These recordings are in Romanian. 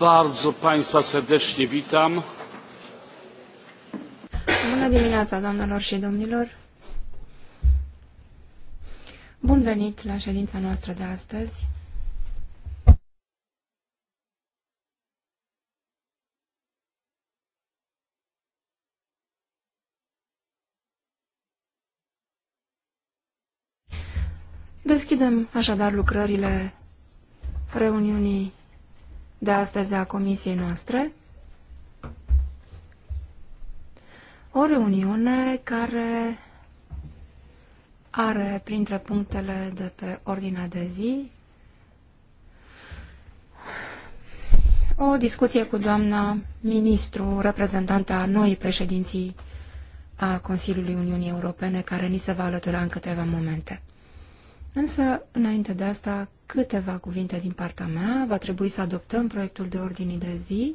Bardzo Państwa serdecznie witam. Bună dimineața, doamnelor și domnilor. Bun venit la ședința noastră de astăzi. Deschidem așadar lucrările reuniunii de astăzi a comisiei noastre. O reuniune care are printre punctele de pe ordinea de zi o discuție cu doamna ministru, reprezentanta noii președinții a Consiliului Uniunii Europene, care ni se va alătura în câteva momente. Însă, înainte de asta, câteva cuvinte din partea mea. Va trebui să adoptăm proiectul de ordine de zi,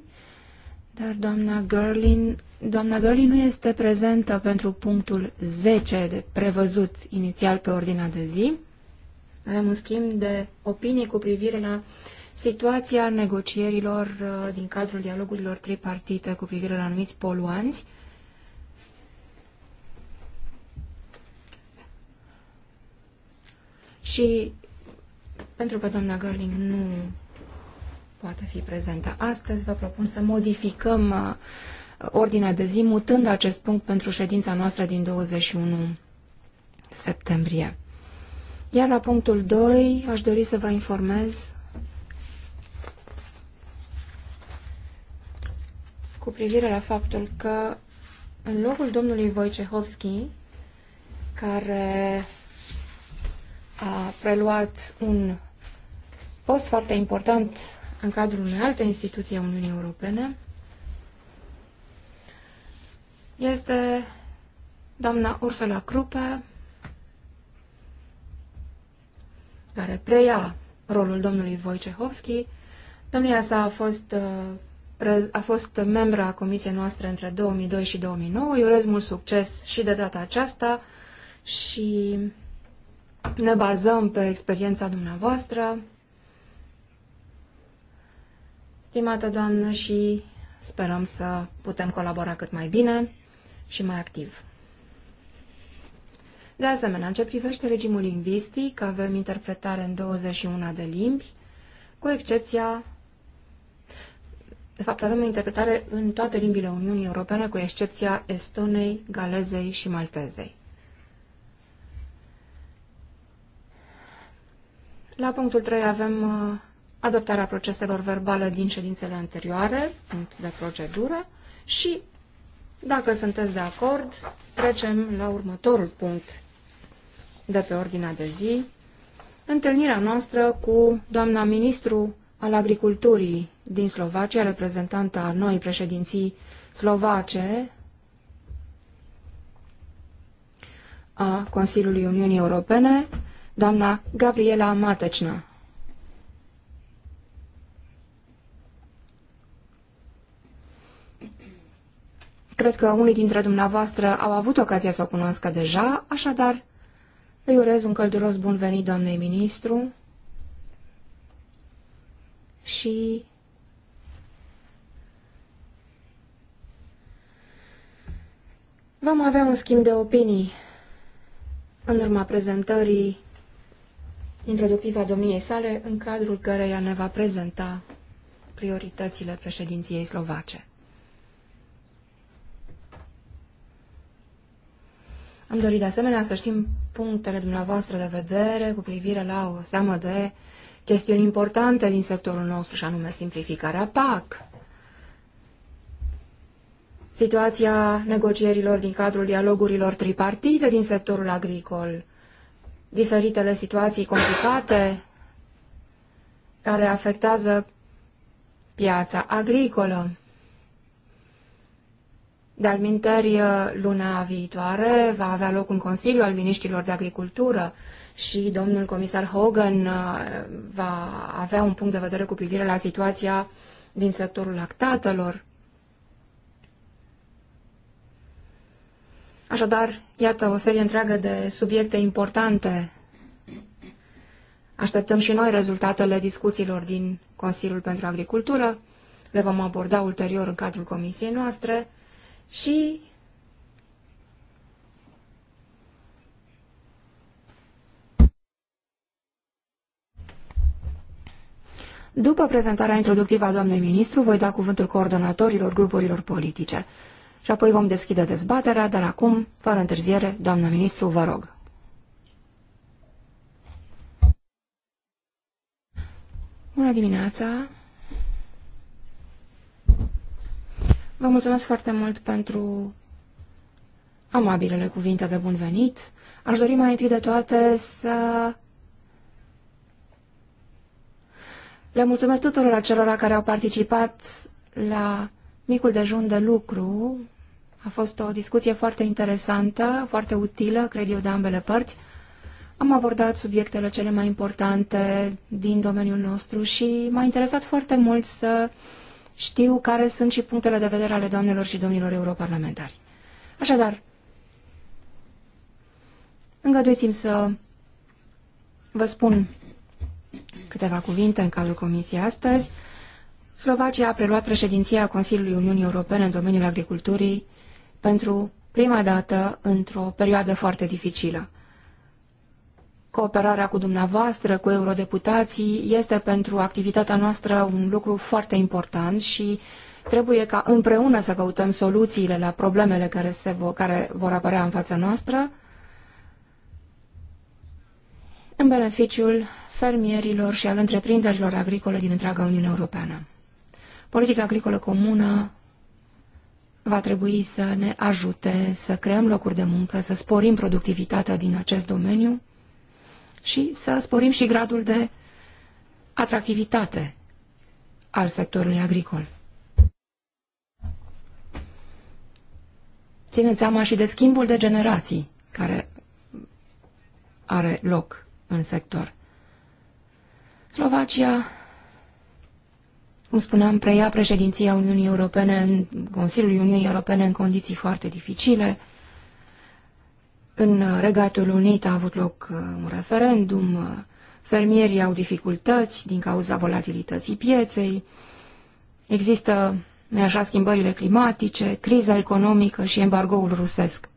dar doamna Gerlin, doamna Gerlin nu este prezentă pentru punctul 10 de prevăzut inițial pe ordinea de zi. Avem un schimb de opinii cu privire la situația negocierilor uh, din cadrul dialogurilor tripartite cu privire la anumiți poluanți, și pentru că doamna Gerling nu poate fi prezentă astăzi, vă propun să modificăm uh, ordinea de zi, mutând acest punct pentru ședința noastră din 21 septembrie. Iar la punctul 2 aș dori să vă informez cu privire la faptul că în locul domnului Wojciechowski, care a preluat un post foarte important în cadrul unei alte instituții a Uniunii Europene, este doamna Ursula Krupe, care preia rolul domnului Wojciechowski. Domnia sa a fost, uh, a fost membra a comisiei noastre între 2002 și 2009. Îi urez mult succes și de data aceasta și ne bazăm pe experiența dumneavoastră, stimată doamnă, și sperăm să putem colabora cât mai bine și mai activ. De asemenea, în ce privește regimul lingvistic, avem interpretare în 21 de limbi, cu excepția... De fapt, avem interpretare în toate limbile Uniunii Europene, cu excepția estonei, galezei și maltezei. La punctul 3 avem uh, adoptarea proceselor verbale din ședințele anterioare, punct de procedură, și, dacă sunteți de acord, trecem la următorul punct de pe ordinea de zi, întâlnirea noastră cu doamna ministru al agriculturii din Slovacia, reprezentanta noii președinții slovace a Consiliului Uniunii Europene, doamna Gabriela Matecna. Cred că unii dintre dumneavoastră au avut ocazia să o cunoască deja, așadar îi urez un călduros bun venit doamnei ministru și vom avea un schimb de opinii în urma prezentării introductivă a domniei sale, în cadrul căreia ne va prezenta prioritățile președinției slovace. Am dorit de asemenea să știm punctele dumneavoastră de vedere cu privire la o seamă de chestiuni importante din sectorul nostru, și anume simplificarea PAC, situația negocierilor din cadrul dialogurilor tripartite din sectorul agricol, diferitele situații complicate care afectează piața agricolă. De-al uh, luna viitoare va avea loc un Consiliu al ministrilor de Agricultură și domnul comisar Hogan uh, va avea un punct de vedere cu privire la situația din sectorul lactatelor. Așadar, iată o serie întreagă de subiecte importante. Așteptăm și noi rezultatele discuțiilor din Consiliul pentru Agricultură. Le vom aborda ulterior în cadrul comisiei noastre și După prezentarea introductivă a doamnei ministru, voi da cuvântul coordonatorilor grupurilor politice și apoi vom deschide dezbaterea, dar acum, fără întârziere, doamnă ministru, vă rog. Bună dimineața! Vă mulțumesc foarte mult pentru amabilele cuvinte de bun venit. Aș dori mai întâi de toate să le mulțumesc tuturor acelora care au participat la micul dejun de lucru a fost o discuție foarte interesantă, foarte utilă, cred eu, de ambele părți. Am abordat subiectele cele mai importante din domeniul nostru și m-a interesat foarte mult să știu care sunt și punctele de vedere ale doamnelor și domnilor europarlamentari. Așadar, îngăduiți-mi să vă spun câteva cuvinte în cadrul comisiei astăzi. Slovacia a preluat președinția Consiliului Uniunii Europene în domeniul agriculturii pentru prima dată într-o perioadă foarte dificilă. Cooperarea cu dumneavoastră, cu eurodeputații, este pentru activitatea noastră un lucru foarte important și trebuie ca împreună să căutăm soluțiile la problemele care, se vo, care vor apărea în fața noastră în beneficiul fermierilor și al întreprinderilor agricole din întreaga Uniune Europeană. Politica agricolă comună va trebui să ne ajute să creăm locuri de muncă, să sporim productivitatea din acest domeniu și să sporim și gradul de atractivitate al sectorului agricol. Țineți seama și de schimbul de generații care are loc în sector. Slovacia cum spuneam, preia președinția Uniunii Europene în Consiliul Uniunii Europene în condiții foarte dificile. În Regatul Unit a avut loc uh, un referendum, uh, fermierii au dificultăți din cauza volatilității pieței, există așa schimbările climatice, criza economică și embargoul rusesc.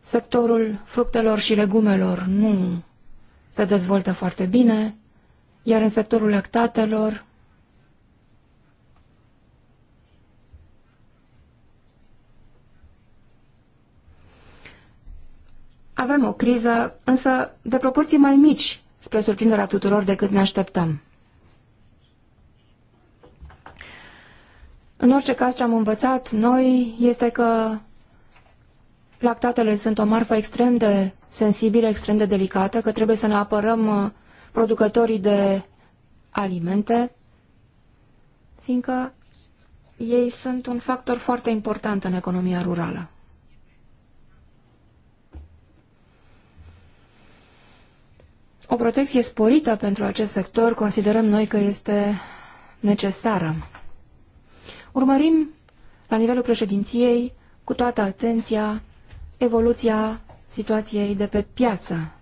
Sectorul fructelor și legumelor nu se dezvoltă foarte bine, iar în sectorul lactatelor, avem o criză, însă de proporții mai mici, spre surprinderea tuturor decât ne așteptăm. În orice caz, ce am învățat noi este că lactatele sunt o marfă extrem de sensibilă, extrem de delicată, că trebuie să ne apărăm uh, producătorii de alimente, fiindcă ei sunt un factor foarte important în economia rurală. O protecție sporită pentru acest sector considerăm noi că este necesară. Urmărim, la nivelul președinției, cu toată atenția, evoluția situației de pe piață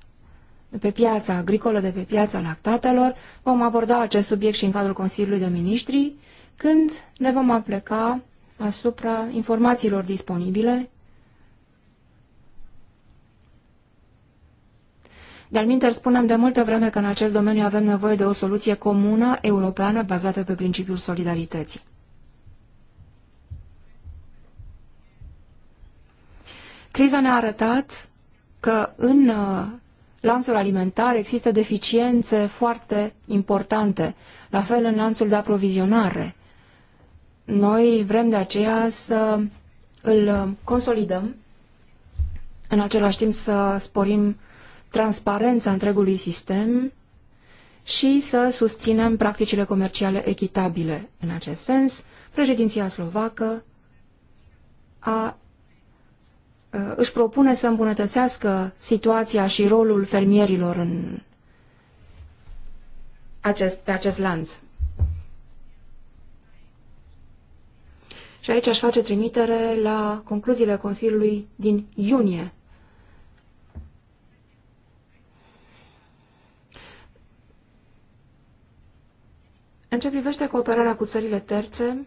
pe piața agricolă, de pe piața lactatelor. Vom aborda acest subiect și în cadrul Consiliului de Ministri, când ne vom apleca asupra informațiilor disponibile. De-al spunem de multă vreme că în acest domeniu avem nevoie de o soluție comună, europeană, bazată pe principiul solidarității. Criza ne-a arătat că în uh, lanțul alimentar există deficiențe foarte importante, la fel în lanțul de aprovizionare. Noi vrem de aceea să îl consolidăm, în același timp să sporim transparența întregului sistem și să susținem practicile comerciale echitabile. În acest sens, președinția slovacă a Uh, își propune să îmbunătățească situația și rolul fermierilor în acest, pe acest lanț. Și aici aș face trimitere la concluziile Consiliului din iunie. În ce privește cooperarea cu țările terțe,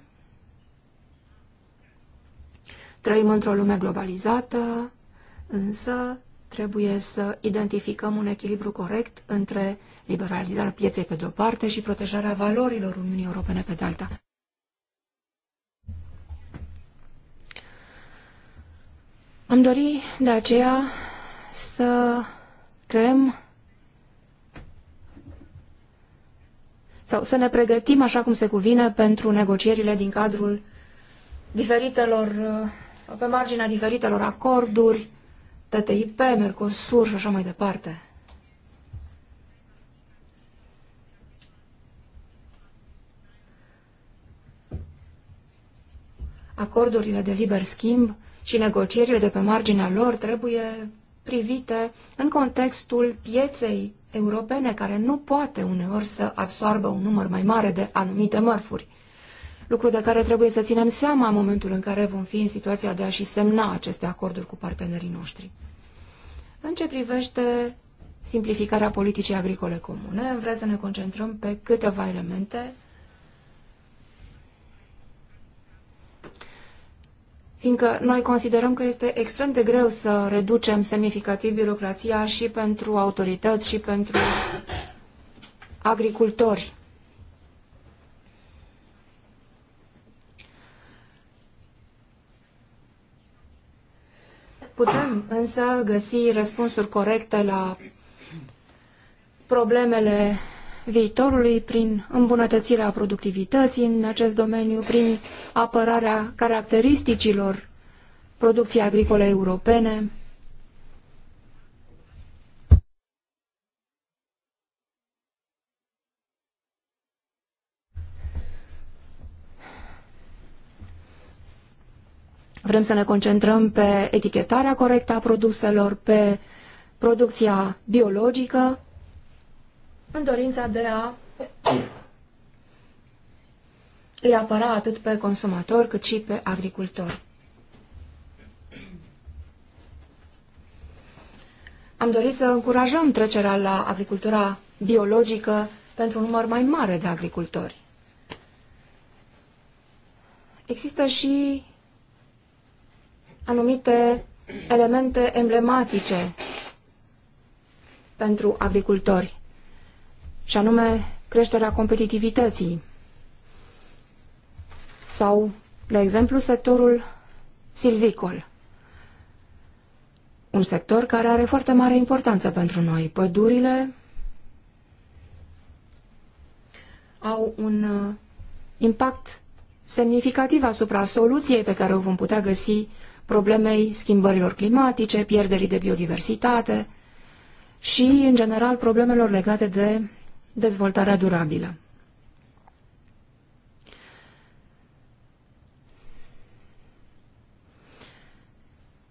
Trăim într-o lume globalizată, însă trebuie să identificăm un echilibru corect între liberalizarea pieței pe de-o parte și protejarea valorilor Uniunii Europene pe de alta. Am dori de aceea să creăm sau să ne pregătim așa cum se cuvine pentru negocierile din cadrul diferitelor pe marginea diferitelor acorduri, TTIP, Mercosur și așa mai departe. Acordurile de liber schimb și negocierile de pe marginea lor trebuie privite în contextul pieței europene, care nu poate uneori să absoarbă un număr mai mare de anumite mărfuri lucru de care trebuie să ținem seama în momentul în care vom fi în situația de a-și semna aceste acorduri cu partenerii noștri. În ce privește simplificarea politicii agricole comune, vreau să ne concentrăm pe câteva elemente, fiindcă noi considerăm că este extrem de greu să reducem semnificativ birocrația și pentru autorități și pentru agricultori. Putem însă găsi răspunsuri corecte la problemele viitorului prin îmbunătățirea productivității în acest domeniu, prin apărarea caracteristicilor producției agricole europene, Vrem să ne concentrăm pe etichetarea corectă a produselor, pe producția biologică, în dorința de a îi apăra atât pe consumatori cât și pe agricultori. Am dorit să încurajăm trecerea la agricultura biologică pentru un număr mai mare de agricultori. Există și anumite elemente emblematice pentru agricultori, și anume creșterea competitivității sau, de exemplu, sectorul silvicol. Un sector care are foarte mare importanță pentru noi. Pădurile au un uh, impact semnificativ asupra soluției pe care o vom putea găsi problemei schimbărilor climatice, pierderii de biodiversitate și, în general, problemelor legate de dezvoltarea durabilă.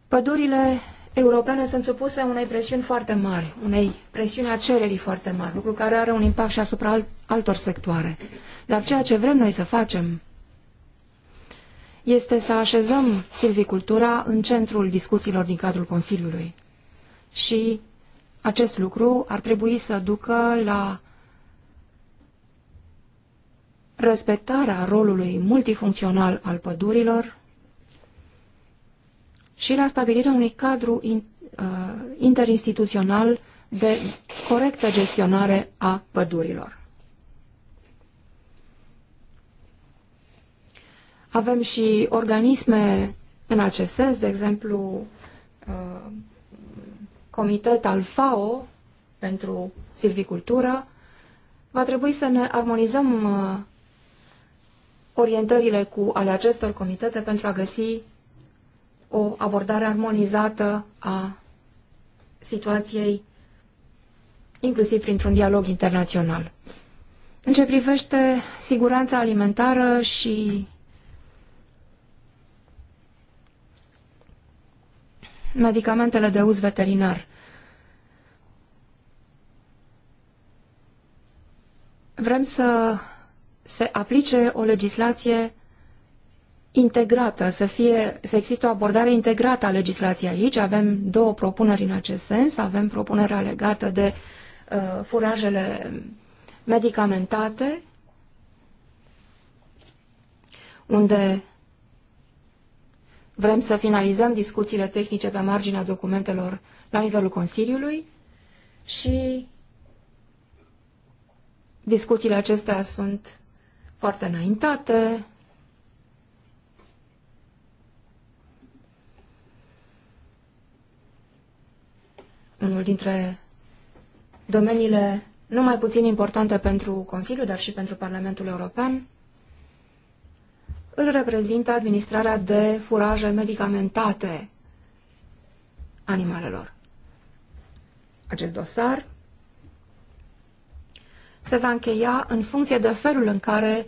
Pădurile europene sunt supuse unei presiuni foarte mari, unei presiuni a cererii foarte mari, lucru care are un impact și asupra altor sectoare. Dar ceea ce vrem noi să facem este să așezăm silvicultura în centrul discuțiilor din cadrul Consiliului. Și acest lucru ar trebui să ducă la respectarea rolului multifuncțional al pădurilor și la stabilirea unui cadru in, uh, interinstituțional de corectă gestionare a pădurilor. Avem și organisme în acest sens, de exemplu, uh, Comitet al FAO pentru silvicultură. Va trebui să ne armonizăm uh, orientările cu ale acestor comitete pentru a găsi o abordare armonizată a situației, inclusiv printr-un dialog internațional. În ce privește siguranța alimentară și medicamentele de uz veterinar. Vrem să se aplice o legislație integrată, să, fie, să existe o abordare integrată a legislației aici. Avem două propuneri în acest sens. Avem propunerea legată de uh, furajele medicamentate, unde Vrem să finalizăm discuțiile tehnice pe marginea documentelor la nivelul Consiliului și discuțiile acestea sunt foarte înaintate. Unul dintre domeniile nu mai puțin importante pentru Consiliu, dar și pentru Parlamentul European, îl reprezintă administrarea de furaje medicamentate animalelor. Acest dosar se va încheia în funcție de felul în care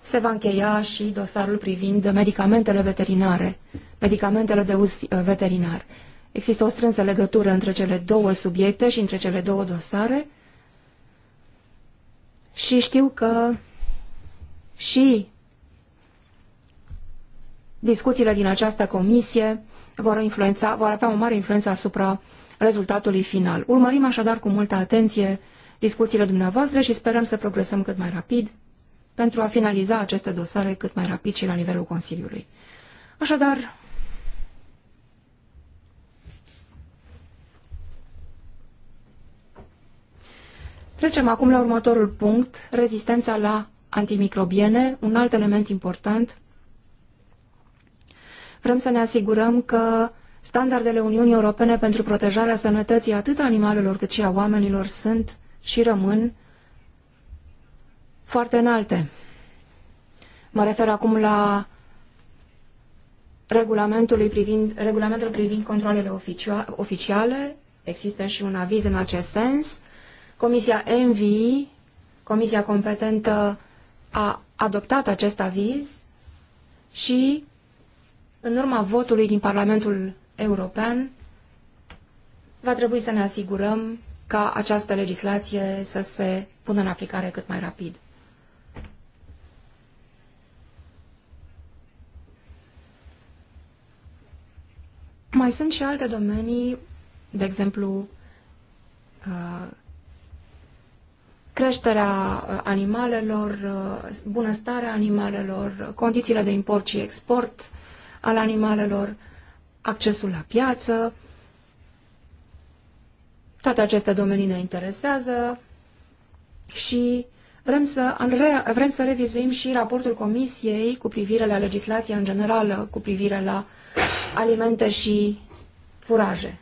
se va încheia și dosarul privind medicamentele veterinare, medicamentele de uz veterinar. Există o strânsă legătură între cele două subiecte și între cele două dosare și știu că și discuțiile din această comisie vor, influența, vor avea o mare influență asupra rezultatului final. Urmărim așadar cu multă atenție discuțiile dumneavoastră și sperăm să progresăm cât mai rapid pentru a finaliza aceste dosare cât mai rapid și la nivelul Consiliului. Așadar, trecem acum la următorul punct, rezistența la antimicrobiene, un alt element important Vrem să ne asigurăm că standardele Uniunii Europene pentru protejarea sănătății atât a animalelor cât și a oamenilor sunt și rămân foarte înalte. Mă refer acum la regulamentul privind, regulamentul privind controlele oficiale. Există și un aviz în acest sens. Comisia ENVI, comisia competentă, a adoptat acest aviz și în urma votului din Parlamentul European, va trebui să ne asigurăm ca această legislație să se pună în aplicare cât mai rapid. Mai sunt și alte domenii, de exemplu, uh, creșterea uh, animalelor, uh, bunăstarea animalelor, condițiile de import și export, al animalelor, accesul la piață. Toate aceste domenii ne interesează și vrem să, vrem să revizuim și raportul Comisiei cu privire la legislația în generală, cu privire la alimente și furaje.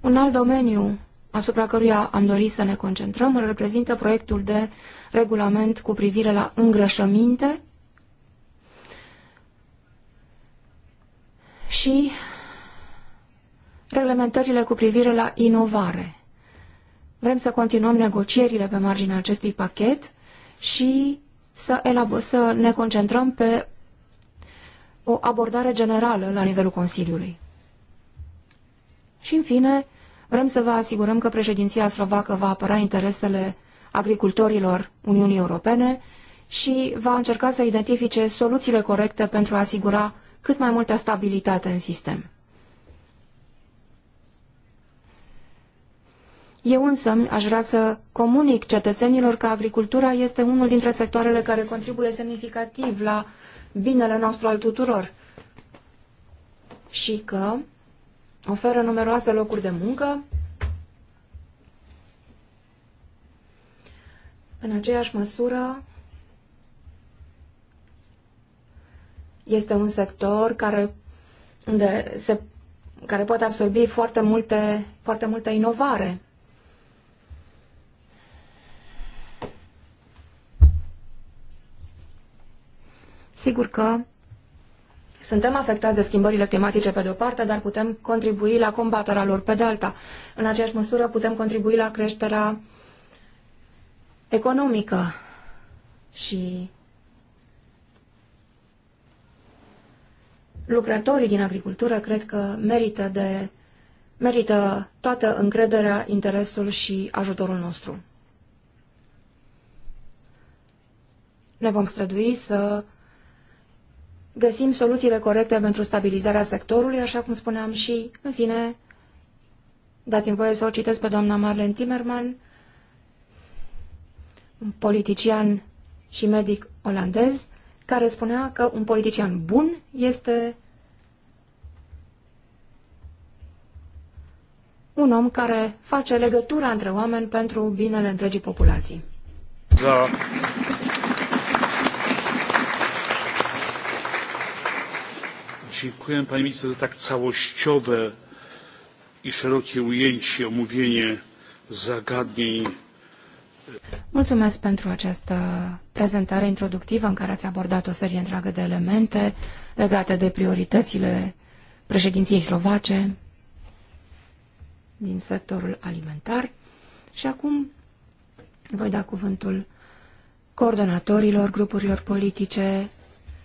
Un alt domeniu asupra căruia am dorit să ne concentrăm îl reprezintă proiectul de regulament cu privire la îngrășăminte și reglementările cu privire la inovare. Vrem să continuăm negocierile pe marginea acestui pachet și să, să ne concentrăm pe o abordare generală la nivelul Consiliului. Și, în fine, Vrem să vă asigurăm că președinția slovacă va apăra interesele agricultorilor Uniunii Europene și va încerca să identifice soluțiile corecte pentru a asigura cât mai multă stabilitate în sistem. Eu însă aș vrea să comunic cetățenilor că agricultura este unul dintre sectoarele care contribuie semnificativ la binele nostru al tuturor și că oferă numeroase locuri de muncă în aceeași măsură este un sector care, unde se, care poate absorbi foarte, multe, foarte multă inovare. Sigur că suntem afectați de schimbările climatice pe de o parte, dar putem contribui la combaterea lor pe de alta. În aceeași măsură putem contribui la creșterea economică și lucrătorii din agricultură cred că merită, de, merită toată încrederea, interesul și ajutorul nostru. Ne vom strădui să găsim soluțiile corecte pentru stabilizarea sectorului, așa cum spuneam și, în fine, dați-mi voie să o citesc pe doamna Marlen Timmerman, un politician și medic olandez, care spunea că un politician bun este un om care face legătura între oameni pentru binele întregii populații. Da. Dziękuję Pani Minister za tak całościowe i szerokie ujęcie, omówienie zagadnień. Mulțumesc pentru această prezentare introductivă în care ați abordat o serie întreagă de elemente legate de prioritățile președinției slovace din sectorul alimentar. Și acum voi da cuvântul coordonatorilor grupurilor politice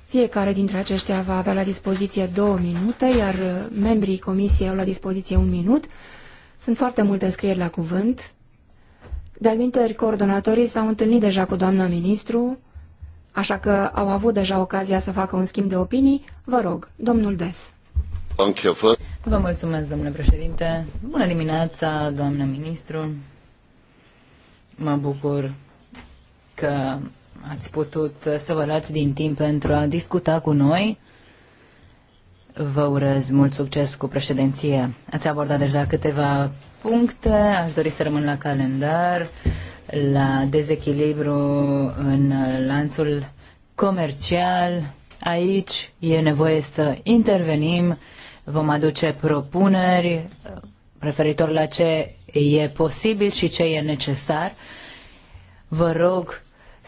fiecare dintre aceștia va avea la dispoziție două minute, iar uh, membrii comisiei au la dispoziție un minut. Sunt foarte multe scrieri la cuvânt. De-al coordonatorii s-au întâlnit deja cu doamna ministru, așa că au avut deja ocazia să facă un schimb de opinii. Vă rog, domnul Des. Vă mulțumesc, domnule președinte. Bună dimineața, doamnă ministru. Mă bucur că ați putut să vă luați din timp pentru a discuta cu noi. Vă urez mult succes cu președinția. Ați abordat deja câteva puncte. Aș dori să rămân la calendar, la dezechilibru în lanțul comercial. Aici e nevoie să intervenim. Vom aduce propuneri uh, referitor la ce e posibil și ce e necesar. Vă rog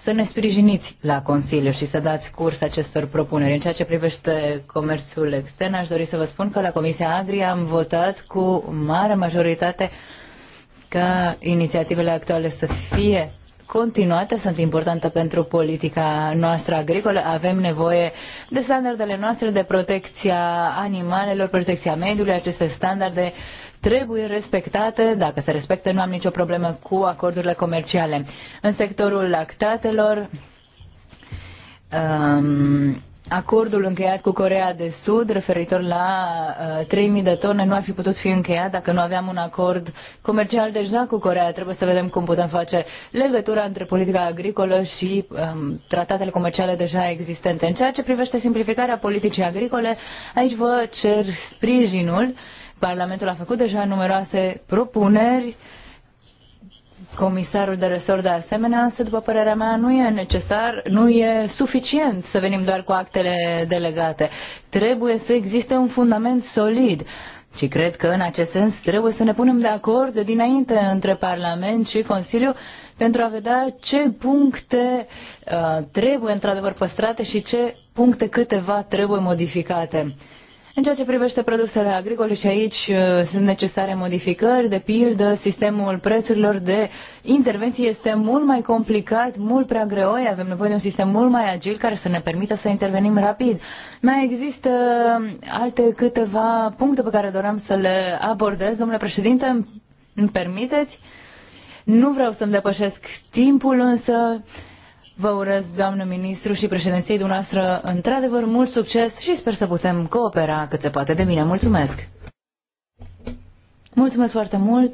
să ne sprijiniți la Consiliu și să dați curs acestor propuneri. În ceea ce privește comerțul extern, aș dori să vă spun că la Comisia Agri am votat cu mare majoritate ca inițiativele actuale să fie continuate, sunt importante pentru politica noastră agricolă. Avem nevoie de standardele noastre de protecția animalelor, protecția mediului. Aceste standarde trebuie respectate. Dacă se respectă, nu am nicio problemă cu acordurile comerciale. În sectorul lactatelor, um, acordul încheiat cu Corea de Sud referitor la uh, 3.000 de tone nu ar fi putut fi încheiat dacă nu aveam un acord comercial deja cu Corea. Trebuie să vedem cum putem face legătura între politica agricolă și um, tratatele comerciale deja existente. În ceea ce privește simplificarea politicii agricole, aici vă cer sprijinul uh, Parlamentul a făcut deja numeroase propuneri, comisarul de resort de asemenea, însă, după părerea mea, nu e necesar, nu e suficient să venim doar cu actele delegate. Trebuie să existe un fundament solid. Și cred că în acest sens trebuie să ne punem de acord de dinainte între Parlament și Consiliu pentru a vedea ce puncte uh, trebuie într-adevăr păstrate și ce puncte câteva trebuie modificate. În ceea ce privește produsele agricole și aici uh, sunt necesare modificări, de pildă, sistemul prețurilor de intervenție este mult mai complicat, mult prea greoi, avem nevoie de un sistem mult mai agil care să ne permită să intervenim rapid. Mai există alte câteva puncte pe care doream să le abordez. Domnule președinte, îmi permiteți? Nu vreau să-mi depășesc timpul, însă Vă urez, doamnă ministru și președinției dumneavoastră, într-adevăr mult succes și sper să putem coopera cât se poate de bine. Mulțumesc! Mulțumesc foarte mult!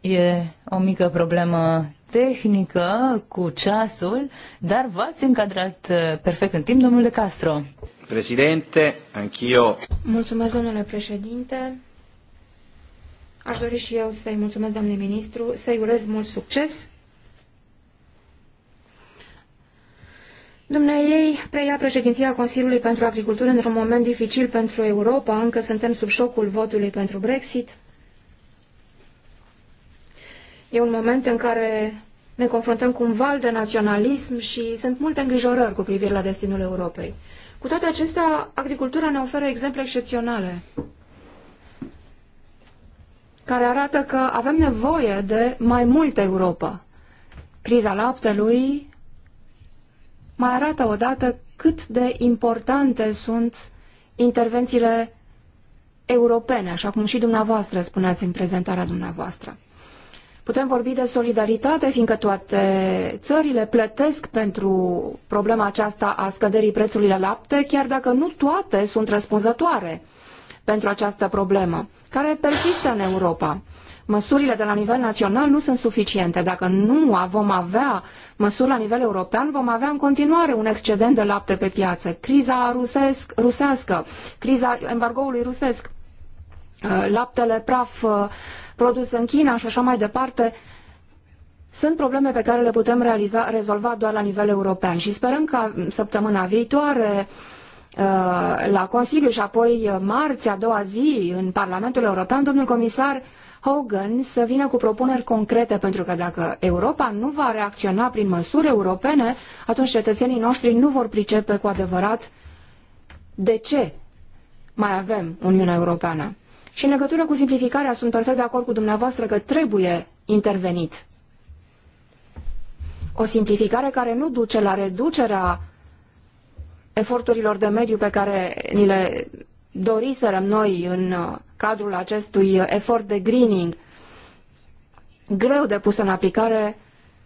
E o mică problemă tehnică cu ceasul, dar v-ați încadrat eh, perfect în timp, domnul De Castro. Președinte, anch'io. Mulțumesc, domnule președinte. Aș dori și eu să-i mulțumesc, domnule ministru, să-i urez mult succes ei preia președinția Consiliului pentru Agricultură într-un moment dificil pentru Europa, încă suntem sub șocul votului pentru Brexit. E un moment în care ne confruntăm cu un val de naționalism și sunt multe îngrijorări cu privire la destinul Europei. Cu toate acestea, agricultura ne oferă exemple excepționale care arată că avem nevoie de mai multă Europa. Criza laptelui mai arată odată cât de importante sunt intervențiile europene, așa cum și dumneavoastră spuneați în prezentarea dumneavoastră. Putem vorbi de solidaritate, fiindcă toate țările plătesc pentru problema aceasta a scăderii prețului la lapte, chiar dacă nu toate sunt răspunzătoare pentru această problemă, care persistă în Europa măsurile de la nivel național nu sunt suficiente. Dacă nu vom avea măsuri la nivel european, vom avea în continuare un excedent de lapte pe piață. Criza rusesc, rusească, criza embargoului rusesc, uh, laptele praf uh, produs în China și așa mai departe, sunt probleme pe care le putem realiza, rezolva doar la nivel european și sperăm ca săptămâna viitoare uh, la Consiliu și apoi marți, a doua zi, în Parlamentul European, domnul comisar Hogan să vină cu propuneri concrete, pentru că dacă Europa nu va reacționa prin măsuri europene, atunci cetățenii noștri nu vor pricepe cu adevărat de ce mai avem Uniunea Europeană. Și în legătură cu simplificarea, sunt perfect de acord cu dumneavoastră că trebuie intervenit. O simplificare care nu duce la reducerea eforturilor de mediu pe care ni le doriserăm noi în uh, cadrul acestui uh, efort de greening, greu de pus în aplicare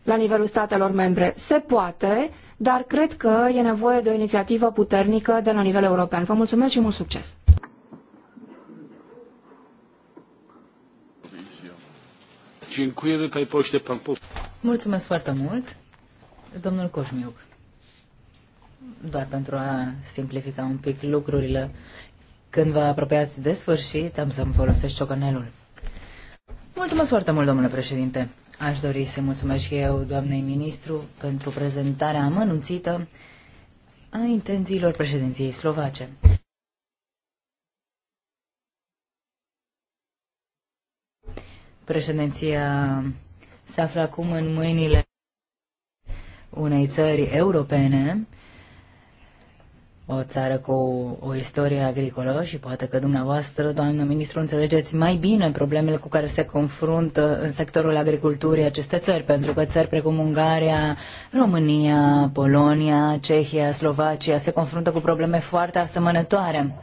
la nivelul statelor membre. Se poate, dar cred că e nevoie de o inițiativă puternică de la nivel european. Vă mulțumesc și mult succes! Mulțumesc foarte mult, domnul Coșmiuc. Doar pentru a simplifica un pic lucrurile, când vă apropiați de sfârșit, am să-mi folosesc ciocanelul. Mulțumesc foarte mult, domnule președinte. Aș dori să mulțumesc și eu, doamnei ministru, pentru prezentarea amănunțită a intențiilor președinției slovace. Președinția se află acum în mâinile unei țări europene o țară cu o istorie agricolă și poate că dumneavoastră, doamnă ministru, înțelegeți mai bine problemele cu care se confruntă în sectorul agriculturii aceste țări, pentru că țări precum Ungaria, România, Polonia, Cehia, Slovacia se confruntă cu probleme foarte asemănătoare.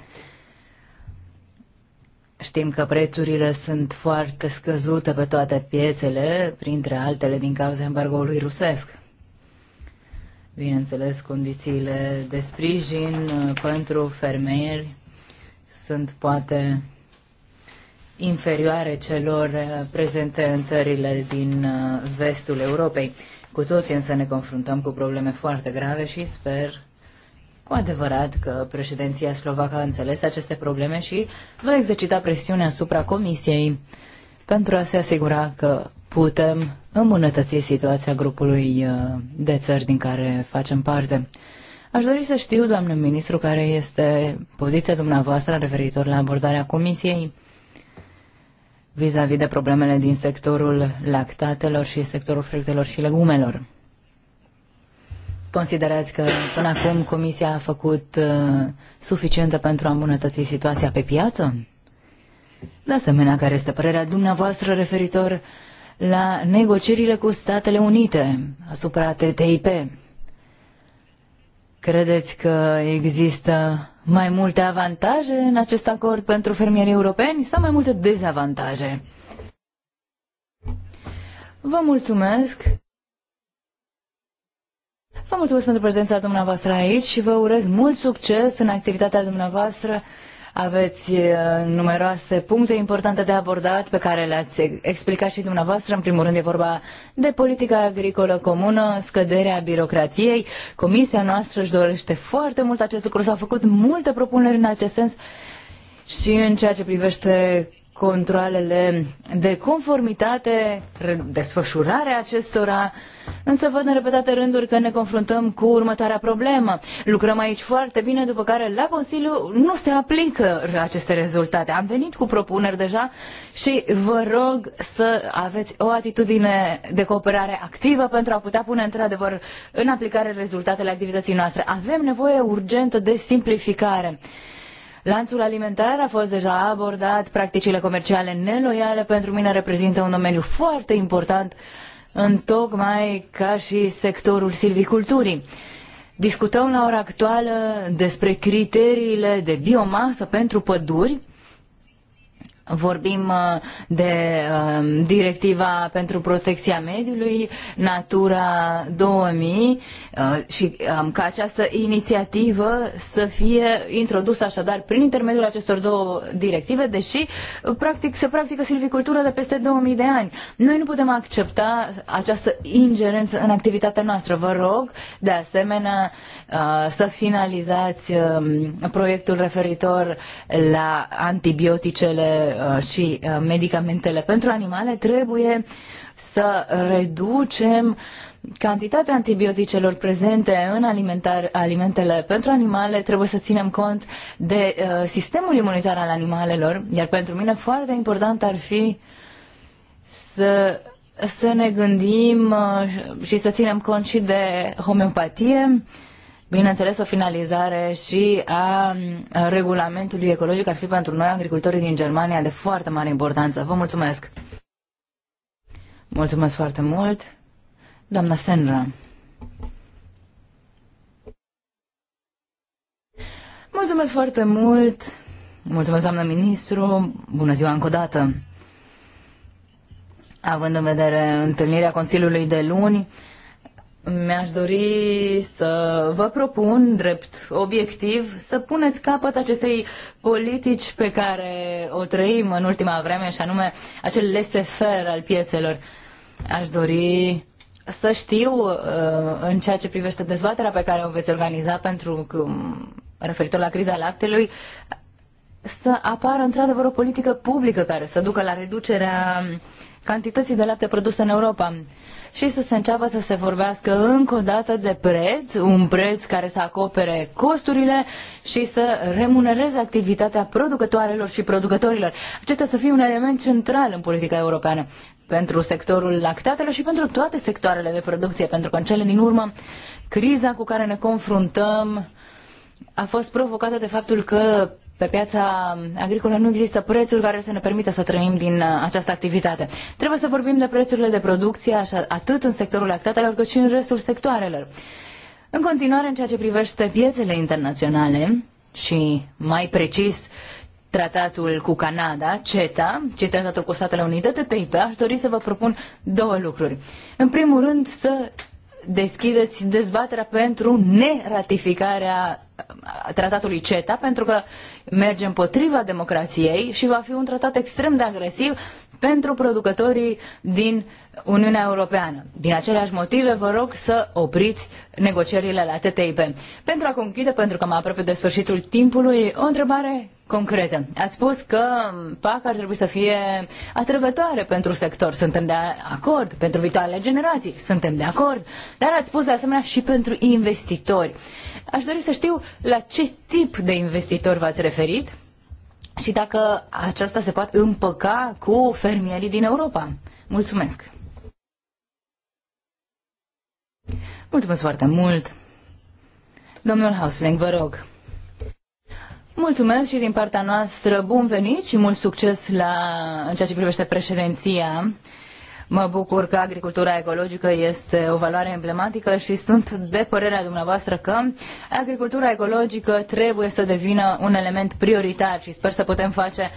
Știm că prețurile sunt foarte scăzute pe toate piețele, printre altele din cauza embargoului rusesc. Bineînțeles, condițiile de sprijin uh, pentru fermieri sunt poate inferioare celor uh, prezente în țările din uh, vestul Europei. Cu toții însă ne confruntăm cu probleme foarte grave și sper cu adevărat că președinția slovacă a înțeles aceste probleme și va exercita presiune asupra Comisiei pentru a se asigura că putem îmbunătăți situația grupului uh, de țări din care facem parte. Aș dori să știu, doamnă ministru, care este poziția dumneavoastră referitor la abordarea comisiei vis-a-vis -vis de problemele din sectorul lactatelor și sectorul fructelor și legumelor. Considerați că până acum comisia a făcut uh, suficientă pentru a îmbunătăți situația pe piață? De asemenea, care este părerea dumneavoastră referitor la negocierile cu Statele Unite asupra TTIP. Credeți că există mai multe avantaje în acest acord pentru fermierii europeni sau mai multe dezavantaje? Vă mulțumesc! Vă mulțumesc pentru prezența dumneavoastră aici și vă urez mult succes în activitatea dumneavoastră aveți uh, numeroase puncte importante de abordat pe care le-ați explicat și dumneavoastră. În primul rând e vorba de politica agricolă comună, scăderea birocrației. Comisia noastră își dorește foarte mult acest lucru. S-au făcut multe propuneri în acest sens și în ceea ce privește controlele de conformitate, desfășurarea acestora, însă văd în repetate rânduri că ne confruntăm cu următoarea problemă. Lucrăm aici foarte bine, după care la Consiliu nu se aplică aceste rezultate. Am venit cu propuneri deja și vă rog să aveți o atitudine de cooperare activă pentru a putea pune într-adevăr în aplicare rezultatele activității noastre. Avem nevoie urgentă de simplificare. Lanțul alimentar a fost deja abordat, practicile comerciale neloiale pentru mine reprezintă un domeniu foarte important, în tocmai ca și sectorul silviculturii. Discutăm la ora actuală despre criteriile de biomasă pentru păduri Vorbim uh, de uh, directiva pentru protecția mediului, Natura 2000 uh, și um, ca această inițiativă să fie introdusă așadar prin intermediul acestor două directive, deși practic, se practică silvicultură de peste 2000 de ani. Noi nu putem accepta această ingerență în activitatea noastră. Vă rog, de asemenea, să finalizați um, proiectul referitor la antibioticele Uh, și uh, medicamentele pentru animale, trebuie să reducem cantitatea antibioticelor prezente în alimentar, alimentele pentru animale, trebuie să ținem cont de uh, sistemul imunitar al animalelor, iar pentru mine foarte important ar fi să, să ne gândim și să ținem cont și de homeopatie, uh, Bineînțeles, o finalizare și a regulamentului ecologic ar fi pentru noi, agricultorii din Germania, de foarte mare importanță. Vă mulțumesc! Mulțumesc foarte mult! Doamna Senra. Mulțumesc foarte mult! Mulțumesc, doamnă ministru! Bună ziua încă o dată! Având în vedere întâlnirea Consiliului de luni, mi-aș dori să vă propun drept obiectiv să puneți capăt acestei politici pe care o trăim în ultima vreme și anume acel laissez-faire al piețelor. Aș dori să știu uh, în ceea ce privește dezbaterea pe care o veți organiza pentru că, um, referitor la criza laptelui, să apară într-adevăr o politică publică care să ducă la reducerea cantității de lapte produse în Europa și să se înceapă să se vorbească încă o dată de preț, un preț care să acopere costurile și să remunereze activitatea producătoarelor și producătorilor. Acesta să fie un element central în politica europeană pentru sectorul lactatelor și pentru toate sectoarele de producție, pentru că în cele din urmă criza cu care ne confruntăm a fost provocată de faptul că pe piața agricolă nu există prețuri care să ne permită să trăim din uh, această activitate. Trebuie să vorbim de prețurile de producție, așa, atât în sectorul lactatelor, cât și în restul sectoarelor. În continuare, în ceea ce privește piețele internaționale și, mai precis, tratatul cu Canada, CETA, și tratatul cu Statele Unite, TTIP, aș dori să vă propun două lucruri. În primul rând, să deschideți dezbaterea pentru neratificarea tratatului CETA pentru că merge împotriva democrației și va fi un tratat extrem de agresiv pentru producătorii din Uniunea Europeană. Din aceleași motive, vă rog să opriți negocierile la TTIP. Pentru a conchide, pentru că mă apropiu de sfârșitul timpului, o întrebare concretă. Ați spus că PAC ar trebui să fie atrăgătoare pentru sector. Suntem de acord. Pentru viitoarele generații suntem de acord. Dar ați spus de asemenea și pentru investitori. Aș dori să știu la ce tip de investitori v-ați referit și dacă aceasta se poate împăca cu fermierii din Europa. Mulțumesc! Mulțumesc foarte mult. Domnul Hausling, vă rog. Mulțumesc și din partea noastră bun venit și mult succes la, în ceea ce privește președinția Mă bucur că agricultura ecologică este o valoare emblematică și sunt de părerea dumneavoastră că agricultura ecologică trebuie să devină un element prioritar și sper să putem face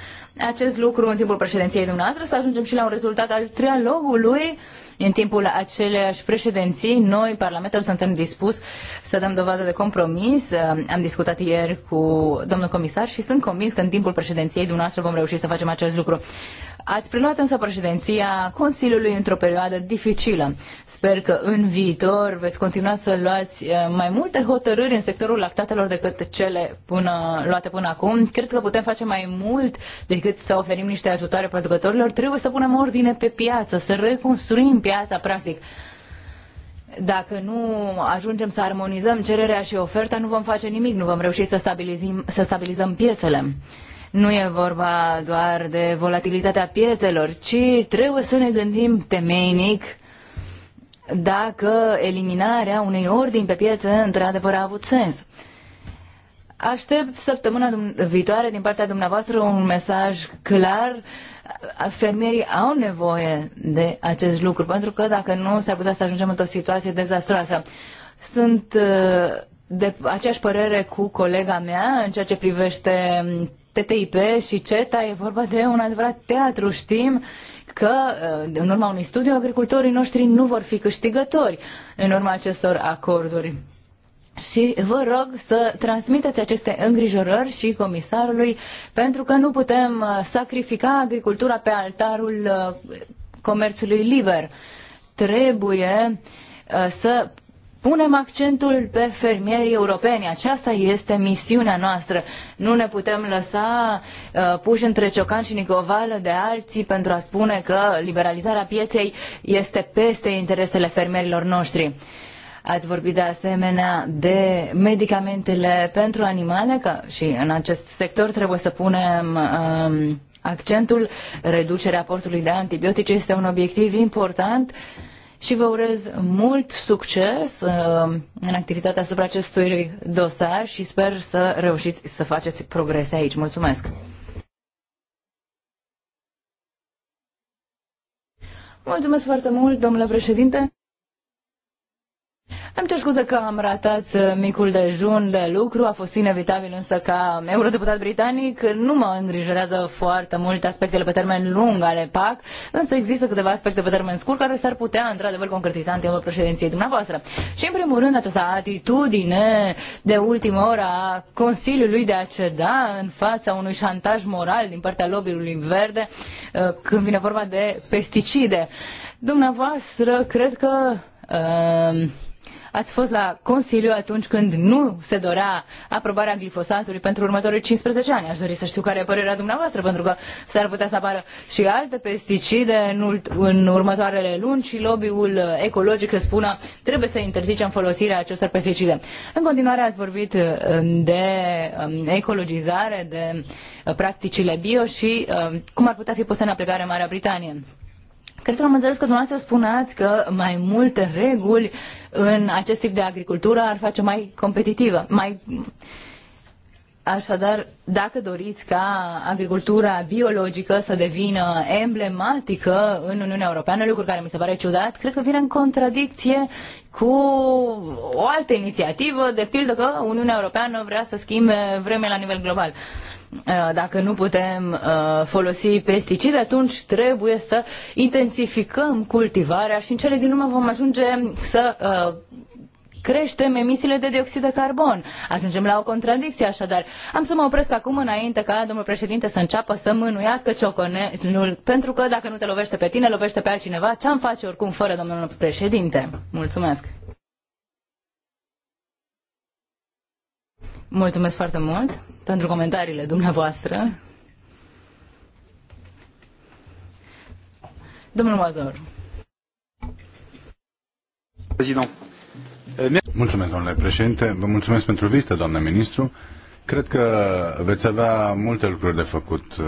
acest lucru în timpul președinției dumneavoastră, să ajungem și la un rezultat al trialogului în timpul aceleași președinții, noi, Parlamentul, suntem dispus să dăm dovadă de compromis. Am discutat ieri cu domnul comisar și sunt convins că în timpul președinției dumneavoastră vom reuși să facem acest lucru. Ați preluat însă președinția Consiliului într-o perioadă dificilă. Sper că în viitor veți continua să luați eh, mai multe hotărâri în sectorul lactatelor decât cele până, luate până acum. Cred că putem face mai mult decât să oferim niște ajutoare producătorilor. Trebuie să punem ordine pe piață, să reconstruim piața, practic dacă nu ajungem să armonizăm cererea și oferta, nu vom face nimic, nu vom reuși să stabilizăm, să stabilizăm piețele. Nu e vorba doar de volatilitatea piețelor, ci trebuie să ne gândim temeinic dacă eliminarea unei ordini pe piețe într-adevăr a avut sens. Aștept săptămâna viitoare din partea dumneavoastră un mesaj clar. Fermierii au nevoie de acest lucru, pentru că dacă nu, s-ar putea să ajungem într-o situație dezastroasă. Sunt uh, de aceeași părere cu colega mea în ceea ce privește TTIP și CETA e vorba de un adevărat teatru. Știm că, uh, în urma unui studiu, agricultorii noștri nu vor fi câștigători în urma acestor acorduri. Și vă rog să transmiteți aceste îngrijorări și comisarului, pentru că nu putem uh, sacrifica agricultura pe altarul uh, comerțului liber. Trebuie să punem accentul pe fermierii europeni. Aceasta este misiunea noastră. Nu ne putem lăsa uh, puși între ciocan și nicovală de alții pentru a spune că liberalizarea pieței este peste interesele fermierilor noștri. Ați vorbit de asemenea de medicamentele pentru animale, că și în acest sector trebuie să punem um, accentul. Reducerea aportului de antibiotice este un obiectiv important. Uh, și vă urez mult succes uh, în activitatea asupra acestui dosar și sper să reușiți să faceți progrese aici. Mulțumesc! Mulțumesc foarte mult, domnule președinte! Îmi cer scuze că am ratat uh, micul dejun de lucru, a fost inevitabil însă ca eurodeputat britanic nu mă îngrijorează foarte mult aspectele pe termen lung ale PAC, însă există câteva aspecte pe termen scurt care s-ar putea într-adevăr concretiza în timpul președinției dumneavoastră. Și în primul rând această atitudine de ultimă oră a Consiliului de a ceda în fața unui șantaj moral din partea lobby-ului verde uh, când vine vorba de pesticide. Dumneavoastră, cred că uh, ați fost la Consiliu atunci când nu se dorea aprobarea glifosatului pentru următorii 15 ani. Aș dori să știu care e părerea dumneavoastră, pentru că s-ar putea să apară și alte pesticide în, în următoarele luni și lobby-ul ecologic să spună trebuie să interzicem folosirea acestor pesticide. În continuare ați vorbit um, de um, ecologizare, de uh, practicile bio și um, cum ar putea fi pusă în aplicare în Marea Britanie. Cred că am înțeles că dumneavoastră spuneați că mai multe reguli în acest tip de agricultură ar face mai competitivă, mai... Așadar, dacă doriți ca agricultura biologică să devină emblematică în Uniunea Europeană, lucru care mi se pare ciudat, cred că vine în contradicție cu o altă inițiativă, de pildă că Uniunea Europeană vrea să schimbe vremea la nivel global. Uh, Uh, dacă nu putem uh, folosi pesticide, atunci trebuie să intensificăm cultivarea și în cele din urmă vom ajunge să uh, creștem emisiile de dioxid de carbon. Ajungem la o contradicție așadar. Am să mă opresc acum înainte ca domnul președinte să înceapă să mânuiască cioconelul, pentru că dacă nu te lovește pe tine, lovește pe altcineva. Ce-am face oricum fără domnul președinte? Mulțumesc! Mulțumesc foarte mult! pentru comentariile dumneavoastră. Domnul Mazor. Mulțumesc, domnule președinte. Vă mulțumesc pentru vizită, doamne ministru. Cred că veți avea multe lucruri de făcut uh,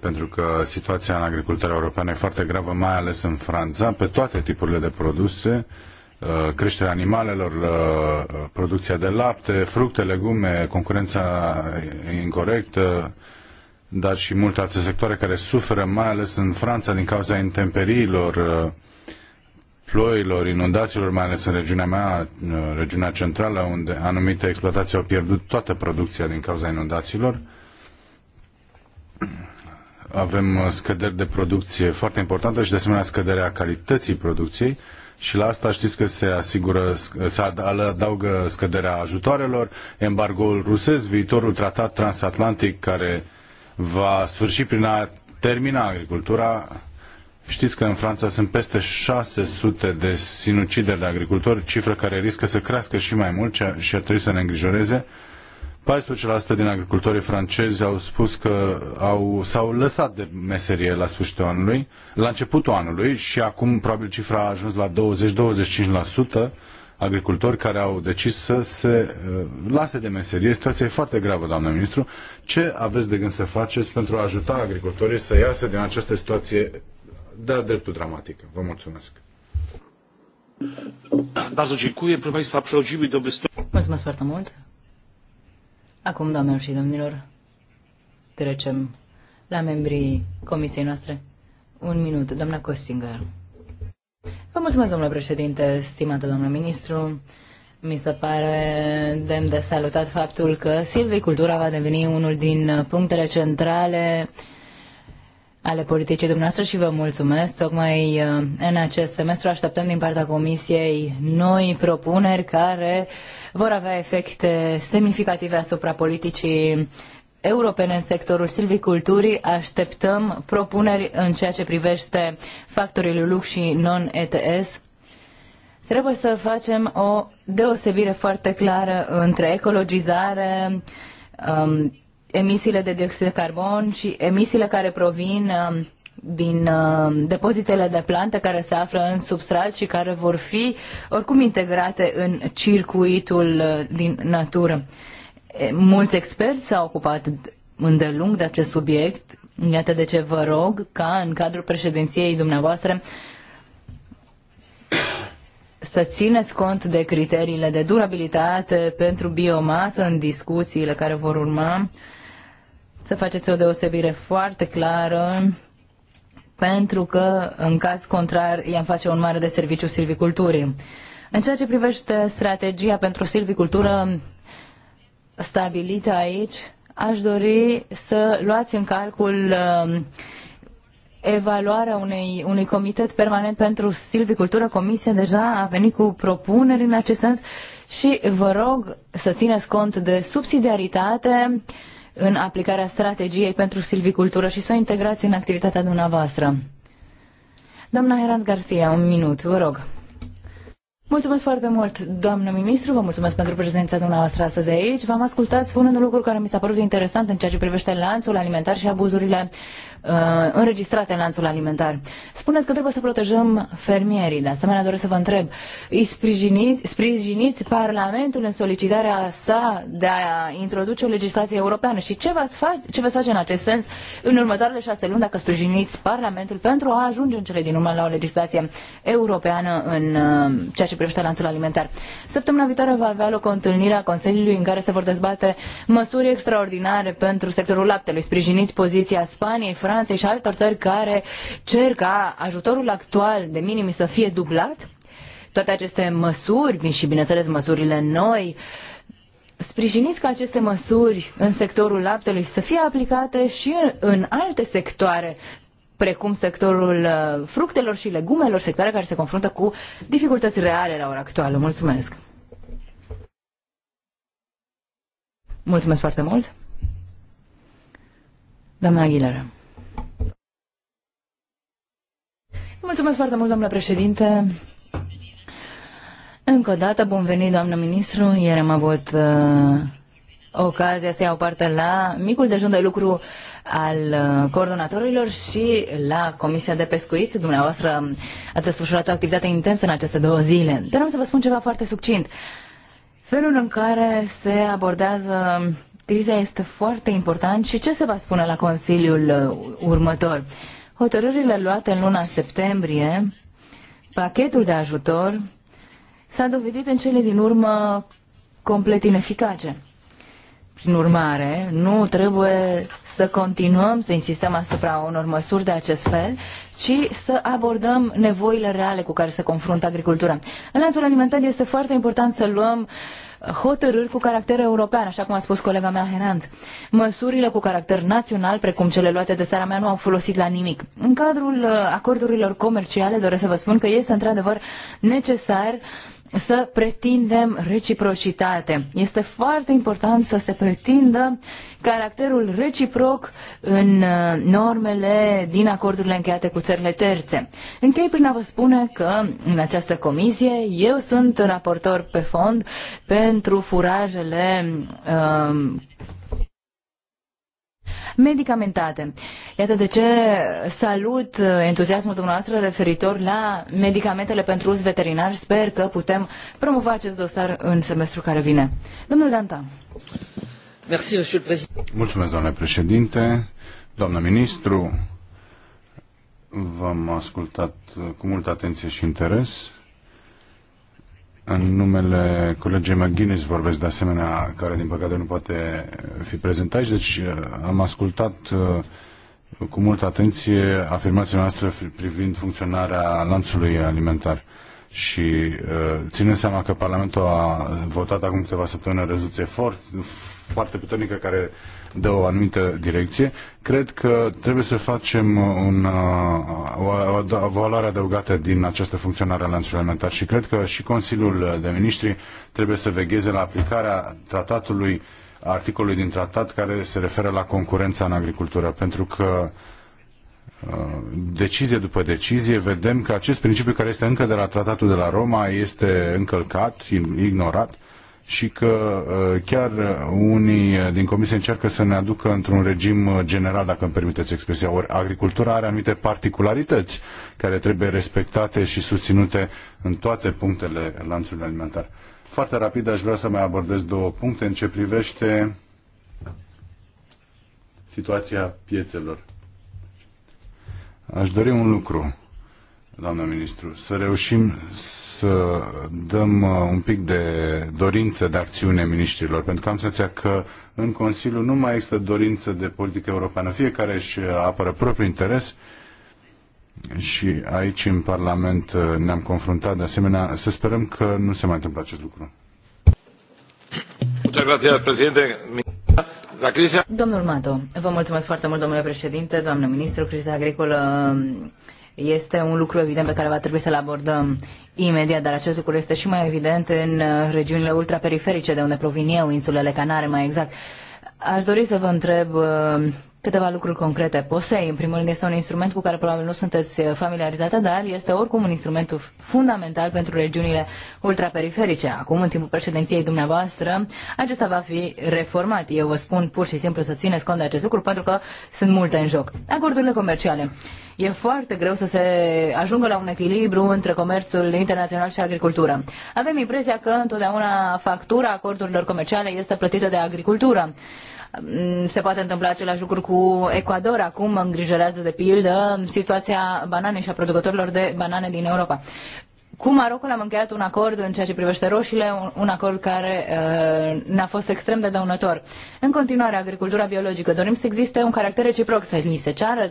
pentru că situația în agricultura europeană e foarte gravă, mai ales în Franța, pe toate tipurile de produse. Uh, Uh, creșterea animalelor, uh, producția de lapte, fructe, legume, concurența incorrectă, dar și multe alte sectoare care suferă, mai ales în Franța, din cauza intemperiilor, uh, ploilor, inundațiilor, mai ales în regiunea mea, regiunea centrală, unde anumite exploatații au pierdut toată producția din cauza inundațiilor. Avem scăderi de producție foarte importantă și, de asemenea, scăderea calității producției și la asta știți că se asigură, se adaugă scăderea ajutoarelor, embargoul rusesc, viitorul tratat transatlantic care va sfârși prin a termina agricultura. Știți că în Franța sunt peste 600 de sinucideri de agricultori, cifră care riscă să crească și mai mult și ar trebui să ne îngrijoreze. 14% din agricultorii francezi au spus că au, s-au lăsat de meserie la sfârșitul anului, la începutul anului și acum probabil cifra a ajuns la 20-25% agricultori care au decis să se uh, lase de meserie. Situația e foarte gravă, doamnă ministru. Ce aveți de gând să faceți pentru a ajuta agricultorii să iasă din această situație de-a dreptul dramatică? Vă mulțumesc. Bardzo dziękuję. Proszę Państwa, przechodzimy do Mulțumesc foarte mult. Acum, doamnelor și domnilor, trecem la membrii comisiei noastre. Un minut, doamna Costinger. Vă mulțumesc, domnule președinte, stimată doamnă ministru. Mi se pare demn de salutat faptul că silvicultura va deveni unul din punctele centrale ale politicii dumneavoastră și vă mulțumesc. Tocmai uh, în acest semestru așteptăm din partea Comisiei noi propuneri care vor avea efecte semnificative asupra politicii europene în sectorul silviculturii. Așteptăm propuneri în ceea ce privește factorii LUC și non-ETS. Trebuie să facem o deosebire foarte clară între ecologizare, um, emisiile de dioxid de carbon și emisiile care provin um, din um, depozitele de plante care se află în substrat și care vor fi oricum integrate în circuitul uh, din natură. Mulți experți s-au ocupat îndelung de acest subiect. Iată de ce vă rog ca în cadrul președinției dumneavoastră să țineți cont de criteriile de durabilitate pentru biomasă în discuțiile care vor urma să faceți o deosebire foarte clară pentru că, în caz contrar, i-am face un mare de serviciu silviculturii. În ceea ce privește strategia pentru silvicultură stabilită aici, aș dori să luați în calcul um, evaluarea unei, unui comitet permanent pentru silvicultură. Comisia deja a venit cu propuneri în acest sens și vă rog să țineți cont de subsidiaritate uh, în aplicarea strategiei pentru silvicultură și să o integrați în activitatea dumneavoastră. Doamna Heranz Garfia, un minut, vă rog. Mulțumesc foarte mult, doamnă ministru, vă mulțumesc pentru prezența dumneavoastră astăzi aici. V-am ascultat spunând un lucru care mi s-a părut interesant în ceea ce privește lanțul alimentar și abuzurile uh, înregistrate în lanțul alimentar. Spuneți că trebuie să protejăm fermierii, de asemenea doresc să vă întreb, îi sprijiniți, sprijiniți Parlamentul în solicitarea sa de a introduce o legislație europeană și ce, veți face, ce veți face în acest sens în următoarele șase luni dacă sprijiniți Parlamentul pentru a ajunge în cele din urmă la o legislație europeană în uh, ceea ce privește lanțul alimentar. Săptămâna viitoare va avea loc o întâlnire a Consiliului în care se vor dezbate măsuri extraordinare pentru sectorul laptelui. Sprijiniți poziția Spaniei, Franței și altor țări care cer ca ajutorul actual de minim să fie dublat. Toate aceste măsuri și, bineînțeles, măsurile noi sprijiniți ca aceste măsuri în sectorul laptelui să fie aplicate și în alte sectoare precum sectorul uh, fructelor și legumelor, sectoare care se confruntă cu dificultăți reale la ora actuală. Mulțumesc! Mulțumesc foarte mult! Doamna Aguilera. Mulțumesc foarte mult, domnule președinte. Încă o dată, bun venit, doamnă ministru. Ieri am avut uh, ocazia să iau parte la micul dejun de lucru al uh, coordonatorilor și la Comisia de Pescuit. Dumneavoastră ați desfășurat o activitate intensă în aceste două zile. Dar am să vă spun ceva foarte succint. Felul în care se abordează criza este foarte important și ce se va spune la Consiliul uh, următor. Hotărârile luate în luna septembrie, pachetul de ajutor, s-a dovedit în cele din urmă complet ineficace. Prin urmare, nu trebuie să continuăm să insistăm asupra unor măsuri de acest fel, ci să abordăm nevoile reale cu care se confruntă agricultura. În lanțul alimentar este foarte important să luăm hotărâri cu caracter european, așa cum a spus colega mea Herant. Măsurile cu caracter național, precum cele luate de țara mea, nu au folosit la nimic. În cadrul uh, acordurilor comerciale, doresc să vă spun că este într-adevăr necesar să pretindem reciprocitate. Este foarte important să se pretindă caracterul reciproc în uh, normele din acordurile încheiate cu țările terțe. Închei prin a vă spune că în această comisie eu sunt raportor pe fond pentru furajele uh, medicamentate. Iată de ce salut uh, entuziasmul dumneavoastră referitor la medicamentele pentru uz veterinar. Sper că putem promova acest dosar în semestrul care vine. Domnul Danta. Mulțumesc, domnule președinte. Doamnă ministru, v-am ascultat uh, cu multă atenție și interes. În numele colegii McGuinness vorbesc de asemenea, care din păcate nu poate fi prezent aici, deci uh, am ascultat uh, cu multă atenție afirmațiile noastre privind funcționarea lanțului alimentar și uh, ținând seama că Parlamentul a votat acum câteva săptămâni o rezoluție foarte, foarte puternică care dă o anumită direcție, cred că trebuie să facem un, uh, o, o valoare adăugată din această funcționare a lanțului alimentar și cred că și Consiliul de Ministri trebuie să vegheze la aplicarea tratatului, articolului din tratat care se referă la concurența în agricultură, pentru că Uh, decizie după decizie, vedem că acest principiu care este încă de la tratatul de la Roma este încălcat, ignorat și că uh, chiar uh, unii din comisie încearcă să ne aducă într-un regim general, dacă îmi permiteți expresia. Ori agricultura are anumite particularități care trebuie respectate și susținute în toate punctele lanțului alimentar. Foarte rapid aș vrea să mai abordez două puncte în ce privește situația piețelor Aș dori un lucru, doamnă ministru, să reușim să dăm uh, un pic de dorință de acțiune ministrilor, pentru că am senzația că în Consiliu nu mai există dorință de politică europeană. Fiecare își apără propriul interes și aici în Parlament uh, ne-am confruntat de asemenea. Să sperăm că nu se mai întâmplă acest lucru. Mulțumesc, președinte. La criza... Domnul Mato, vă mulțumesc foarte mult, domnule președinte, doamnă ministru, criza agricolă um, este un lucru evident pe care va trebui să-l abordăm imediat, dar acest lucru este și mai evident în uh, regiunile ultraperiferice de unde provin eu, insulele Canare mai exact. Aș dori să vă întreb uh, Câteva lucruri concrete. POSEI, în primul rând, este un instrument cu care probabil nu sunteți uh, familiarizate, dar este oricum un instrument fundamental pentru regiunile ultraperiferice. Acum, în timpul președinției dumneavoastră, acesta va fi reformat. Eu vă spun pur și simplu să țineți cont de acest lucru, pentru că sunt multe în joc. Acordurile comerciale. E foarte greu să se ajungă la un echilibru între comerțul internațional și agricultură. Avem impresia că întotdeauna factura acordurilor comerciale este plătită de agricultură. Mm, se poate întâmpla același lucru cu Ecuador. Acum mă îngrijorează de pildă situația bananei și a producătorilor de banane din Europa. Cu Marocul am încheiat un acord în ceea ce privește roșiile, un, un acord care uh, ne-a fost extrem de dăunător. În continuare, agricultura biologică. Dorim să existe un caracter reciproc, să ni se ceară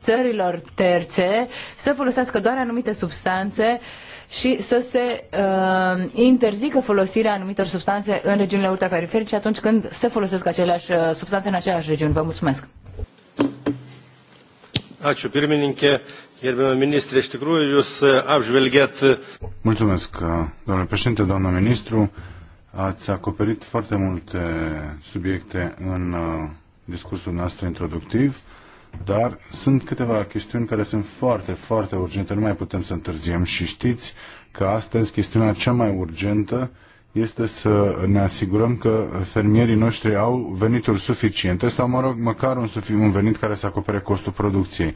țărilor terțe să folosească doar anumite substanțe uh, și să se uh, interzică folosirea anumitor substanțe în regiunile ultraperiferice atunci când se folosesc aceleași uh, substanțe în aceeași regiuni. Vă mulțumesc! Ačiū pirmininkė, gerbėma ministrė, iš tikrųjų jūs uh, apžvelgėt. Uh, mulțumesc, domnule președinte, doamna ministru. Ați acoperit foarte multe subiecte în discursul nostru introductiv. Dar sunt câteva chestiuni care sunt foarte, foarte urgente. Nu mai putem să întârziem și știți că astăzi chestiunea cea mai urgentă este să ne asigurăm că fermierii noștri au venituri suficiente sau, mă rog, măcar un, un venit care să acopere costul producției.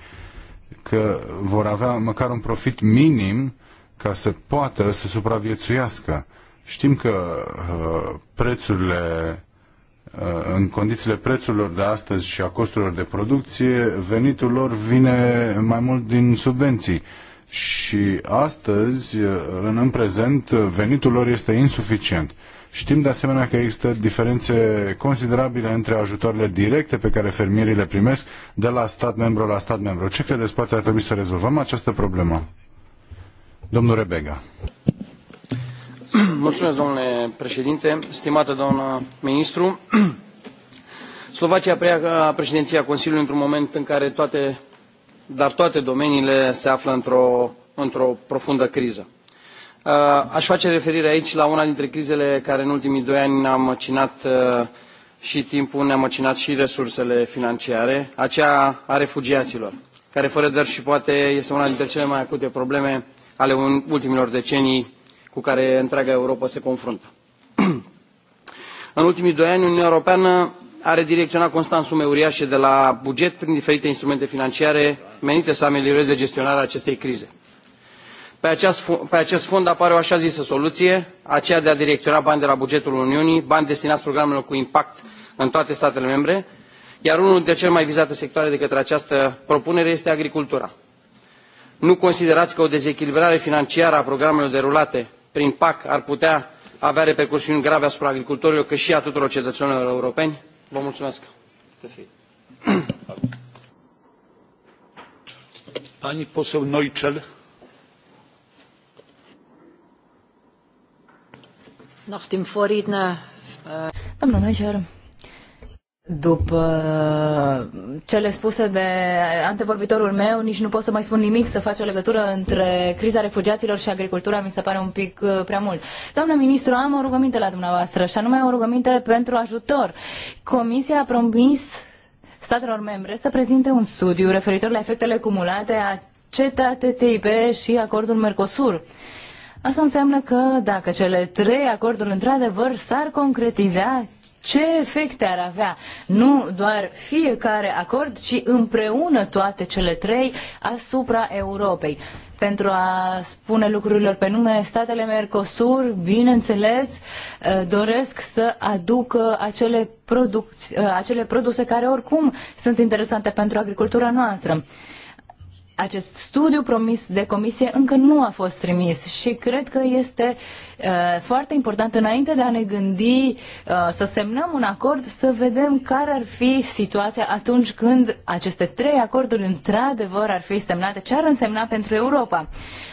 Că vor avea măcar un profit minim ca să poată să supraviețuiască. Știm că uh, prețurile Uh, în condițiile prețurilor de astăzi și a costurilor de producție, venitul lor vine mai mult din subvenții. Și astăzi, uh, în, în prezent, venitul lor este insuficient. Știm de asemenea că există diferențe considerabile între ajutoarele directe pe care fermierii le primesc de la stat membru la stat membru. Ce credeți, poate ar trebui să rezolvăm această problemă? Domnul Rebega. Mulțumesc, domnule președinte. Stimată doamnă ministru, Slovacia preia președinția Consiliului într-un moment în care toate, dar toate domeniile se află într-o într profundă criză. Aș face referire aici la una dintre crizele care în ultimii doi ani ne-a măcinat și timpul, ne-a măcinat și resursele financiare, aceea a refugiaților, care fără dar și poate este una dintre cele mai acute probleme ale ultimilor decenii cu care întreaga Europa se confruntă. În ultimii doi ani, Uniunea Europeană a redirecționat constant sume uriașe de la buget prin diferite instrumente financiare menite să amelioreze gestionarea acestei crize. Pe acest, pe acest fond apare o așa zisă soluție, aceea de a direcționa bani de la bugetul Uniunii, bani destinați programelor cu impact în toate statele membre, iar unul dintre cele mai vizate sectoare de către această propunere este agricultura. Nu considerați că o dezechilibrare financiară a programelor derulate prin PAC ar putea avea repercusiuni grave asupra agricultorilor, cât și a tuturor cetățenilor europeni? Vă mulțumesc! Pani poseł Neuchel. Nach dem Vorredner. Äh, Domnul Neuchel. După cele spuse de antevorbitorul meu, nici nu pot să mai spun nimic să fac o legătură între criza refugiaților și agricultura, mi se pare un pic uh, prea mult. Doamnă ministru, am o rugăminte la dumneavoastră și anume o rugăminte pentru ajutor. Comisia a promis statelor membre să prezinte un studiu referitor la efectele cumulate a CETA, TTIP și acordul Mercosur. Asta înseamnă că dacă cele trei acorduri într-adevăr s-ar concretiza, ce efecte ar avea nu doar fiecare acord, ci împreună toate cele trei asupra Europei. Pentru a spune lucrurilor pe nume, statele Mercosur, bineînțeles, eh, doresc să aducă acele, produc- eh, acele produse care oricum sunt interesante pentru agricultura noastră acest studiu promis de comisie încă nu a fost trimis și cred că este uh, foarte important înainte de a ne gândi uh, să semnăm un acord, să vedem care ar fi situația atunci când aceste trei acorduri într-adevăr ar fi semnate, ce ar însemna pentru Europa.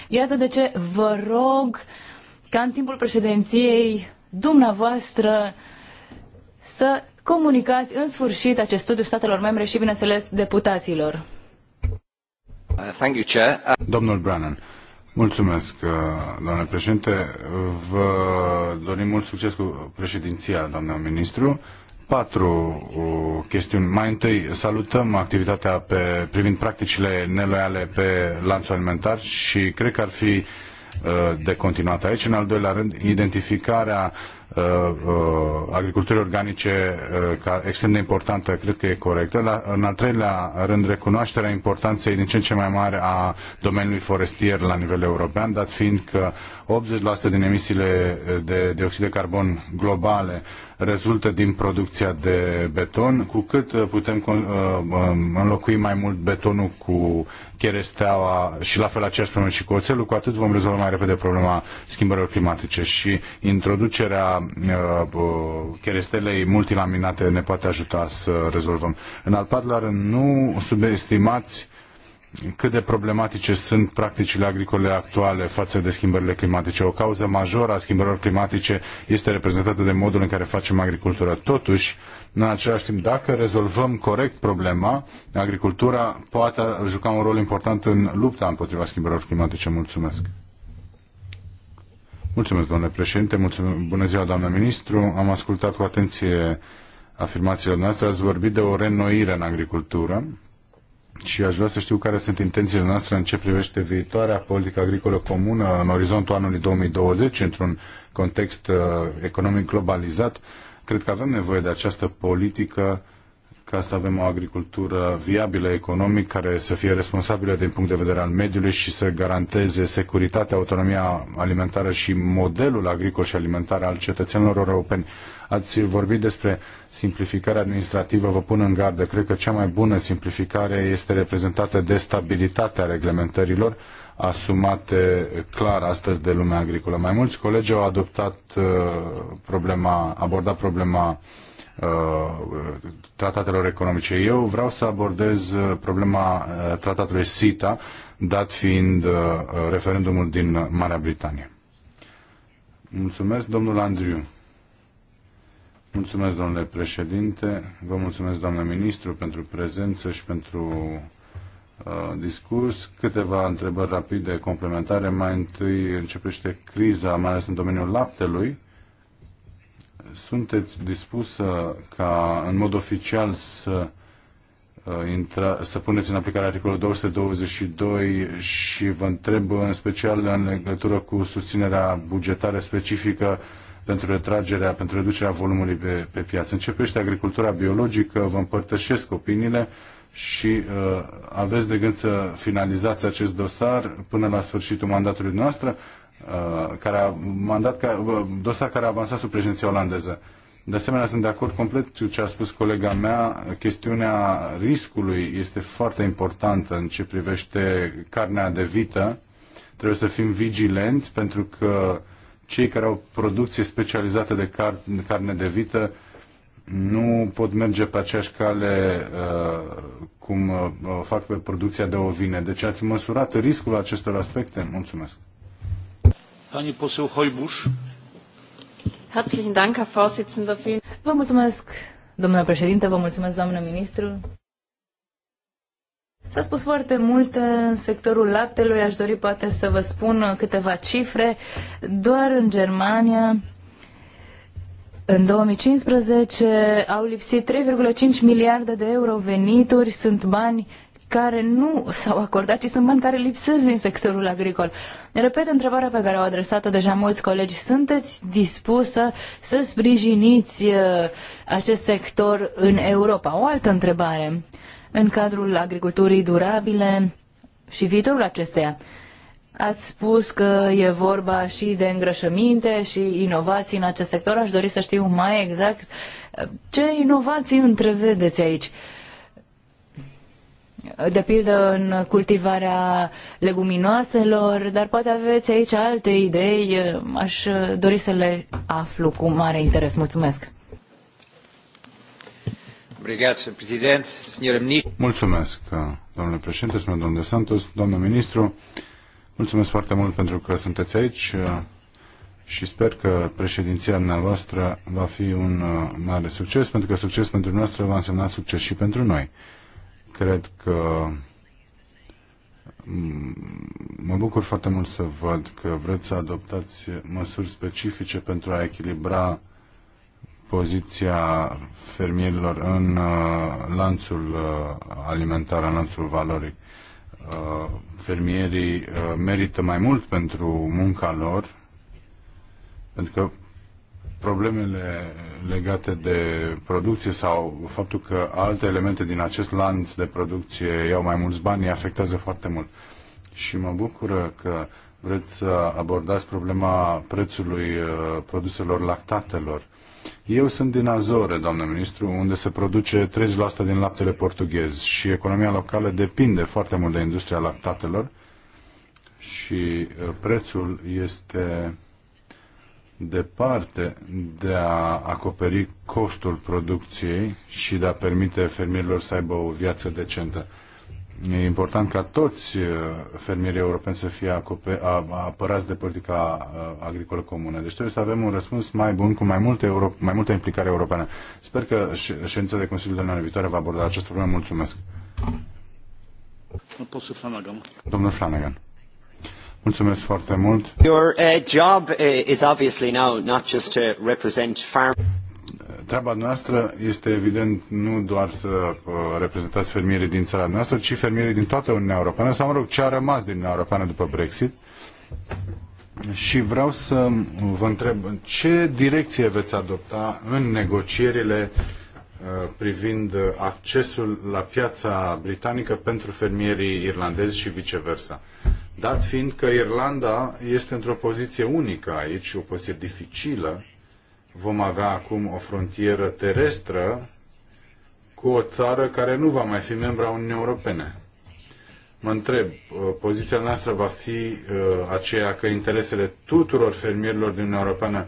Iată de ce vă rog ca în timpul președinției dumneavoastră să comunicați în sfârșit acest studiu statelor membre și, bineînțeles, deputaților. Domnule Domnul Brannan. Mulțumesc, uh, doamne președinte. Vă dorim mult succes cu președinția, doamna ministru. Patru uh, chestiuni. Mai întâi, salutăm activitatea pe, privind practicile neloiale pe lanțul alimentar și cred că ar fi uh, de continuat aici. În al doilea rând, identificarea uh, Uh, uh, agriculturii organice uh, ca extrem de importantă, cred că e corectă. La, în al treilea rând, recunoașterea importanței din ce în ce mai mare a domeniului forestier la nivel european, dat fiind că 80% din emisiile de dioxid de carbon globale rezultă din producția de beton, cu cât putem um, înlocui mai mult betonul cu cheresteaua și la fel aceeași problemă și cu oțelul, cu atât vom rezolva mai repede problema schimbărilor climatice și introducerea Uh, uh, cherestelei multilaminate ne poate ajuta să rezolvăm. În al patrulea rând, nu subestimați cât de problematice sunt practicile agricole actuale față de schimbările climatice. O cauză majoră a schimbărilor climatice este reprezentată de modul în care facem agricultură. Totuși, în același timp, dacă rezolvăm corect problema, agricultura poate juca un rol important în lupta împotriva schimbărilor climatice. Mulțumesc! Mulțumesc, domnule președinte, mulțumesc, bună ziua, doamnă ministru. Am ascultat cu atenție afirmațiile noastre, ați vorbit de o reînnoire în agricultură și aș vrea să știu care sunt intențiile noastre în ce privește viitoarea politică agricolă comună în orizontul anului 2020, într-un context uh, economic globalizat. Cred că avem nevoie de această politică ca să avem o agricultură viabilă economic, care să fie responsabilă din punct de vedere al mediului și să garanteze securitatea, autonomia alimentară și modelul agricol și alimentar al cetățenilor europeni. Ați vorbit despre simplificarea administrativă, vă pun în gardă. Cred că cea mai bună simplificare este reprezentată de stabilitatea reglementărilor asumate clar astăzi de lumea agricolă. Mai mulți colegi au adoptat uh, problema, abordat problema uh, Uh, tratatelor economice. Eu vreau să abordez uh, problema uh, tratatului SITA, dat fiind referendumul din Marea Britanie. Mulțumesc, domnul Andriu. Mulțumesc, domnule președinte. Vă mulțumesc, doamnă ministru, pentru prezență și pentru discurs. Câteva întrebări rapide, complementare. Mai întâi începește criza, mai ales în domeniul laptelui sunteți dispusă ca în mod oficial să, uh, intra, să puneți în aplicare articolul 222 și vă întreb în special în legătură cu susținerea bugetară specifică pentru retragerea, pentru reducerea volumului pe, pe piață. Începește agricultura biologică, vă împărtășesc opiniile și uh, aveți de gând să finalizați acest dosar până la sfârșitul mandatului noastră Uh, care a mandat ca, dosar care a avansat sub președinția olandeză. De asemenea, sunt de acord complet cu ce a spus colega mea. Chestiunea riscului este foarte importantă în ce privește carnea de vită. Trebuie să fim vigilenți pentru că cei care au producție specializată de carne de vită nu pot merge pe aceeași cale uh, cum uh, fac pe producția de ovine. Deci ați măsurat riscul acestor aspecte? Mulțumesc! Pani poseł Hojbusz. Herzlichen Dank, Herr Vorsitzender. Vă mulțumesc, domnule președinte, vă mulțumesc, doamnă ministru. S-a spus foarte mult în sectorul laptelui, aș dori poate să vă spun câteva cifre. Doar în Germania, în 2015, au lipsit 3,5 miliarde de euro venituri, sunt bani care nu s-au acordat, ci sunt bani care lipsesc din sectorul agricol. Repet întrebarea pe care o adresat-o deja mulți colegi. Sunteți dispusă să sprijiniți uh, acest sector în Europa? O altă întrebare. În cadrul agriculturii durabile și viitorul acesteia. Ați spus că e vorba și de îngrășăminte și inovații în acest sector. Aș dori să știu mai exact uh, ce inovații întrevedeți aici de pildă în cultivarea leguminoaselor, dar poate aveți aici alte idei. Aș dori să le aflu cu mare interes. Mulțumesc! Mulțumesc, domnule președinte, sunt domnul De Santos, domnul ministru. Mulțumesc foarte mult pentru că sunteți aici și sper că președinția noastră va fi un mare succes, pentru că succes pentru noastră va însemna succes și pentru noi cred că mă bucur foarte mult să văd că vreți să adoptați măsuri specifice pentru a echilibra poziția fermierilor în uh, lanțul uh, alimentar, în lanțul valoric. Uh, fermierii merită mai mult pentru munca lor, pentru că problemele legate de producție sau faptul că alte elemente din acest lanț de producție iau mai mulți bani, îi afectează foarte mult. Și mă bucură că vreți să abordați problema prețului uh, produselor lactatelor. Eu sunt din Azore, doamnă ministru, unde se produce 30% din laptele portughez și economia locală depinde foarte mult de industria lactatelor și uh, prețul este departe de a acoperi costul producției și de a permite fermierilor să aibă o viață decentă. E important ca toți uh, fermierii europeni să fie acope- apărați de politica uh, agricolă comună. Deci trebuie să avem un răspuns mai bun, cu mai multe euro- mai multă implicare europeană. Sper că ședința de Consiliu de anul viitoare va aborda această problemă. Mulțumesc. Domnul Flanagan. Mulțumesc foarte mult. Your uh, job uh, is obviously now not just to represent farm treaba noastră este evident nu doar să uh, reprezentați fermierii din țara noastră, ci fermierii din toată Uniunea Europeană sau, mă rog, ce a rămas din Uniunea Europeană după Brexit. Și vreau să vă întreb ce direcție veți adopta în negocierile Uh, privind uh, accesul la piața britanică pentru fermierii irlandezi și viceversa. Dat fiind că Irlanda este într-o poziție unică aici, o poziție dificilă, vom avea acum o frontieră terestră cu o țară care nu va mai fi membra Uniunii Europene. Mă întreb, uh, poziția noastră va fi aceea că interesele tuturor fermierilor din Uniunea Europeană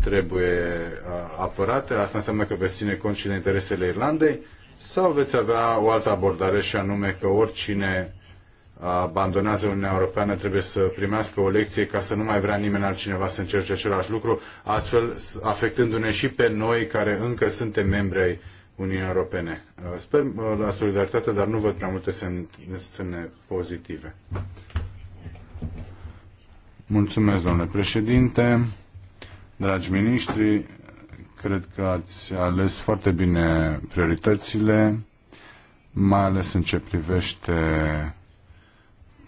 trebuie uh, apărate. Asta înseamnă că veți ține cont și de interesele Irlandei sau veți avea o altă abordare și anume că oricine abandonează Uniunea Europeană trebuie să primească o lecție ca să nu mai vrea nimeni altcineva să încerce același lucru, astfel afectându-ne și pe noi care încă suntem membri ai Uniunii Europene. Uh, sper uh, la solidaritate, dar nu văd prea multe semne pozitive. Mulțumesc, domnule președinte dragi miniștri, cred că ați ales foarte bine prioritățile, mai ales în ce privește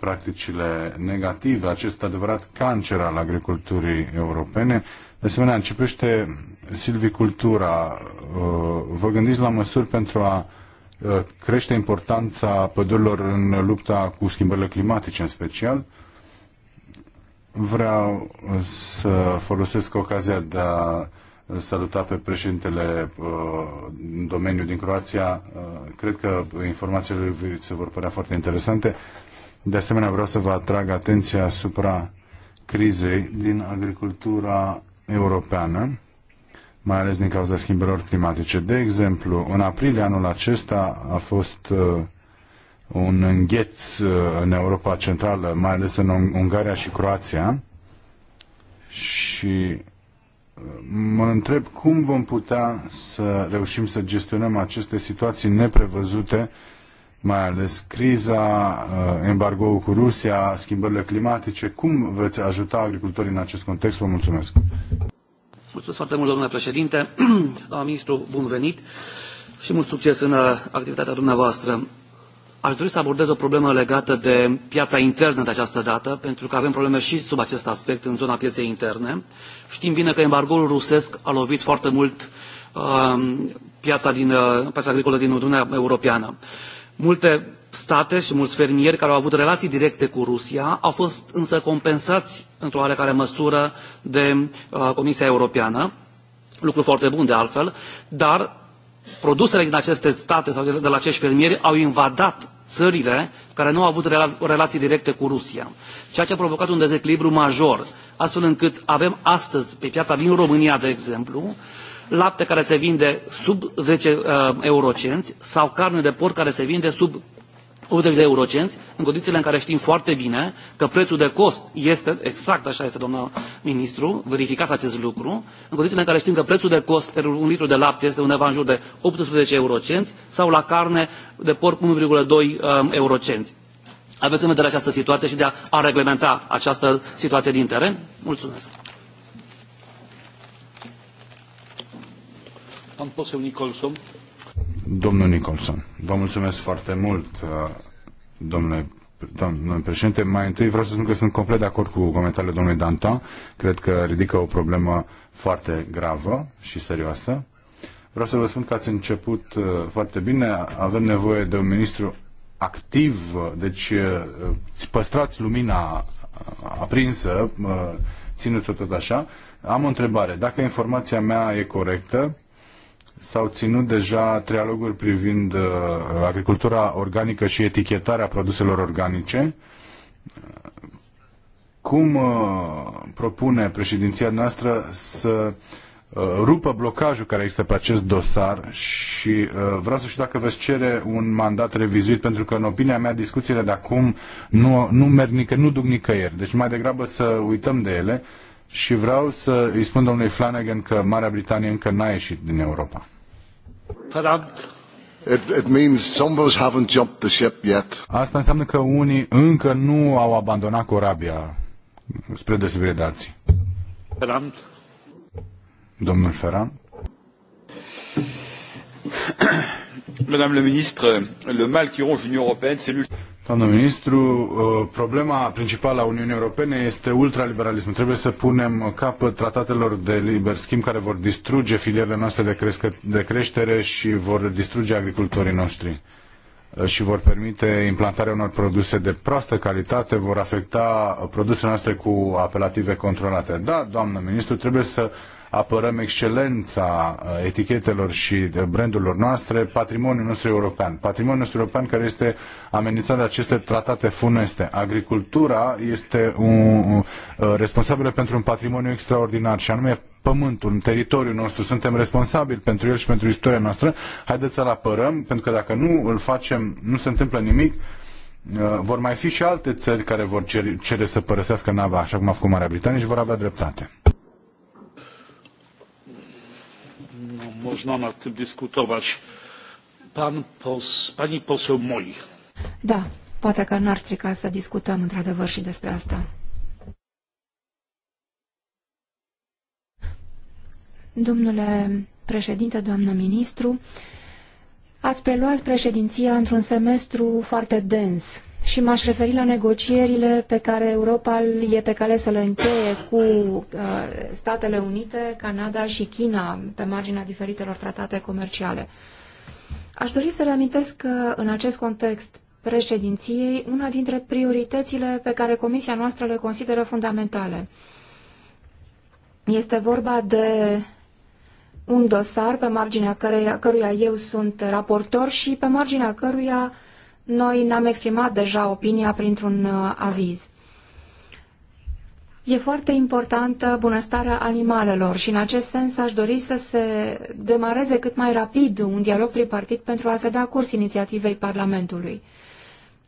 practicile negative, acest adevărat cancer al agriculturii europene. De asemenea, începește silvicultura. Uh, vă gândiți la măsuri pentru a uh, crește importanța pădurilor în lupta cu schimbările climatice în special? Vreau să folosesc ocazia de a saluta pe președintele uh, în domeniul din Croația. Uh, cred că informațiile lui se vor părea foarte interesante. De asemenea, vreau să vă atrag atenția asupra crizei din agricultura europeană, mai ales din cauza schimbărilor climatice. De exemplu, în aprilie anul acesta a fost uh, un îngheț uh, în Europa Centrală, mai ales în Ungaria și Croația. Și uh, mă întreb cum vom putea să reușim să gestionăm aceste situații neprevăzute, mai ales criza, uh, embargoul cu Rusia, schimbările climatice. Cum veți ajuta agricultorii în acest context? Vă mulțumesc! Mulțumesc foarte mult, domnule președinte. Doamna ministru, bun venit și mult succes în activitatea dumneavoastră. Aș dori să abordez o problemă legată de piața internă de această dată, pentru că avem probleme și sub acest aspect în zona pieței interne. Știm bine că embargoul rusesc a lovit foarte mult uh, piața, din, uh, piața agricolă din Uniunea Europeană. Multe state și mulți fermieri care au avut relații directe cu Rusia au fost însă compensați într-o oarecare măsură de uh, Comisia Europeană, lucru foarte bun de altfel, dar produsele din aceste state sau de la acești fermieri au invadat țările care nu au avut rela relații directe cu Rusia, ceea ce a provocat un dezechilibru major, astfel încât avem astăzi pe piața din România, de exemplu, lapte care se vinde sub 10 uh, eurocenți sau carne de porc care se vinde sub 80 de eurocenți, în condițiile în care știm foarte bine că prețul de cost este, exact așa este, domnul ministru, verificați acest lucru, în condițiile în care știm că prețul de cost pe un litru de lapte este undeva în jur de 18 eurocenți sau la carne de porc 1,2 um, eurocenți. Aveți în vedere această situație și de a, a reglementa această situație din teren? Mulțumesc. Pan poseł Nicholson. Domnul Nicholson, vă mulțumesc foarte mult, uh, domnule domnule președinte. Mai întâi vreau să spun că sunt complet de acord cu comentariile domnului Danta. Cred că ridică o problemă foarte gravă și serioasă. Vreau să vă spun că ați început uh, foarte bine. Avem nevoie de un ministru activ, uh, deci îți păstrați lumina aprinsă, țineți-o tot așa. Am o întrebare. Dacă informația mea e corectă, S-au ținut deja trialoguri privind uh, agricultura organică și etichetarea produselor organice. Cum uh, propune președinția noastră să uh, rupă blocajul care există pe acest dosar și uh, vreau să știu dacă veți cere un mandat revizuit, pentru că în opinia mea discuțiile de acum nu, nu merg nicăieri, nu duc nicăieri. Deci mai degrabă să uităm de ele și vreau să îi spun domnului Flanagan că Marea Britanie încă n-a ieșit din Europa. It, means haven't jumped the ship yet. Asta înseamnă că unii încă nu au abandonat corabia spre deosebire de alții. Ferrand. Domnul Ferrand. Madame le ministre, le mal qui ronge l'Union européenne, c'est Doamnă ministru, uh, problema principală a Uniunii Europene este ultraliberalismul. Trebuie să punem capăt tratatelor de liber schimb care vor distruge filierele noastre de, crescă, de creștere și vor distruge agricultorii noștri uh, și vor permite implantarea unor produse de proastă calitate, vor afecta produsele noastre cu apelative controlate. Da, doamnă ministru, trebuie să apărăm excelența uh, etichetelor și uh, brandurilor noastre, patrimoniul nostru european. Patrimoniul nostru european care este amenințat de aceste tratate funeste. Agricultura este un, uh, responsabilă pentru un patrimoniu extraordinar și anume pământul, teritoriul nostru, suntem responsabili pentru el și pentru istoria noastră, haideți să-l apărăm, pentru că dacă nu îl facem, nu se întâmplă nimic, vor mai fi și alte țări care vor cere, cere să părăsească nava, așa cum a făcut Marea Britanie și vor avea dreptate. można nad tym dyskutować. Pan pos, pani poseł Moi. Da, poate că n-ar strica să discutăm într-adevăr și despre asta. Domnule președinte, doamnă ministru, ați preluat președinția într-un semestru foarte dens și m-aș referi la negocierile pe care Europa e pe cale să le încheie cu uh, Statele Unite, Canada și China pe marginea diferitelor tratate comerciale. Aș dori să reamintesc că în acest context președinției una dintre prioritățile pe care Comisia noastră le consideră fundamentale. Este vorba de un dosar pe marginea căruia eu sunt raportor și pe marginea căruia uh, noi ne-am exprimat deja opinia printr-un uh, aviz. E foarte importantă bunăstarea animalelor și în acest sens aș dori să se demareze cât mai rapid un dialog tripartit pentru a se da curs inițiativei Parlamentului.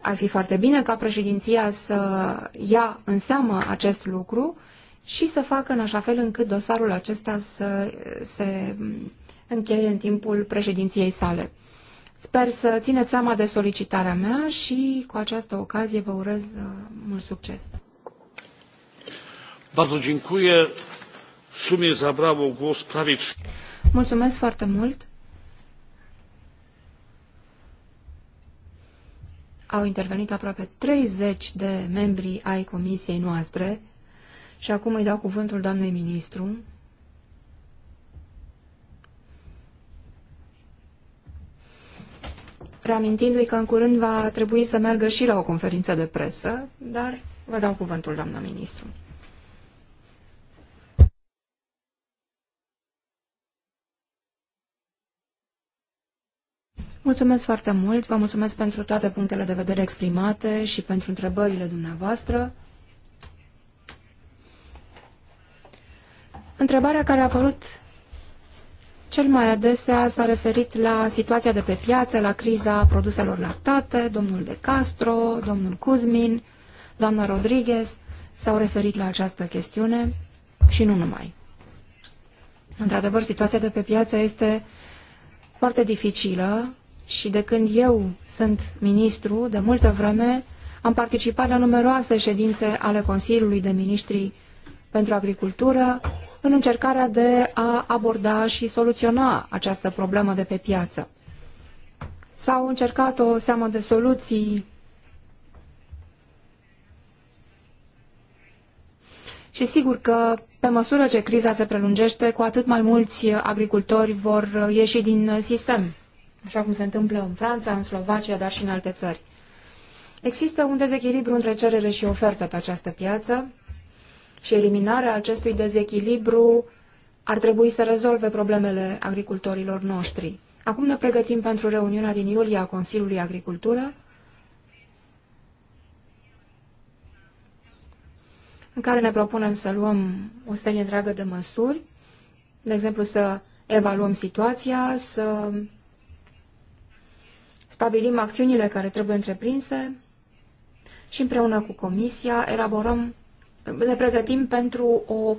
Ar fi foarte bine ca președinția să ia în seamă acest lucru și să facă în așa fel încât dosarul acesta să se încheie în timpul președinției sale. Sper să țineți seama de solicitarea mea și cu această ocazie vă urez uh, mult succes. Bardzo dziękuję. W sumie zabrało głos prawie... Mulțumesc foarte mult. Au intervenit aproape 30 de membri ai comisiei noastre și acum îi dau cuvântul doamnei ministru reamintindu-i că în curând va trebui să meargă și la o conferință de presă, dar vă dau cuvântul, doamnă ministru. Mulțumesc foarte mult, vă mulțumesc pentru toate punctele de vedere exprimate și pentru întrebările dumneavoastră. Întrebarea care a apărut cel mai adesea s-a referit la situația de pe piață, la criza produselor lactate, domnul De Castro, domnul Cuzmin, doamna Rodriguez s-au referit la această chestiune și nu numai. Într-adevăr, situația de pe piață este foarte dificilă și de când eu sunt ministru, de multă vreme, am participat la numeroase ședințe ale Consiliului de Ministri pentru Agricultură, în încercarea de a aborda și soluționa această problemă de pe piață. S-au încercat o seamă de soluții și sigur că pe măsură ce criza se prelungește, cu atât mai mulți agricultori vor ieși din sistem, așa cum se întâmplă în Franța, în Slovacia, dar și în alte țări. Există un dezechilibru între cerere și ofertă pe această piață, și eliminarea acestui dezechilibru ar trebui să rezolve problemele agricultorilor noștri. Acum ne pregătim pentru reuniunea din iulie a Consiliului Agricultură, în care ne propunem să luăm o serie întreagă de măsuri, de exemplu să evaluăm situația, să stabilim acțiunile care trebuie întreprinse și împreună cu Comisia elaborăm le pregătim pentru o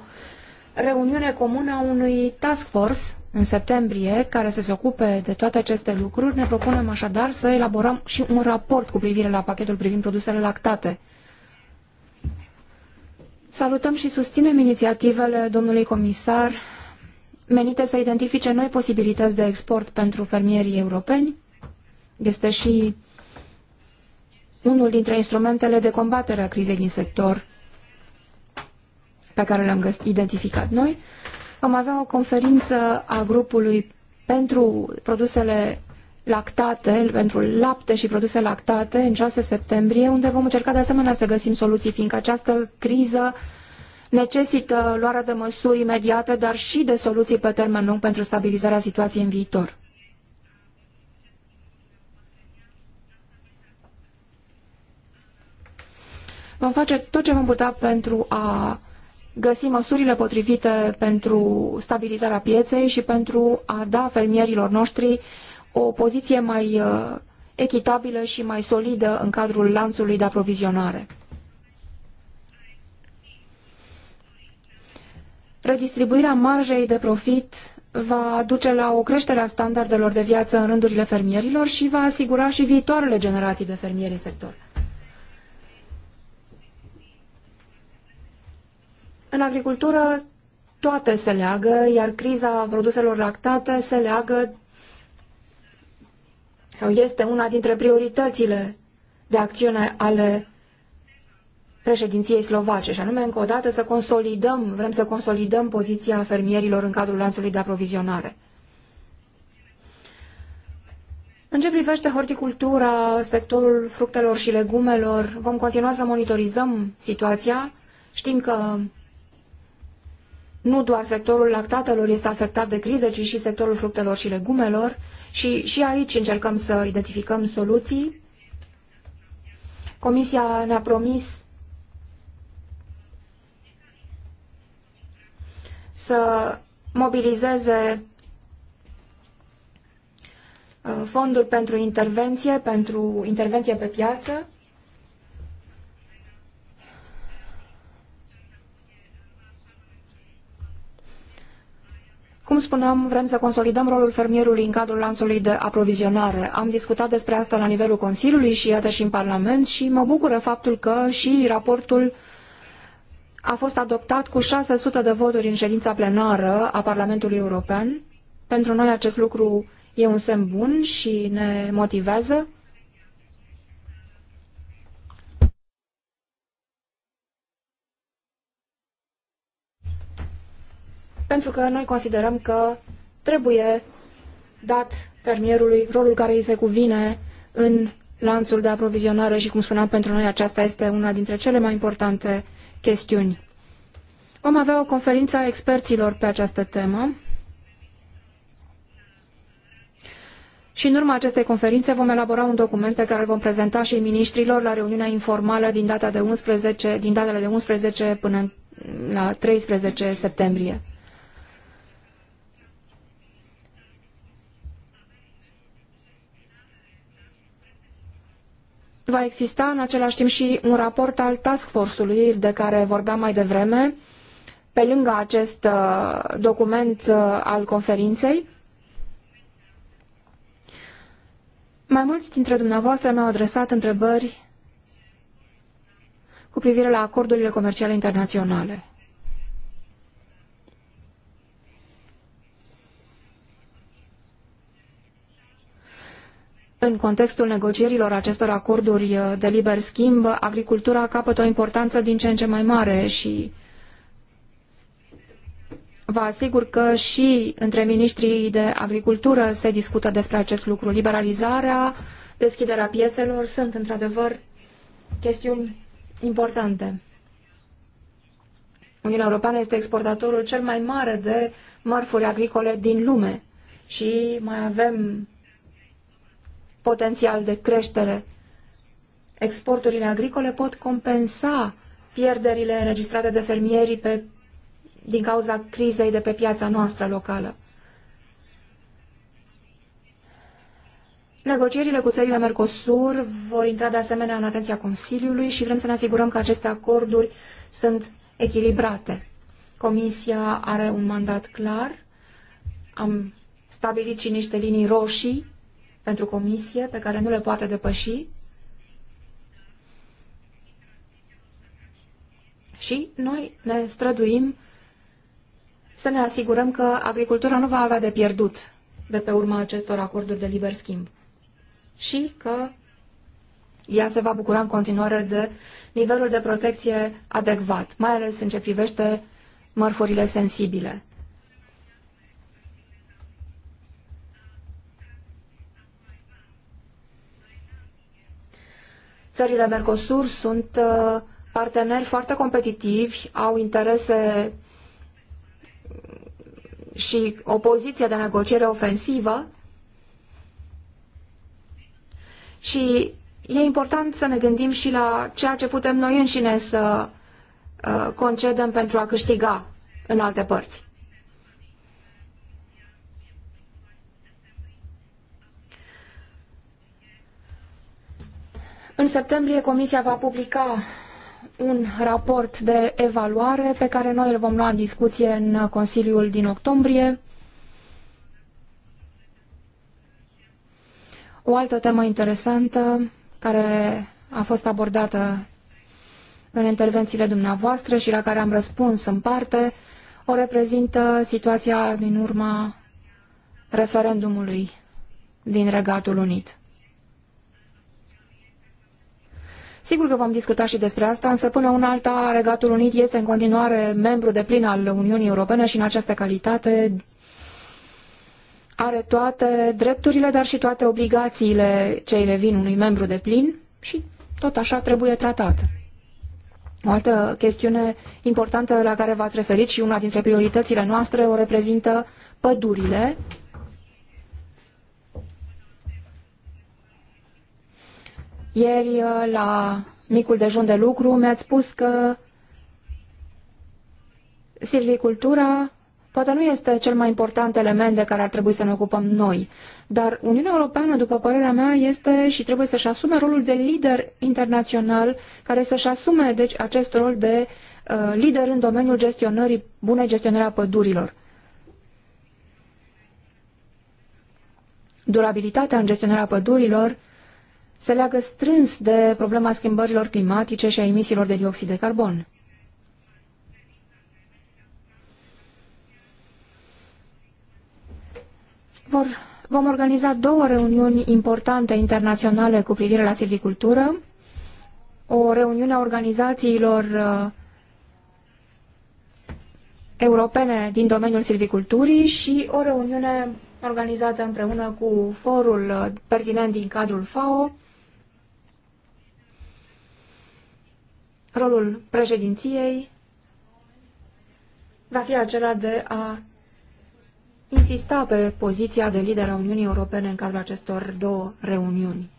reuniune comună a unui task force în septembrie care să se ocupe de toate aceste lucruri. Ne propunem așadar să elaborăm și un raport cu privire la pachetul privind produsele lactate. Salutăm și susținem inițiativele domnului comisar menite să identifice noi posibilități de export pentru fermierii europeni. Este și unul dintre instrumentele de combatere a crizei din sector pe care le-am identificat noi, Am avea o conferință a grupului pentru produsele lactate, pentru lapte și produse lactate în 6 septembrie, unde vom încerca de asemenea să găsim soluții, fiindcă această criză necesită luarea de măsuri imediate, dar și de soluții pe termen lung pentru stabilizarea situației în viitor. Vom face tot ce vom putea pentru a găsi măsurile potrivite pentru stabilizarea pieței și pentru a da fermierilor noștri o poziție mai uh, echitabilă și mai solidă în cadrul lanțului de aprovizionare. Redistribuirea marjei de profit va duce la o creștere a standardelor de viață în rândurile fermierilor și va asigura și viitoarele generații de fermieri în sector. În agricultură toate se leagă, iar criza produselor lactate se leagă sau este una dintre prioritățile de acțiune ale președinției slovace, și anume, încă o dată, să consolidăm, vrem să consolidăm poziția fermierilor în cadrul lanțului de aprovizionare. În ce privește horticultura, sectorul fructelor și legumelor, vom continua să monitorizăm situația. Știm că nu doar sectorul lactatelor este afectat de criză, ci și sectorul fructelor și legumelor și, și aici încercăm să identificăm soluții. Comisia ne-a promis să mobilizeze uh, fonduri pentru intervenție, pentru intervenție pe piață Cum spuneam, vrem să consolidăm rolul fermierului în cadrul lanțului de aprovizionare. Am discutat despre asta la nivelul Consiliului și iată și în Parlament și mă bucură faptul că și raportul a fost adoptat cu 600 de voturi în ședința plenară a Parlamentului European. Pentru noi acest lucru e un semn bun și ne motivează. pentru că noi considerăm că trebuie dat fermierului rolul care îi se cuvine în lanțul de aprovizionare și, cum spuneam, pentru noi aceasta este una dintre cele mai importante chestiuni. Vom avea o conferință a experților pe această temă și în urma acestei conferințe vom elabora un document pe care îl vom prezenta și ministrilor la reuniunea informală din, data de 11, din datele de 11 până la 13 septembrie. va exista în același timp și un raport al task force-ului de care vorbeam mai devreme, pe lângă acest uh, document uh, al conferinței. Mai mulți dintre dumneavoastră mi-au adresat întrebări cu privire la acordurile comerciale internaționale. În contextul negocierilor acestor acorduri uh, de liber schimb, agricultura capătă o importanță din ce în ce mai mare și vă asigur că și între ministrii de agricultură se discută despre acest lucru. Liberalizarea, deschiderea piețelor sunt într-adevăr chestiuni importante. Uniunea Europeană este exportatorul cel mai mare de mărfuri agricole din lume și mai avem potențial de creștere. Exporturile agricole pot compensa pierderile înregistrate de fermierii pe, din cauza crizei de pe piața noastră locală. Negocierile cu țările Mercosur vor intra de asemenea în atenția Consiliului și vrem să ne asigurăm că aceste acorduri sunt echilibrate. Comisia are un mandat clar, am stabilit și niște linii roșii pentru comisie pe care nu le poate depăși și noi ne străduim să ne asigurăm că agricultura nu va avea de pierdut de pe urma acestor acorduri de liber schimb și că ea se va bucura în continuare de nivelul de protecție adecvat, mai ales în ce privește mărfurile sensibile. Țările Mercosur sunt uh, parteneri foarte competitivi, au interese și o poziție de negociere ofensivă și e important să ne gândim și la ceea ce putem noi înșine să uh, concedem pentru a câștiga în alte părți. În septembrie Comisia va publica un raport de evaluare pe care noi îl vom lua în discuție în Consiliul din octombrie. O altă temă interesantă care a fost abordată în intervențiile dumneavoastră și la care am răspuns în parte, o reprezintă situația din urma referendumului din Regatul Unit. Sigur că vom discuta și despre asta, însă până una alta, Regatul Unit este în continuare membru de plin al Uniunii Europene și în această calitate are toate drepturile, dar și toate obligațiile ce îi revin unui membru de plin și tot așa trebuie tratat. O altă chestiune importantă la care v-ați referit și una dintre prioritățile noastre o reprezintă pădurile Ieri, uh, la micul dejun de lucru, mi-ați spus că silvicultura poate nu este cel mai important element de care ar trebui să ne ocupăm noi, dar Uniunea Europeană, după părerea mea, este și trebuie să-și asume rolul de lider internațional, care să-și asume deci, acest rol de uh, lider în domeniul gestionării, bunei gestionări a pădurilor. Durabilitatea în gestionarea pădurilor se leagă strâns de problema schimbărilor climatice și a emisiilor de dioxid de carbon. Vor, vom organiza două reuniuni importante internaționale cu privire la silvicultură, o reuniune a organizațiilor uh, europene din domeniul silviculturii și o reuniune organizată împreună cu forul uh, pertinent din cadrul FAO rolul președinției va fi acela de a insista pe poziția de lider a Uniunii Europene în cadrul acestor două reuniuni.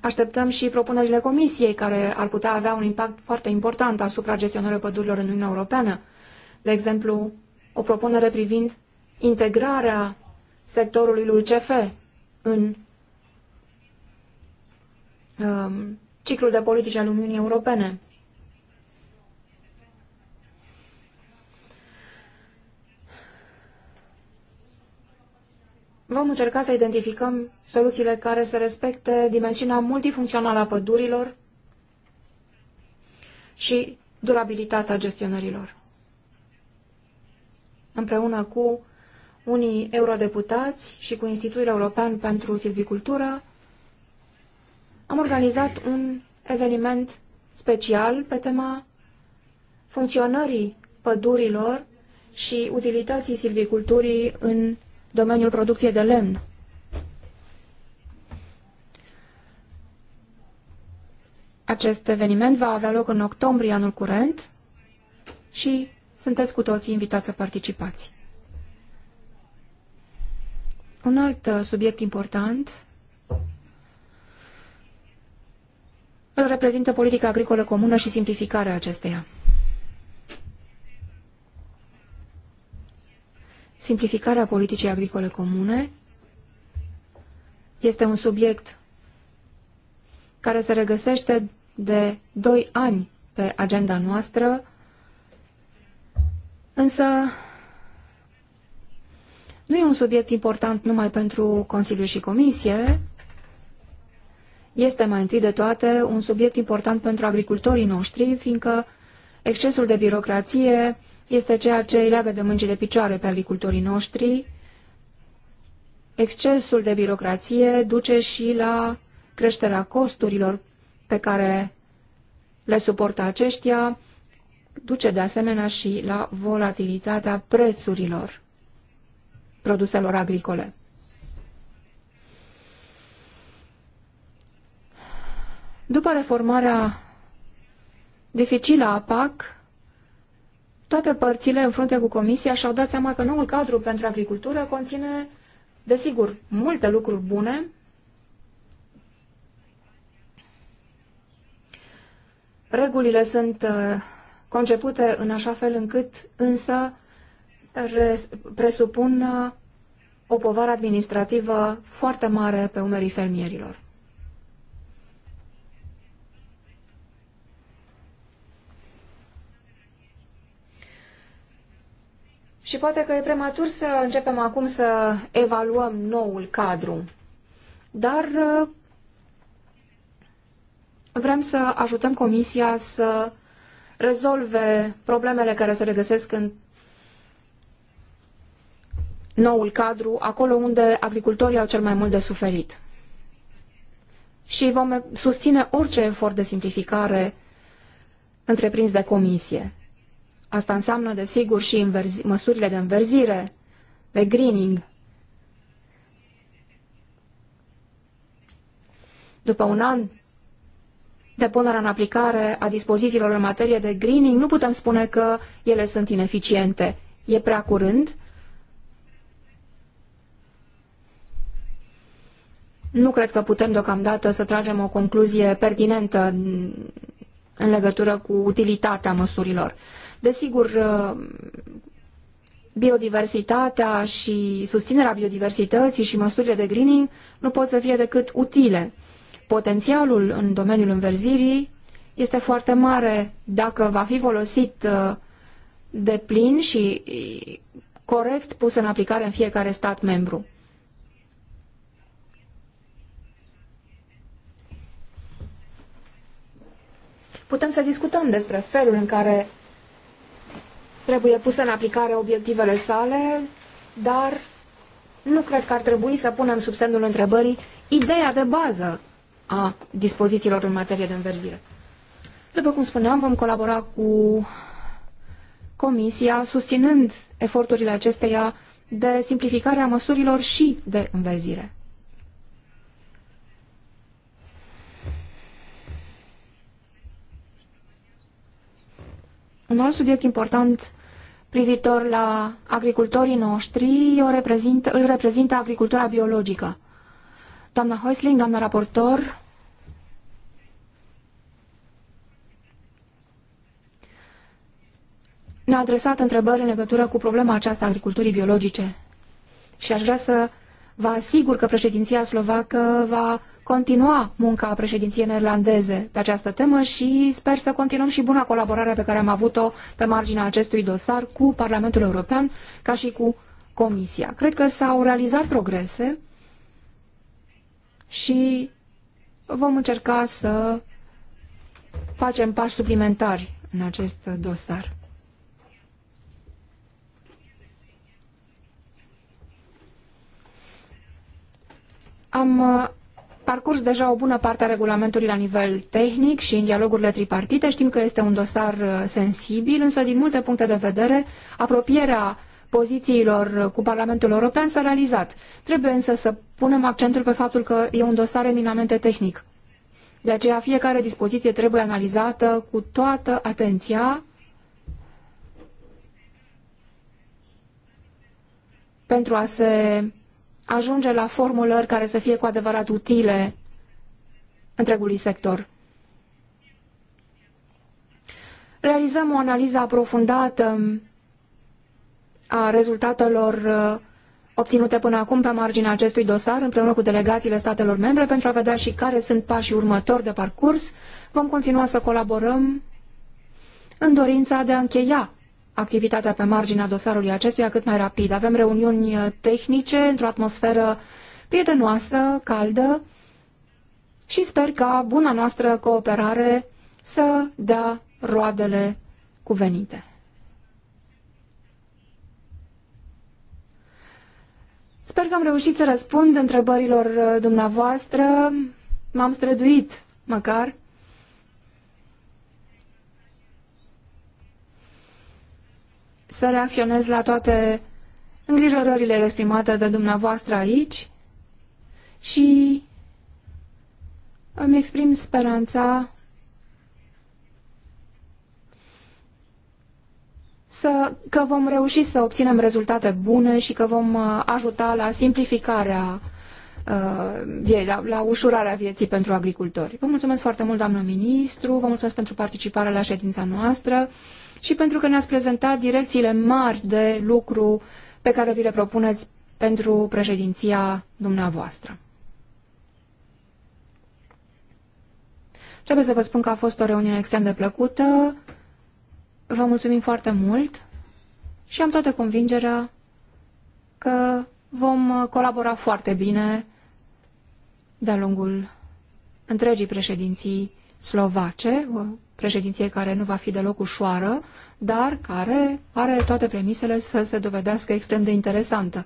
Așteptăm și propunerile Comisiei, care ar putea avea un impact foarte important asupra gestionării pădurilor în Uniunea Europeană. De exemplu, o propunere privind integrarea sectorului LULCF în um, ciclul de politici al Uniunii Europene. Vom încerca să identificăm soluțiile care să respecte dimensiunea multifuncțională a pădurilor și durabilitatea gestionărilor. Împreună cu unii eurodeputați și cu Institutul European pentru Silvicultură, am organizat un eveniment special pe tema funcționării pădurilor și utilității silviculturii în domeniul producției de lemn. Acest eveniment va avea loc în octombrie anul curent și sunteți cu toții invitați să participați. Un alt uh, subiect important îl reprezintă politica agricolă comună și simplificarea acesteia. Simplificarea politicii agricole comune este un subiect care se regăsește de doi ani pe agenda noastră, însă nu e un subiect important numai pentru Consiliu și Comisie, este mai întâi de toate un subiect important pentru agricultorii noștri, fiindcă excesul de birocrație este ceea ce îi leagă de de picioare pe agricultorii noștri. Excesul de birocrație duce și la creșterea costurilor pe care le suportă aceștia, duce de asemenea și la volatilitatea prețurilor produselor agricole. După reformarea dificilă a PAC, toate părțile în frunte cu Comisia și-au dat seama că noul cadru pentru agricultură conține, desigur, multe lucruri bune, Regulile sunt uh, concepute în așa fel încât însă presupun uh, o povară administrativă foarte mare pe umerii fermierilor. Și poate că e prematur să începem acum să evaluăm noul cadru. Dar uh, vrem să ajutăm Comisia să rezolve problemele care se regăsesc în noul cadru, acolo unde agricultorii au cel mai mult de suferit. Și vom susține orice efort de simplificare întreprins de comisie. Asta înseamnă, desigur, și înverzi, măsurile de înverzire, de greening. După un an de punerea în aplicare a dispozițiilor în materie de greening, nu putem spune că ele sunt ineficiente. E prea curând, Nu cred că putem deocamdată să tragem o concluzie pertinentă în legătură cu utilitatea măsurilor. Desigur, uh, biodiversitatea și susținerea biodiversității și măsurile de greening nu pot să fie decât utile. Potențialul în domeniul înverzirii este foarte mare dacă va fi folosit uh, de plin și uh, corect pus în aplicare în fiecare stat membru. Putem să discutăm despre felul în care Trebuie pusă în aplicare obiectivele sale, dar nu cred că ar trebui să punem sub semnul întrebării ideea de bază a dispozițiilor în materie de înverzire. După cum spuneam, vom colabora cu Comisia, susținând eforturile acesteia de simplificare a măsurilor și de înverzire. Un alt subiect important privitor la agricultorii noștri o reprezint, îl reprezintă agricultura biologică. Doamna Hoisling, doamna raportor, ne-a adresat întrebări în legătură cu problema aceasta agriculturii biologice. Și aș vrea să vă asigur că președinția slovacă va continua munca președinției neerlandeze pe această temă și sper să continuăm și buna colaborare pe care am avut-o pe marginea acestui dosar cu Parlamentul European ca și cu Comisia. Cred că s-au realizat progrese și vom încerca să facem pași suplimentari în acest dosar. Am uh, parcurs deja o bună parte a regulamentului la nivel tehnic și în dialogurile tripartite. Știm că este un dosar uh, sensibil, însă din multe puncte de vedere, apropierea pozițiilor uh, cu Parlamentul European s-a realizat. Trebuie însă să punem accentul pe faptul că e un dosar eminamente tehnic. De aceea fiecare dispoziție trebuie analizată cu toată atenția pentru a se ajunge la formulări care să fie cu adevărat utile întregului sector. Realizăm o analiză aprofundată a rezultatelor uh, obținute până acum pe marginea acestui dosar împreună cu delegațiile statelor membre pentru a vedea și care sunt pașii următori de parcurs. Vom continua să colaborăm în dorința de a încheia activitatea pe marginea dosarului acestuia cât mai rapid. Avem reuniuni uh, tehnice într-o atmosferă prietenoasă, caldă și sper ca buna noastră cooperare să dea roadele cuvenite. Sper că am reușit să răspund întrebărilor uh, dumneavoastră. M-am străduit, măcar. să reacționez la toate îngrijorările exprimate de dumneavoastră aici și îmi exprim speranța să, că vom reuși să obținem rezultate bune și că vom uh, ajuta la simplificarea, uh, la, la ușurarea vieții pentru agricultori. Vă mulțumesc foarte mult, doamnă ministru, vă mulțumesc pentru participarea la ședința noastră și pentru că ne-ați prezentat direcțiile mari de lucru pe care vi le propuneți pentru președinția dumneavoastră. Trebuie să vă spun că a fost o reuniune extrem de plăcută. Vă mulțumim foarte mult și am toată convingerea că vom colabora foarte bine de-a lungul întregii președinții slovace, președinției care nu va fi deloc ușoară, dar care are toate premisele să se dovedească extrem de interesantă.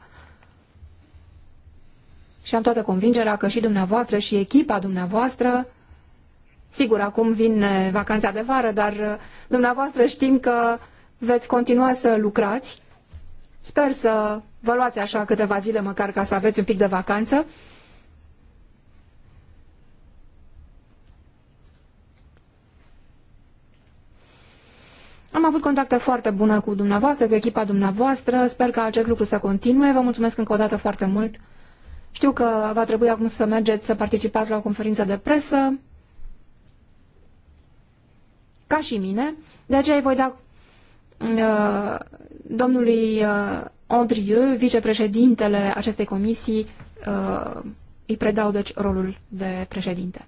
Și am toată convingerea că și dumneavoastră și echipa dumneavoastră, sigur, acum vin vacanța de vară, dar uh, dumneavoastră știm că veți continua să lucrați. Sper să vă luați așa câteva zile măcar ca să aveți un pic de vacanță Am avut contacte foarte bune cu dumneavoastră, cu echipa dumneavoastră. Sper că acest lucru să continue. Vă mulțumesc încă o dată foarte mult. Știu că va trebui acum să mergeți să participați la o conferință de presă, ca și mine. De aceea îi voi da uh, domnului uh, Andrieu, vicepreședintele acestei comisii, uh, îi predau deci rolul de președinte.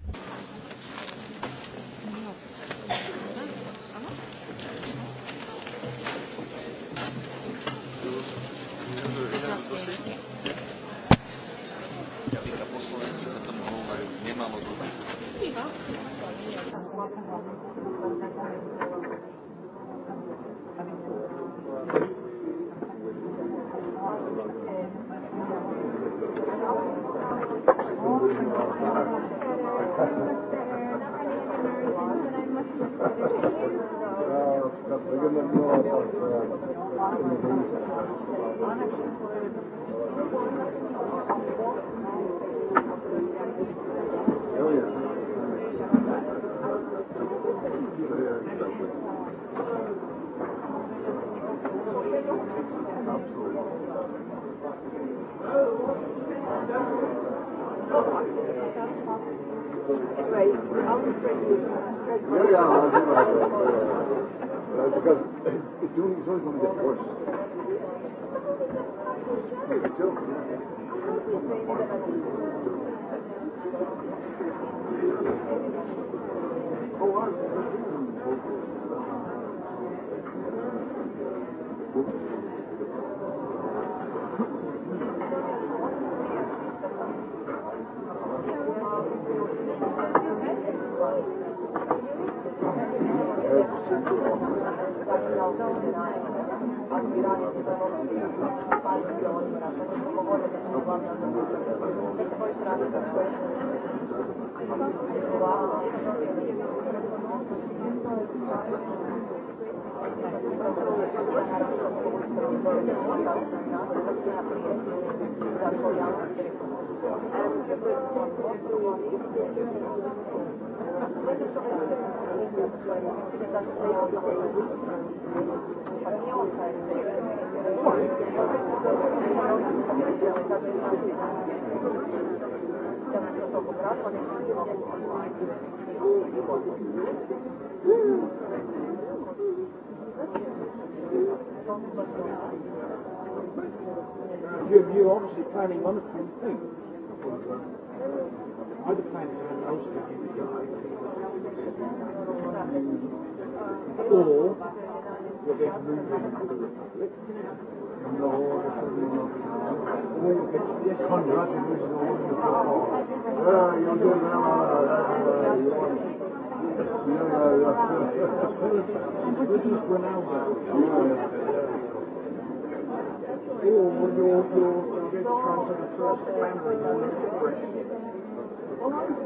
One of those three.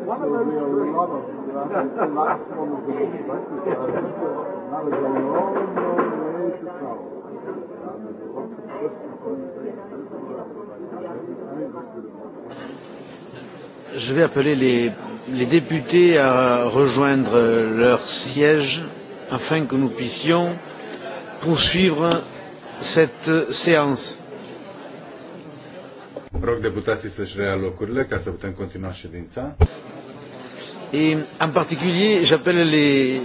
One of the last one of the that is a long, long way to Je vais appeler les, les députés à rejoindre leur siège afin que nous puissions poursuivre cette séance. Rog deputații să-și reia locurile ca să putem continua ședința. Et en particulier, j'appelle les,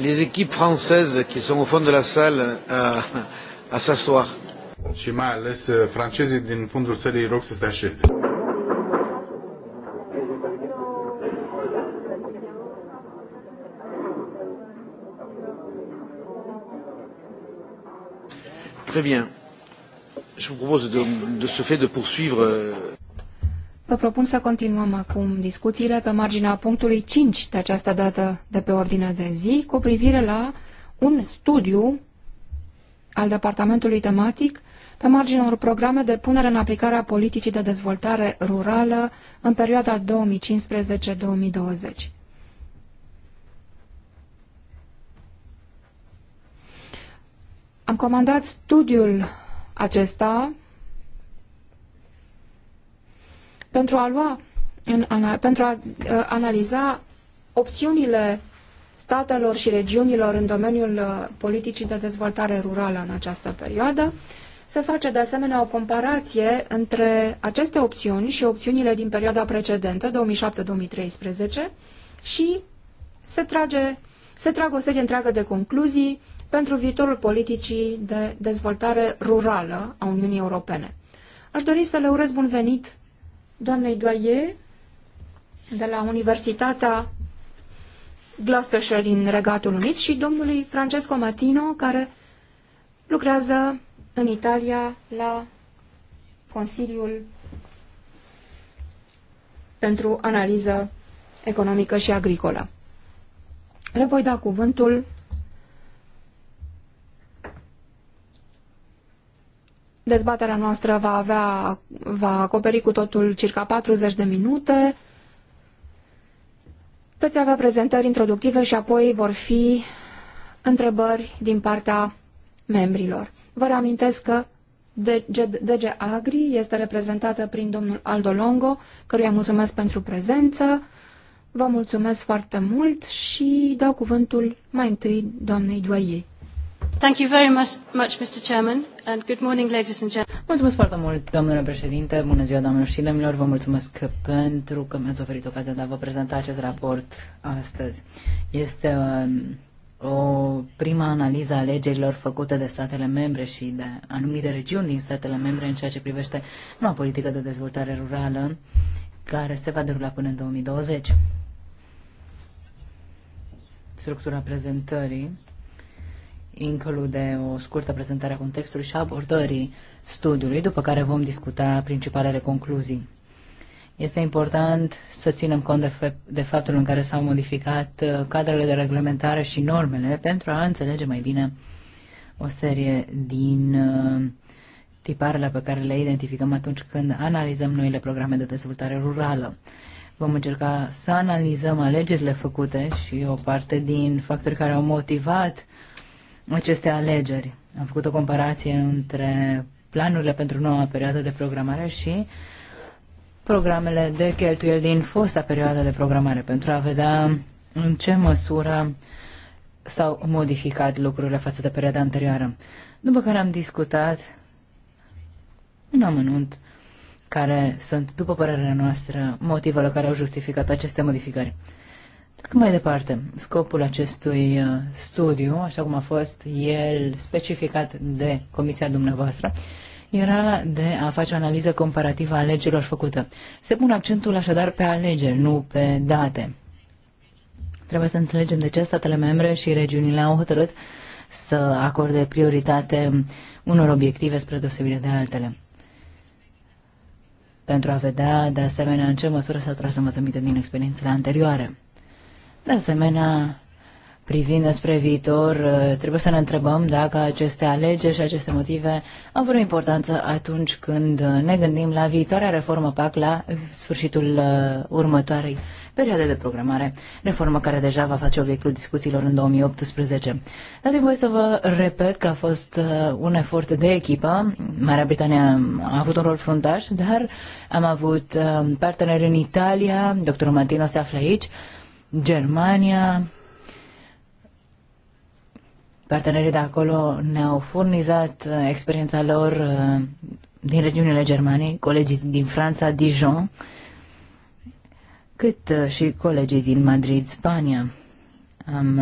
les équipes françaises qui sont au fond de la salle à, à s'asseoir. Și mai ales uh, francezii din fundul sălii rog să se așeze. Très bien. Je vous propose de, de ce fait de poursuivre. Euh, Vă propun să continuăm acum discuțiile pe marginea punctului 5 de această dată de pe ordine de zi cu privire la un studiu al departamentului tematic pe marginea unor programe de punere în aplicare a politicii de dezvoltare rurală în perioada 2015-2020. Am comandat studiul acesta pentru a lua, în, pentru a uh, analiza opțiunile statelor și regiunilor în domeniul uh, politicii de dezvoltare rurală în această perioadă. Se face de asemenea o comparație între aceste opțiuni și opțiunile din perioada precedentă, 2007-2013, și se, trage, se trag o serie întreagă de concluzii pentru viitorul politicii de dezvoltare rurală a Uniunii Europene. Aș dori să le urez bun venit doamnei Doaie de la Universitatea Gloucestershire din Regatul Unit și domnului Francesco Matino, care lucrează în Italia la Consiliul pentru Analiză Economică și Agricolă. Le voi da cuvântul Dezbaterea noastră va, avea, va acoperi cu totul circa 40 de minute. Veți avea prezentări introductive și apoi vor fi întrebări din partea membrilor. Vă reamintesc că DG Agri este reprezentată prin domnul Aldo Longo, căruia mulțumesc pentru prezență. Vă mulțumesc foarte mult și dau cuvântul mai întâi doamnei Doie. Mulțumesc foarte mult, domnule președinte. Bună ziua, doamnelor și domnilor. Vă mulțumesc pentru că mi-ați oferit ocazia de a vă prezenta acest raport astăzi. Este um, o prima analiză a alegerilor făcute de statele membre și de anumite regiuni din statele membre în ceea ce privește noua politică de dezvoltare rurală care se va derula până în 2020. Structura prezentării include o scurtă prezentare a contextului și a abordării studiului, după care vom discuta principalele concluzii. Este important să ținem cont de, de faptul în care s-au modificat uh, cadrele de reglementare și normele pentru a înțelege mai bine o serie din uh, tiparele pe care le identificăm atunci când analizăm noile programe de dezvoltare rurală. Vom încerca să analizăm alegerile făcute și o parte din factorii care au motivat aceste alegeri. Am făcut o comparație între planurile pentru noua perioadă de programare și programele de cheltuieli din fosta perioadă de programare pentru a vedea în ce măsură s-au modificat lucrurile față de perioada anterioară. După care am discutat un amănunt care sunt, după părerea noastră, motivele care au justificat aceste modificări. Mai departe, scopul acestui uh, studiu, așa cum a fost el specificat de comisia dumneavoastră, era de a face o analiză comparativă a alegerilor făcute. Se pun accentul așadar pe alegeri, nu pe date. Trebuie să înțelegem de ce statele membre și regiunile au hotărât să acorde prioritate unor obiective spre deosebire de altele. Pentru a vedea, de asemenea, în ce măsură s a tras învățăminte din experiențele anterioare. De asemenea, privind spre viitor, uh, trebuie să ne întrebăm dacă aceste alegeri și aceste motive au vreo importanță atunci când uh, ne gândim la viitoarea reformă PAC la sfârșitul uh, următoarei perioade de programare, reformă care deja va face obiectul discuțiilor în 2018. Dați-mi voi să vă repet că a fost un efort de echipă. Marea Britanie a avut un rol fruntaș, dar am avut parteneri în Italia, doctorul Martino se află aici, Germania. Partenerii de acolo ne-au furnizat uh, experiența lor uh, din regiunile Germaniei, colegii din Franța, Dijon, cât uh, și colegii din Madrid, Spania. Am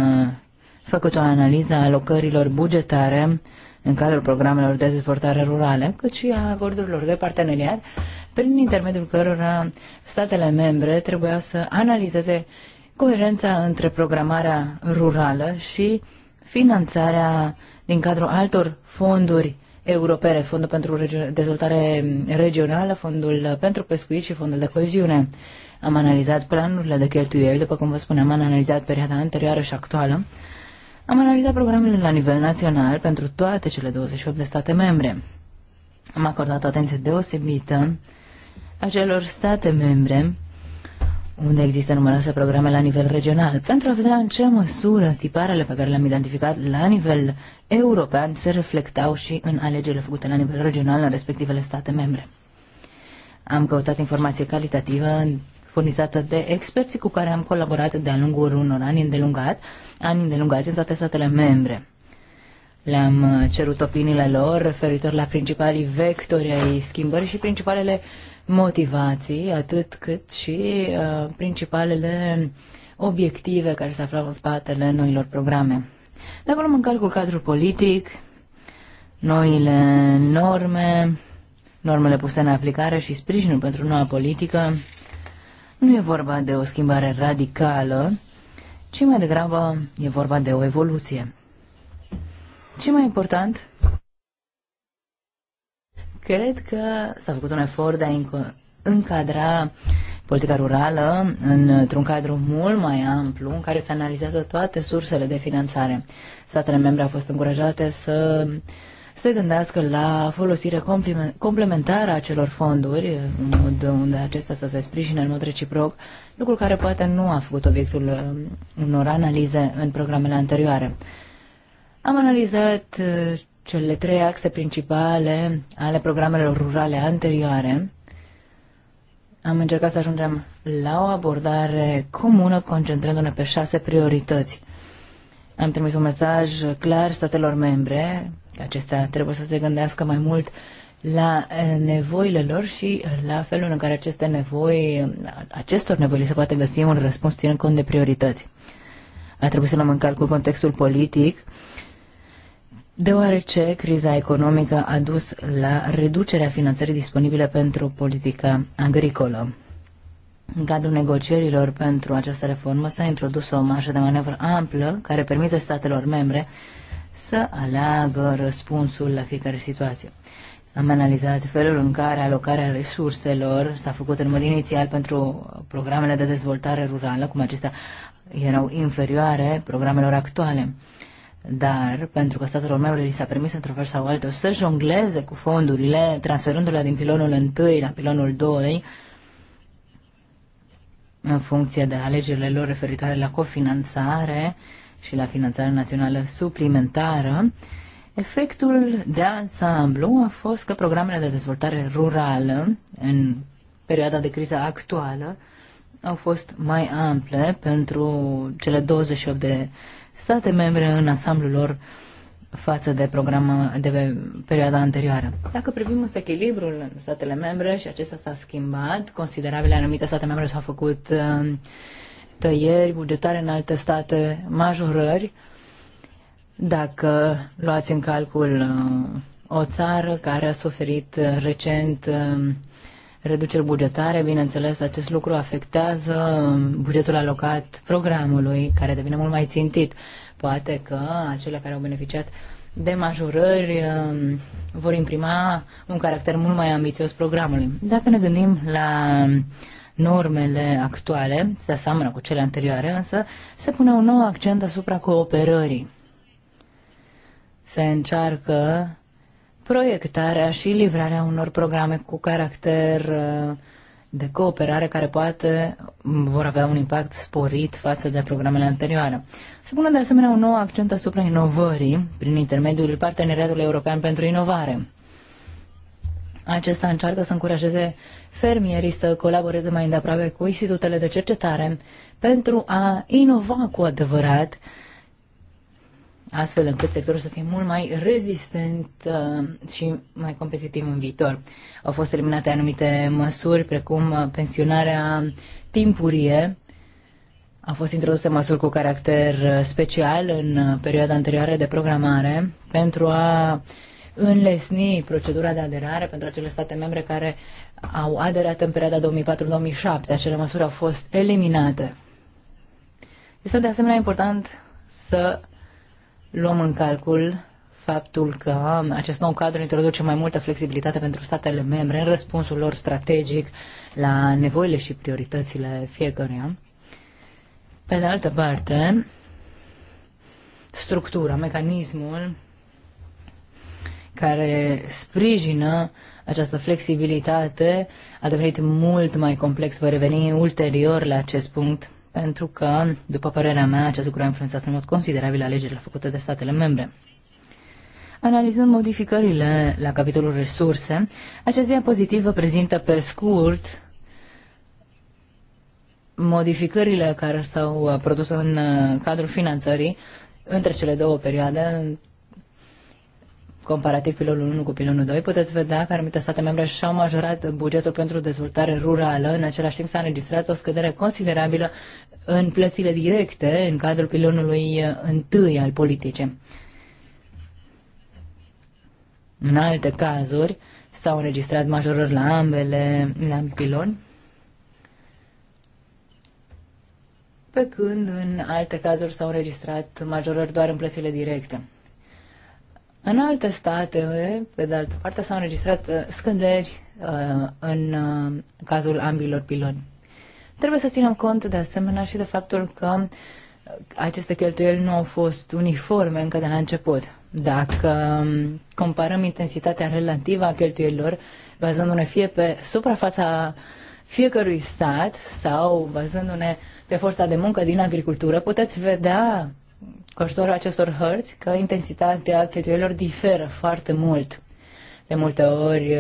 făcut o analiză a alocărilor bugetare în cadrul programelor de dezvoltare rurală, cât și a acordurilor de parteneriat, prin intermediul cărora statele membre trebuia să analizeze coerența între programarea rurală și finanțarea din cadrul altor fonduri europene, Fondul pentru Dezvoltare Regională, Fondul pentru Pescuit și Fondul de Coeziune. Am analizat planurile de cheltuieli, după cum vă spuneam, am analizat perioada anterioară și actuală. Am analizat programele la nivel național pentru toate cele 28 de state membre. Am acordat atenție deosebită acelor state membre unde există numeroase programe la nivel regional, pentru a vedea în ce măsură tiparele pe care le-am identificat la nivel european se reflectau și în alegerile făcute la nivel regional în respectivele state membre. Am căutat informație calitativă furnizată de experții cu care am colaborat de-a lungul unor ani îndelungat, ani îndelungați în toate statele membre. Le-am cerut opiniile lor referitor la principalii vectori ai schimbării și principalele uh, motivații, atât cât și uh, principalele obiective care se aflau în spatele noilor programe. Dacă luăm în calcul cadrul politic, noile norme, normele puse în aplicare și sprijinul pentru noua politică, nu e vorba de o schimbare radicală, ci mai degrabă e vorba de o evoluție. Ce mai important, Cred că s-a făcut un efort de a încadra politica rurală într-un cadru mult mai amplu în care se analizează toate sursele de finanțare. Statele membre au fost încurajate să se gândească la folosirea complementară a celor fonduri, în mod unde acestea să se sprijine în mod reciproc, lucru care poate nu a făcut obiectul um, unor analize în programele anterioare. Am analizat uh, cele trei axe principale ale programelor rurale anterioare, am încercat să ajungem la o abordare comună, concentrându-ne pe șase priorități. Am trimis un mesaj clar statelor membre că acestea trebuie să se gândească mai mult la nevoile lor și la felul în care aceste nevoi, acestor nevoi se poate găsi un răspuns ținând cont de priorități. A trebuit să luăm în calcul contextul politic, deoarece criza economică a dus la reducerea finanțării disponibile pentru politica agricolă. În cadrul negocierilor pentru această reformă s-a introdus o marjă de manevră amplă care permite statelor membre să aleagă răspunsul la fiecare situație. Am analizat felul în care alocarea resurselor s-a făcut în mod inițial pentru programele de dezvoltare rurală, cum acestea erau inferioare programelor actuale dar pentru că statul membre li s-a permis într-un fel sau altul să jongleze cu fondurile, transferându-le din pilonul 1 la pilonul 2, în funcție de alegerile lor referitoare la cofinanțare și la finanțare națională suplimentară, efectul de ansamblu a fost că programele de dezvoltare rurală în perioada de criză actuală au fost mai ample pentru cele 28 de state membre în ansamblul lor față de programul de pe perioada anterioară. Dacă privim însă echilibrul în statele membre și acesta s-a schimbat, considerabil anumite state membre s-au făcut uh, tăieri bugetare în alte state, majorări. Dacă luați în calcul uh, o țară care a suferit uh, recent reduceri bugetare, bineînțeles, acest lucru afectează bugetul alocat programului, care devine mult mai țintit. Poate că acele care au beneficiat de majorări um, vor imprima un caracter mult mai ambițios programului. Dacă ne gândim la normele actuale, se aseamănă cu cele anterioare, însă se pune un nou accent asupra cooperării. Se încearcă proiectarea și livrarea unor programe cu caracter uh, de cooperare care poate vor avea un impact sporit față de programele anterioare. Se pune de asemenea un nou accent asupra inovării prin intermediul Parteneriatului European pentru Inovare. Acesta încearcă să încurajeze fermierii să colaboreze mai îndeaproape cu institutele de cercetare pentru a inova cu adevărat astfel încât sectorul să fie mult mai rezistent uh, și mai competitiv în viitor. Au fost eliminate anumite măsuri, precum uh, pensionarea timpurie, au fost introduse măsuri cu caracter uh, special în perioada anterioară de programare pentru a înlesni procedura de aderare pentru acele state membre care au aderat în perioada 2004-2007. Acele măsuri au fost eliminate. Este de asemenea important să luăm în calcul faptul că acest nou cadru introduce mai multă flexibilitate pentru statele membre în răspunsul lor strategic la nevoile și prioritățile fiecăruia. Pe de altă parte, structura, mecanismul care sprijină această flexibilitate a devenit mult mai complex. Voi reveni ulterior la acest punct pentru că, după părerea mea, acest lucru a influențat în mod considerabil alegerile făcute de statele membre. Analizând modificările la capitolul resurse, acest diapozitiv vă prezintă pe scurt modificările care s-au uh, produs în uh, cadrul finanțării între cele două perioade, comparativ pilonul 1 cu pilonul 2, puteți vedea că anumite state membre și-au majorat bugetul pentru dezvoltare rurală. În același timp s-a înregistrat o scădere considerabilă în plățile directe în cadrul pilonului uh, întâi al politicii. În alte cazuri s-au înregistrat majorări la ambele, la piloni, pe când în alte cazuri s-au înregistrat majorări doar în plățile directe. În alte state, pe de altă parte, s-au înregistrat uh, scânderi uh, în cazul ambilor piloni. Trebuie să ținem cont de asemenea și de faptul că aceste cheltuieli nu au fost uniforme încă de la început. Dacă comparăm intensitatea relativă a cheltuielilor, bazându-ne fie pe suprafața fiecărui stat sau bazându-ne pe forța de muncă din agricultură, puteți vedea cu ajutorul acestor hărți că intensitatea cheltuielilor diferă foarte mult. De multe ori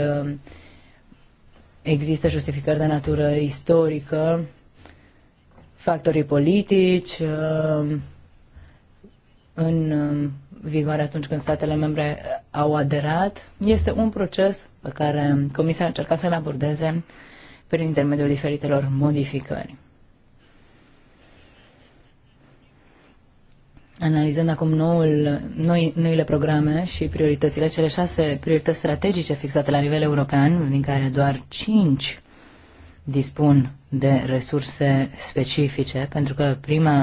Există justificări de natură istorică, factorii politici, uh, în uh, vigoare atunci când statele membre au aderat. Este un proces pe care Comisia a încercat să-l abordeze prin intermediul diferitelor modificări. Analizând acum noul, noi, noile programe și prioritățile, cele șase priorități strategice fixate la nivel european, din care doar cinci dispun de resurse specifice, pentru că prima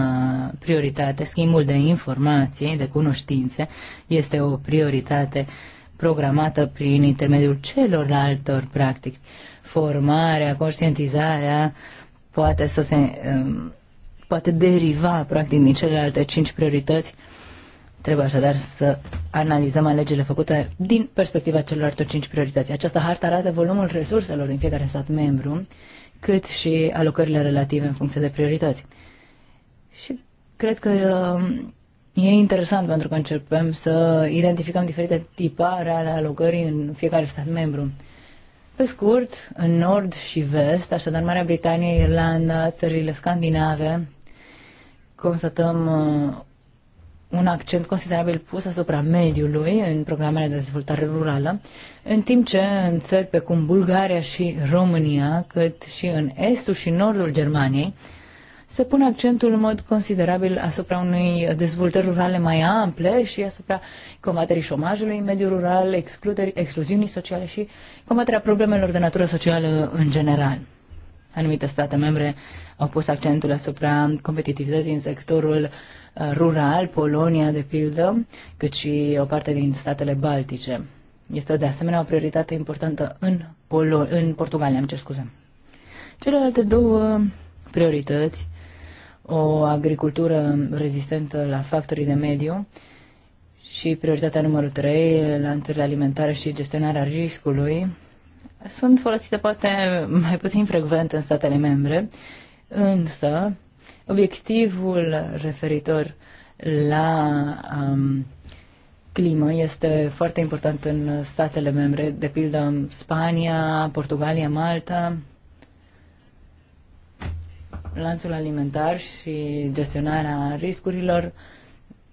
prioritate, schimbul de informații, de cunoștințe, este o prioritate programată prin intermediul celorlaltor practici. Formarea, conștientizarea poate să se um, poate deriva, practic, din celelalte cinci priorități. Trebuie așadar să analizăm alegerile făcute din perspectiva celorlalte cinci priorități. Această hartă arată volumul resurselor din fiecare stat membru, cât și alocările relative în funcție de priorități. Și cred că um, e interesant pentru că începem să identificăm diferite tipare ale alocării în fiecare stat membru. Pe scurt, în nord și vest, așadar Marea Britanie, Irlanda, țările scandinave, constatăm uh, un accent considerabil pus asupra mediului în programele de dezvoltare rurală, în timp ce în țări precum Bulgaria și România, cât și în estul și nordul Germaniei, se pune accentul în mod considerabil asupra unei dezvoltări rurale mai ample și asupra combaterii șomajului în mediul rural, excluziunii sociale și combaterea problemelor de natură socială în general. Anumite state membre au pus accentul asupra competitivității în sectorul uh, rural, Polonia, de pildă, cât și o parte din statele baltice. Este de asemenea o prioritate importantă în, Polo- în Portugalia, am cer scuze. Celelalte două priorități, o agricultură rezistentă la factorii de mediu și prioritatea numărul 3, lanțurile alimentare și gestionarea riscului, sunt folosite poate mai puțin frecvent în statele membre Însă, obiectivul referitor la um, climă este foarte important în statele membre, de pildă Spania, Portugalia, Malta. Lanțul alimentar și gestionarea riscurilor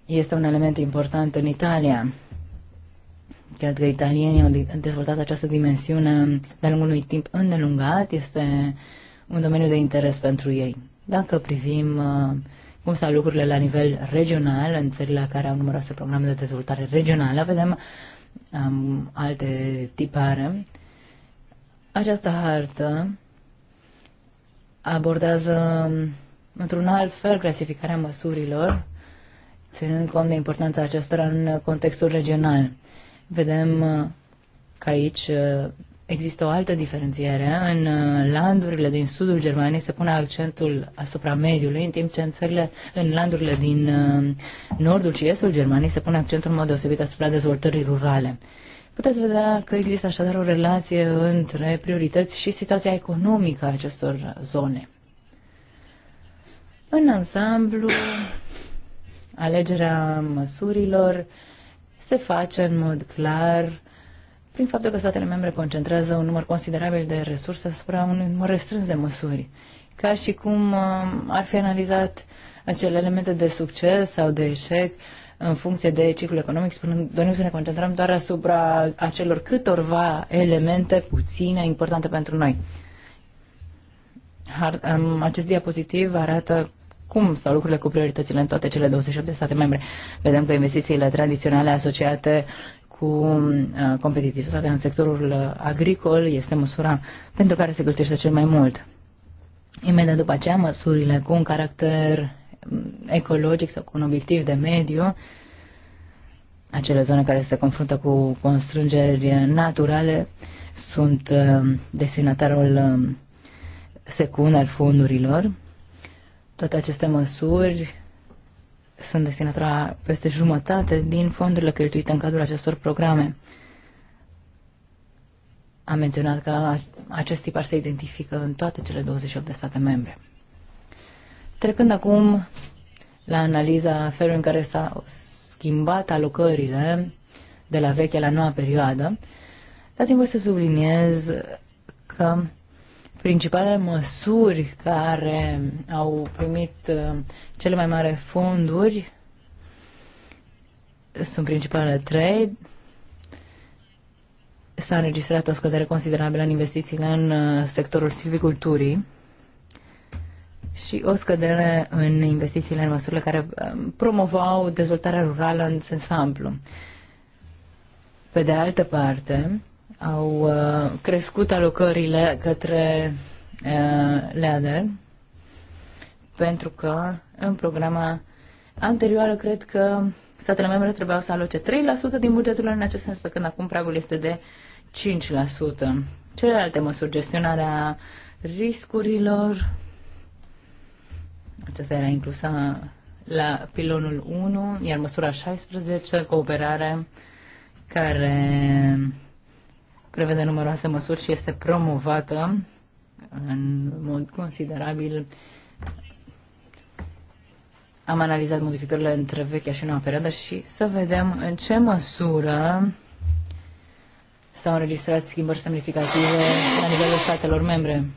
este un element important în Italia. Cred că italienii au dezvoltat această dimensiune de-a lungul unui timp îndelungat. Este uh, un domeniu de interes pentru ei. Dacă privim uh, cum stau lucrurile la nivel regional, în țările care au numeroase programe de dezvoltare regională, vedem um, alte tipare. Această hartă abordează um, într-un alt fel clasificarea măsurilor, ținând cont de importanța acestora în contextul regional. Vedem uh, că aici uh, Există o altă diferențiere. În uh, landurile din sudul Germaniei se pune accentul asupra mediului, în timp ce în țările, în landurile din uh, nordul și estul Germaniei se pune accentul în mod deosebit asupra dezvoltării rurale. Puteți vedea că există așadar o relație între priorități și situația economică a acestor zone. În ansamblu, alegerea măsurilor se face în mod clar prin faptul că statele membre concentrează un număr considerabil de resurse asupra unui număr restrâns de măsuri, ca și cum uh, ar fi analizat acele elemente de succes sau de eșec în funcție de ciclul economic, spunând, dorim să ne concentrăm doar asupra acelor câtorva elemente puține importante pentru noi. Um, acest diapozitiv arată cum stau lucrurile cu prioritățile în toate cele 28 de state membre. Vedem că investițiile tradiționale asociate cu uh, competitivitatea în sectorul uh, agricol este măsura pentru care se cheltuiește cel mai mult. Imediat după aceea, măsurile cu un caracter mm, ecologic sau cu un obiectiv de mediu, acele zone care se confruntă cu constrângeri naturale, sunt uh, destinatarul secund al fondurilor. Toate aceste măsuri sunt destinate la peste jumătate din fondurile cheltuite în cadrul acestor programe. Am menționat că acest tipar se identifică în toate cele 28 de state membre. Trecând acum la analiza felului în care s-au schimbat alocările de la vechea la noua perioadă, dați-mi să subliniez că Principalele măsuri care au primit uh, cele mai mari fonduri sunt principalele trei. S-a înregistrat o scădere considerabilă în investițiile în uh, sectorul silviculturii și o scădere în investițiile în măsurile care uh, promovau dezvoltarea rurală în sens amplu. Pe de altă parte, au uh, crescut alocările către uh, LEADER pentru că în programa anterioară cred că statele membre trebuiau să aloce 3% din bugetul în acest sens, pe când acum pragul este de 5%. Celelalte măsuri, gestionarea riscurilor, aceasta era inclusă la pilonul 1, iar măsura 16, cooperare, care prevede numeroase măsuri și este promovată în mod considerabil. Am analizat modificările între vechea și noua perioadă și să vedem în ce măsură s-au înregistrat schimbări semnificative la nivelul statelor membre.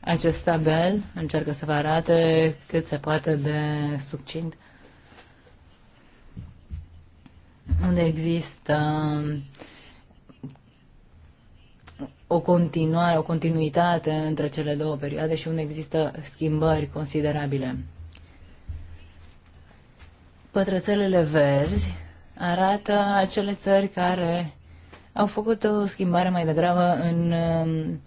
Acest tabel încearcă să vă arate cât se poate de succint unde există uh, o continuare, o continuitate între cele două perioade și unde există schimbări considerabile. Pătrățelele verzi arată acele țări care au făcut o schimbare mai degrabă în um,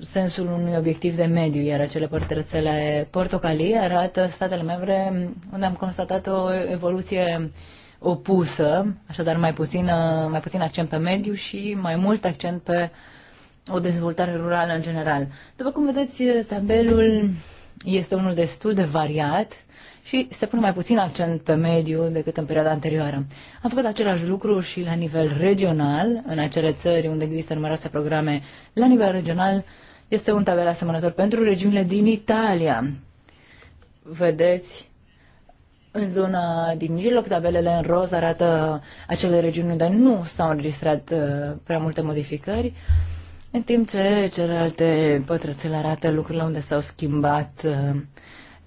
sensul unui obiectiv de mediu, iar acele pătrățele portocalii arată statele membre unde am constatat o evoluție opusă, așadar mai puțin, mai puțin accent pe mediu și mai mult accent pe o dezvoltare rurală în general. După cum vedeți, tabelul este unul destul de variat și se pune mai puțin accent pe mediu decât în perioada anterioară. Am făcut același lucru și la nivel regional, în acele țări unde există numeroase programe la nivel regional, este un tabel asemănător pentru regiunile din Italia. Vedeți în zona din mijloc, tabelele în roz arată acele regiuni unde nu s-au înregistrat uh, prea multe modificări. În timp ce celelalte pătrățele arată lucrurile unde s-au schimbat, uh,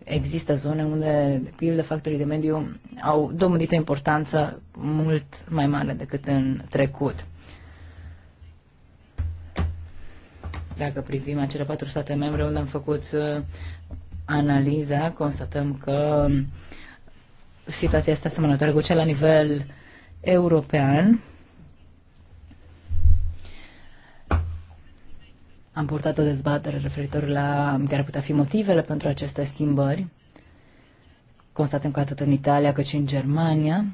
există zone unde, de pildă, factorii de mediu au domnit o importanță mult mai mare decât în trecut. Dacă privim acele patru state membre unde am făcut uh, analiza, constatăm că situația este asemănătoare cu cea la nivel european, Am purtat o dezbatere referitor la care putea fi motivele pentru aceste schimbări. Constatăm că atât în Italia cât și în Germania,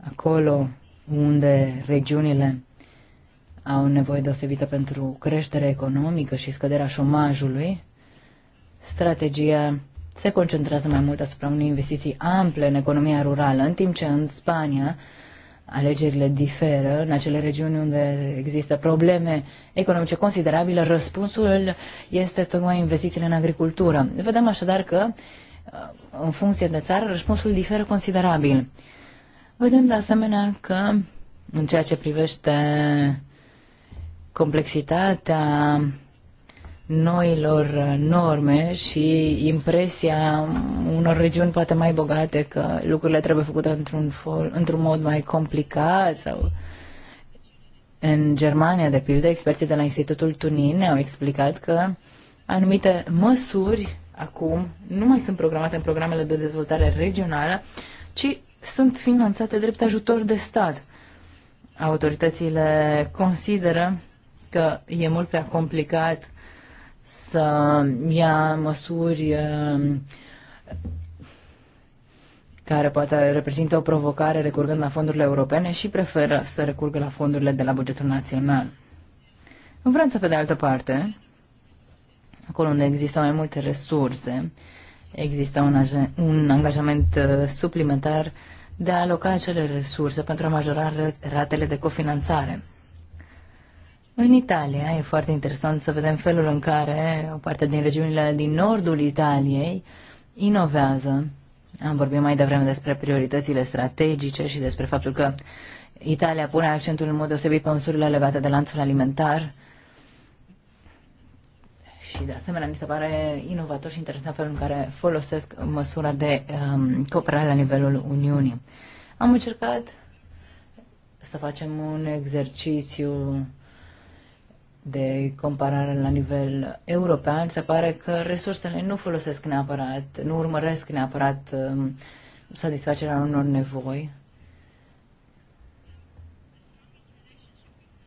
acolo unde regiunile au nevoie deosebită pentru creștere economică și scăderea șomajului, strategia se concentrează mai mult asupra unei investiții ample în economia rurală, în timp ce în Spania Alegerile diferă în acele regiuni unde există probleme economice considerabile. Răspunsul este tocmai investițiile în agricultură. Vedem așadar că, uh, în funcție de țară, răspunsul diferă considerabil. Vedem de asemenea că, în ceea ce privește complexitatea noilor norme și impresia unor regiuni poate mai bogate că lucrurile trebuie făcute într-un, într-un mod mai complicat sau în Germania, de pildă, experții de la Institutul Tunin au explicat că anumite măsuri acum nu mai sunt programate în programele de dezvoltare regională, ci sunt finanțate drept ajutor de stat. Autoritățile consideră că e mult prea complicat să ia măsuri um, care poate reprezintă o provocare recurgând la fondurile europene și preferă să recurgă la fondurile de la bugetul național. În Franța, pe de altă parte, acolo unde există mai multe resurse, există un, un angajament uh, suplimentar de a aloca acele resurse pentru a majora ratele de cofinanțare. În Italia e foarte interesant să vedem felul în care o parte din regiunile din nordul Italiei inovează. Am vorbit mai devreme despre prioritățile strategice și despre faptul că Italia pune accentul în mod deosebit pe măsurile legate de lanțul alimentar. Și de asemenea mi se pare inovator și interesant felul în care folosesc măsura de um, cooperare la nivelul Uniunii. Am încercat să facem un exercițiu de comparare la nivel european, se pare că resursele nu folosesc neapărat, nu urmăresc neapărat um, satisfacerea unor nevoi.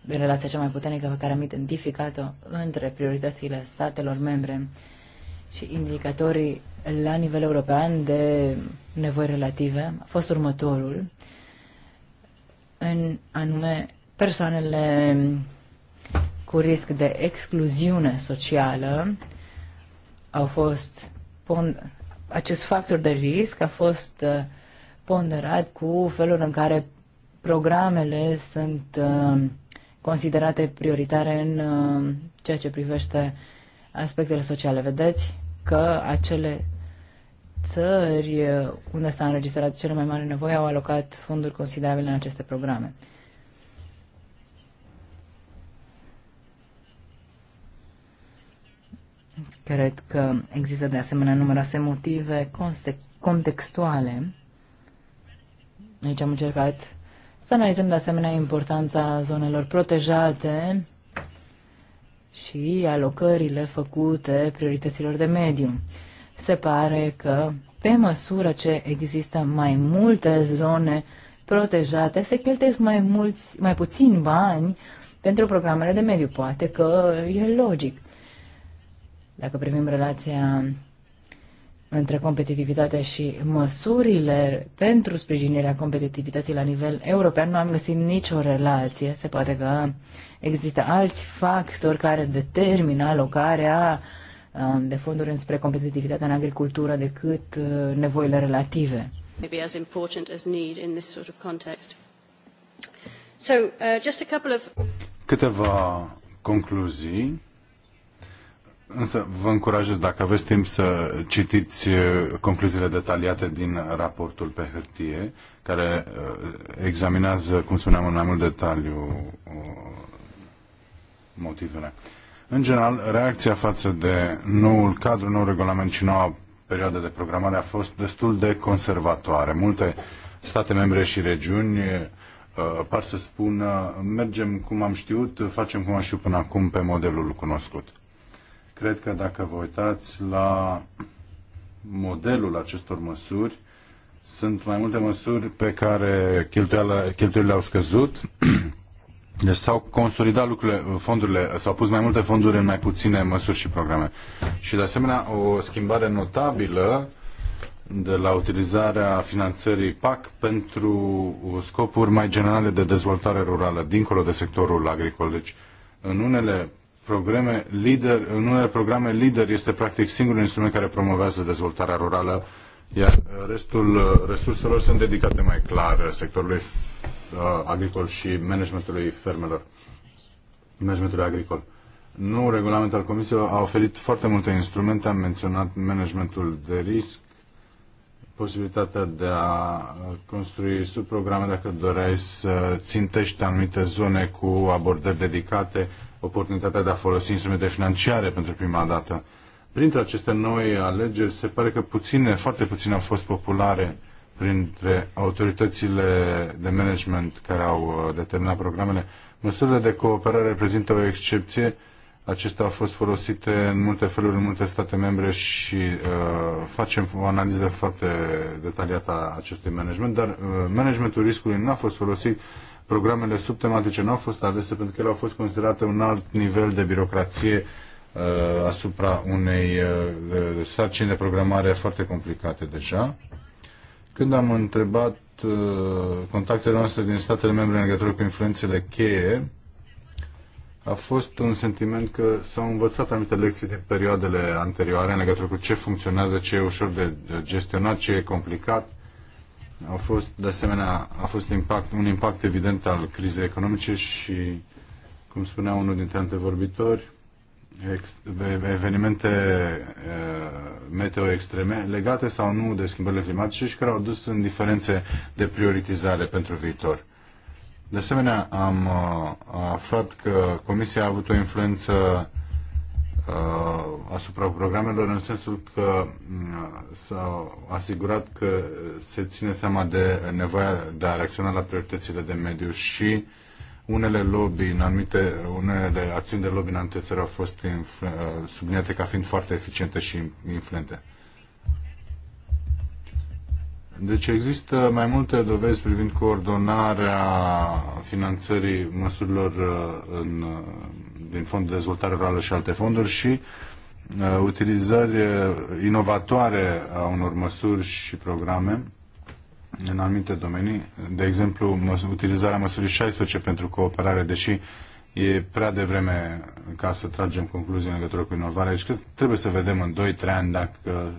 Relația cea mai puternică pe care am identificat-o între prioritățile statelor membre și indicatorii la nivel european de nevoi relative a fost următorul, în anume persoanele cu risc de excluziune socială au fost acest factor de risc a fost uh, ponderat cu felul în care programele sunt uh, considerate prioritare în uh, ceea ce privește aspectele sociale. Vedeți că acele țări unde s-a înregistrat cele mai mari nevoi au alocat fonduri considerabile în aceste programe. Cred că există de asemenea numeroase motive contextuale. Aici am încercat să analizăm de asemenea importanța zonelor protejate și alocările făcute priorităților de mediu. Se pare că pe măsură ce există mai multe zone protejate, se cheltuiesc mai, mulți, mai puțin bani pentru programele de mediu. Poate că e logic. Dacă privim relația între competitivitate și măsurile pentru sprijinirea competitivității la nivel european, nu am găsit nicio relație. Se poate că există alți factori care determină alocarea um, de fonduri înspre competitivitatea în agricultură decât uh, nevoile relative. Maybe as important as need in this sort of context. So, uh, just a couple of... Câteva concluzii Însă vă încurajez, dacă aveți timp să citiți uh, concluziile detaliate din raportul pe hârtie, care uh, examinează, cum spuneam, în mai mult detaliu uh, motivele. În general, reacția față de noul cadru, nou regulament și noua perioadă de programare a fost destul de conservatoare. Multe state membre și regiuni par să spună mergem cum am știut, facem cum am știut până acum pe modelul cunoscut. Cred că dacă vă uitați la modelul acestor măsuri, sunt mai multe măsuri pe care cheltuielile au scăzut. Deci s-au consolidat lucrurile, fondurile, s-au pus mai multe fonduri în mai puține măsuri și programe. Și de asemenea o schimbare notabilă de la utilizarea finanțării PAC pentru scopuri mai generale de dezvoltare rurală, dincolo de sectorul agricol. Deci, în unele programe lider, în unele programe lider este practic singurul instrument care promovează dezvoltarea rurală, iar restul uh, resurselor sunt dedicate mai clar sectorului uh, agricol și managementului fermelor, managementului agricol. Nu regulament al Comisiei a oferit foarte multe instrumente, am menționat managementul de risc, posibilitatea de a uh, construi subprograme dacă doreai să țintești anumite zone cu abordări dedicate, oportunitatea de a folosi instrumente financiare pentru prima dată. Printre aceste noi alegeri, se pare că puține, foarte puține au fost populare printre autoritățile de management care au uh, determinat programele. Măsurile de cooperare reprezintă o excepție. Acestea au fost folosite în multe feluri în multe state membre și uh, facem o analiză foarte detaliată a acestui management, dar uh, managementul riscului nu a fost folosit programele subtematice nu au fost alese pentru că ele au fost considerate un alt nivel de birocrație uh, asupra unei uh, uh, sarcini de programare foarte complicate deja. Când am întrebat uh, contactele noastre din statele membre în legătură cu influențele cheie, a fost un sentiment că s-au învățat anumite lecții din perioadele anterioare în legătură cu ce funcționează, ce e ușor de gestionat, ce e complicat, au fost, de asemenea, a fost impact, un impact evident al crizei economice și, cum spunea unul dintre antevorbitori, ex, evenimente meteo extreme legate sau nu de schimbările climatice și care au dus în diferențe de prioritizare pentru viitor. De asemenea, am aflat că Comisia a avut o influență Uh, asupra programelor în sensul că uh, s-a asigurat că se ține seama de nevoia de a reacționa la prioritățile de mediu și unele lobby în anumite, unele acțiuni de lobby în anumite țări au fost uh, subliniate ca fiind foarte eficiente și influente. Deci există mai multe dovezi privind coordonarea finanțării măsurilor uh, în, uh, din Fondul de Dezvoltare Rurală și alte fonduri și uh, utilizări uh, inovatoare a unor măsuri și programe în anumite domenii, de exemplu măs- utilizarea măsurii 16 pentru cooperare, deși e prea devreme ca să tragem concluzii în legătură cu inovarea. Deci cred, trebuie să vedem în 2-3 ani dacă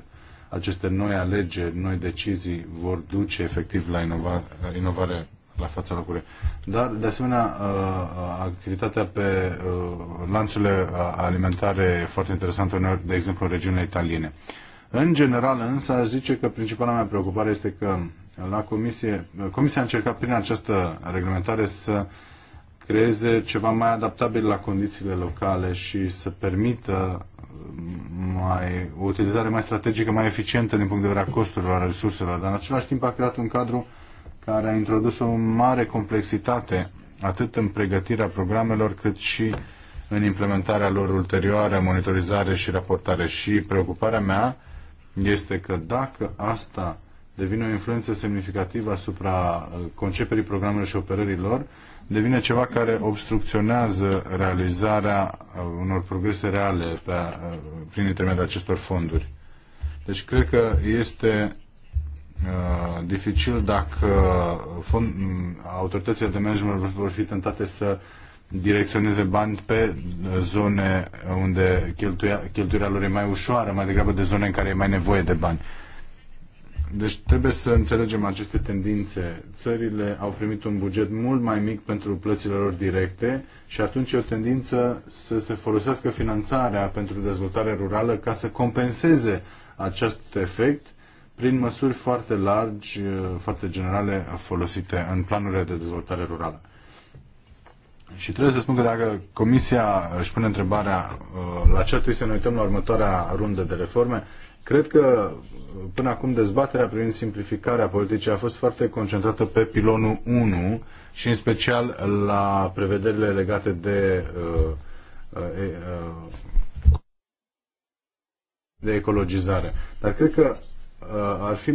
aceste noi alegeri, noi decizii vor duce efectiv la inova, inovare la fața locului. Dar, de asemenea, uh, uh, activitatea pe uh, lanțurile alimentare e foarte interesantă de exemplu, în regiunile italiene. În general, însă, aș zice că principala mea preocupare este că la comisie, comisia a încercat prin această reglementare să uh, creeze ceva mai adaptabil la condițiile locale și să permită mm, mai, o utilizare mai strategică, mai eficientă din punct de vedere a costurilor, a resurselor, dar în același timp a creat un cadru care a introdus o mare complexitate atât în pregătirea programelor cât și în implementarea lor ulterioară, monitorizare și raportare. Și preocuparea mea este că dacă asta devine o influență semnificativă asupra uh, conceperii programelor și operărilor, devine ceva care obstrucționează realizarea uh, unor progrese reale pe, uh, prin intermediul acestor fonduri. Deci cred că este uh, dificil dacă fond, mm, autoritățile de management vor fi tentate să direcționeze bani pe zone unde cheltuia, cheltuirea lor e mai ușoară, mai degrabă de zone în care e mai nevoie de bani. Deci trebuie să înțelegem aceste tendințe. Țările au primit un buget mult mai mic pentru plățile lor directe și atunci e o tendință să se folosească finanțarea pentru dezvoltare rurală ca să compenseze acest efect prin măsuri foarte largi, foarte generale folosite în planurile de dezvoltare rurală. Și trebuie să spun că dacă Comisia își pune întrebarea uh, la ce ar trebui să ne uităm la următoarea rundă de reforme, Cred că până acum dezbaterea privind simplificarea politicii a fost foarte concentrată pe pilonul 1 și în special la prevederile legate de uh, uh, uh, de ecologizare. Dar cred că ar fi,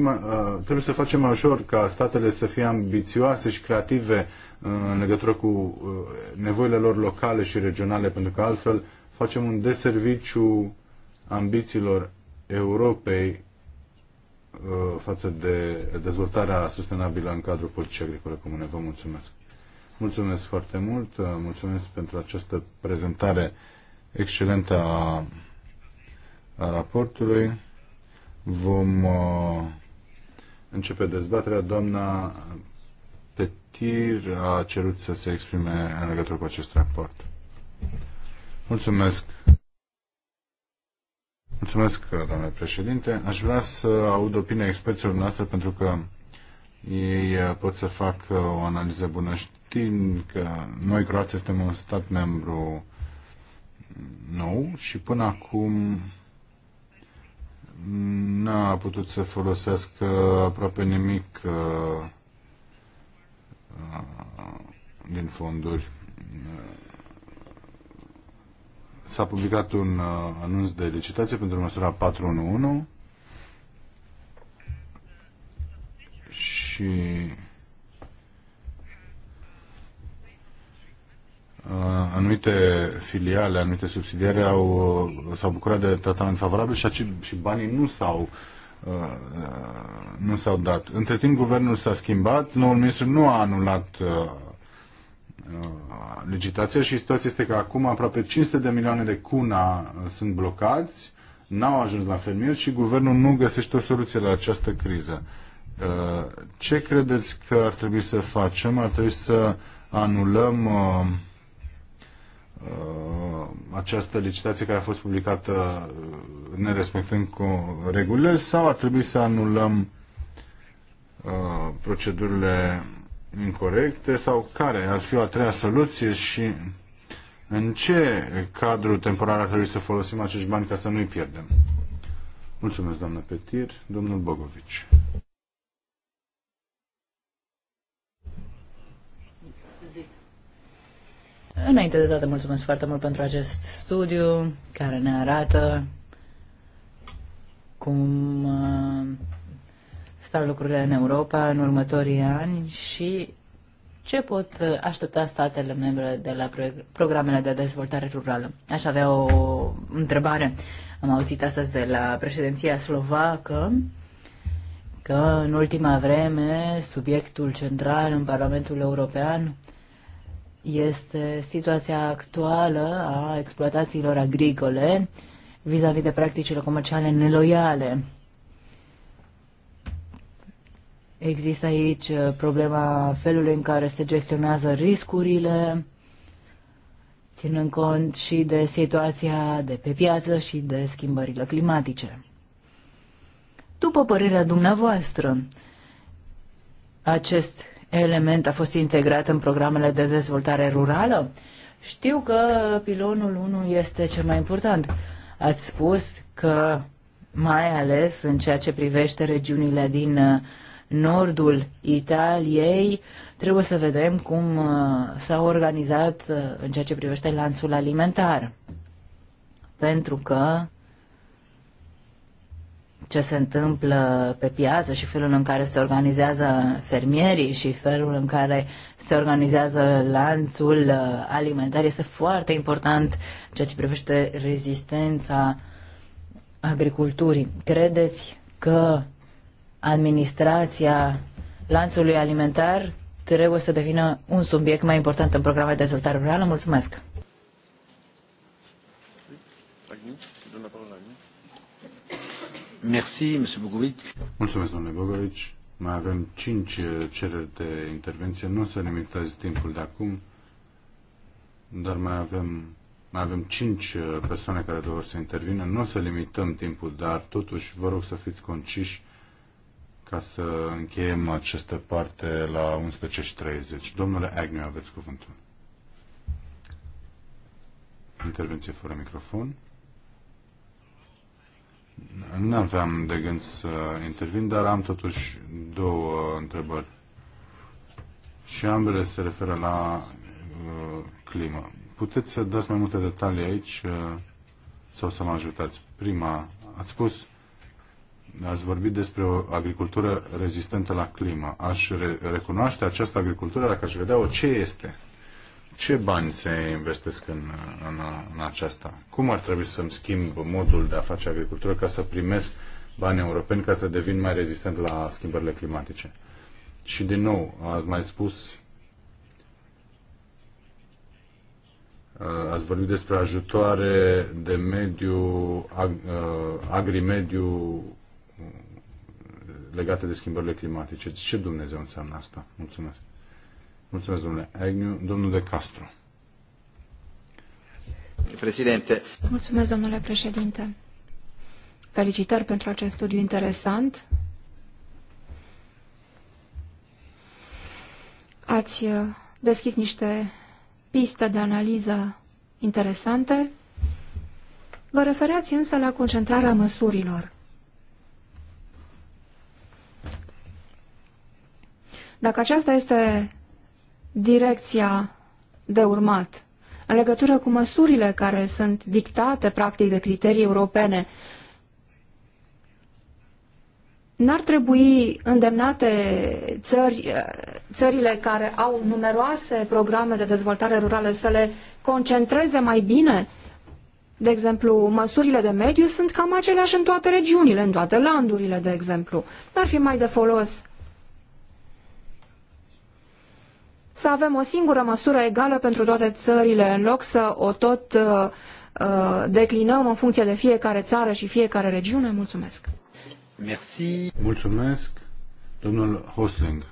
trebuie să facem mai ușor ca statele să fie ambițioase și creative în legătură cu nevoile lor locale și regionale, pentru că altfel facem un deserviciu ambițiilor Europei uh, față de dezvoltarea sustenabilă în cadrul politicii agricole comune. Vă mulțumesc! Mulțumesc foarte mult, uh, mulțumesc pentru această prezentare excelentă a, a raportului. Vom uh, începe dezbaterea. Doamna Petir a cerut să se exprime în legătură cu acest raport. Mulțumesc! Mulțumesc, domnule președinte. Aș vrea să aud opinia experților noastre pentru că ei pot să fac o analiză bună. Știm că noi, Croația, suntem un stat membru nou și până acum n-a putut să folosească aproape nimic uh, din fonduri s-a publicat un uh, anunț de licitație pentru măsura 411 și uh, anumite filiale, anumite subsidiare au, uh, s-au bucurat de tratament favorabil și, acei, și banii nu s-au nu s-au dat. Între timp, guvernul s-a schimbat, noul ministru nu a anulat Uh, licitația și situația este că acum aproape 500 de milioane de cuna uh, sunt blocați, n-au ajuns la fermier și guvernul nu găsește o soluție la această criză. Uh, ce credeți că ar trebui să facem? Ar trebui să anulăm această licitație care a fost publicată nerespectând cu regulile sau ar trebui să anulăm procedurile incorrecte sau care ar fi o a treia soluție și în ce cadru temporar ar trebui să folosim acești bani ca să nu-i pierdem? Mulțumesc, doamnă Petir. Domnul Bogovici. Înainte de toate, mulțumesc foarte mult pentru acest studiu care ne arată cum uh, stau lucrurile în Europa în următorii ani și ce pot aștepta statele membre de la programele de dezvoltare rurală? Aș avea o întrebare. Am auzit astăzi de la președinția slovacă că în ultima vreme subiectul central în Parlamentul European este situația actuală a exploatațiilor agricole vis-a-vis -vis de practicile comerciale neloiale. Există aici uh, problema felului în care se gestionează riscurile, ținând cont și de situația de pe piață și de schimbările climatice. După părerea dumneavoastră, acest element a fost integrat în programele de dezvoltare rurală? Știu că pilonul 1 este cel mai important. Ați spus că, mai ales în ceea ce privește regiunile din uh, nordul Italiei, trebuie să vedem cum uh, s-a organizat uh, în ceea ce privește lanțul alimentar. Pentru că ce se întâmplă pe piață și felul în care se organizează fermierii și felul în care se organizează lanțul uh, alimentar este foarte important în ceea ce privește rezistența agriculturii. Credeți că administrația lanțului alimentar trebuie să devină un subiect mai important în programul de dezvoltare rurală. Mulțumesc! Merci, Mulțumesc, domnule Bogovic. Mai avem cinci uh, cereri de intervenție. Nu o să limitați timpul de acum, dar mai avem, mai avem cinci uh, persoane care vor să intervină. Nu o să limităm timpul, dar totuși vă rog să fiți conciși ca să încheiem această parte la 11.30. Domnule Agnew, aveți cuvântul. Intervenție fără microfon. Nu aveam de gând să intervin, dar am totuși două întrebări. Și ambele se referă la uh, climă. Puteți să dați mai multe detalii aici uh, sau să mă ajutați? Prima, ați spus Ați vorbit despre o agricultură rezistentă la climă. Aș re- recunoaște această agricultură dacă aș vedea-o ce este. Ce bani se investesc în, în, în aceasta? Cum ar trebui să-mi schimb modul de a face agricultură ca să primesc bani europeni ca să devin mai rezistent la schimbările climatice? Și din nou, ați mai spus uh, Ați vorbit despre ajutoare de mediu, ag, uh, agrimediu legate de schimbările climatice. Ce Dumnezeu înseamnă asta? Mulțumesc. Mulțumesc, domnule Agnew. Domnul de Castro. Președinte. Mulțumesc, domnule președinte. Felicitări pentru acest studiu interesant. Ați uh, deschis niște piste de analiză interesante. Vă referați însă la concentrarea măsurilor. Dacă aceasta este direcția de urmat, în legătură cu măsurile care sunt dictate, practic, de criterii europene, n-ar trebui îndemnate țări, țările care au numeroase programe de dezvoltare rurală să le concentreze mai bine? De exemplu, măsurile de mediu sunt cam aceleași în toate regiunile, în toate landurile, de exemplu. N-ar fi mai de folos să avem o singură măsură egală pentru toate țările, în loc să o tot uh, uh, declinăm în funcție de fiecare țară și fiecare regiune. Mulțumesc! Merci. Mulțumesc, domnul Hosling.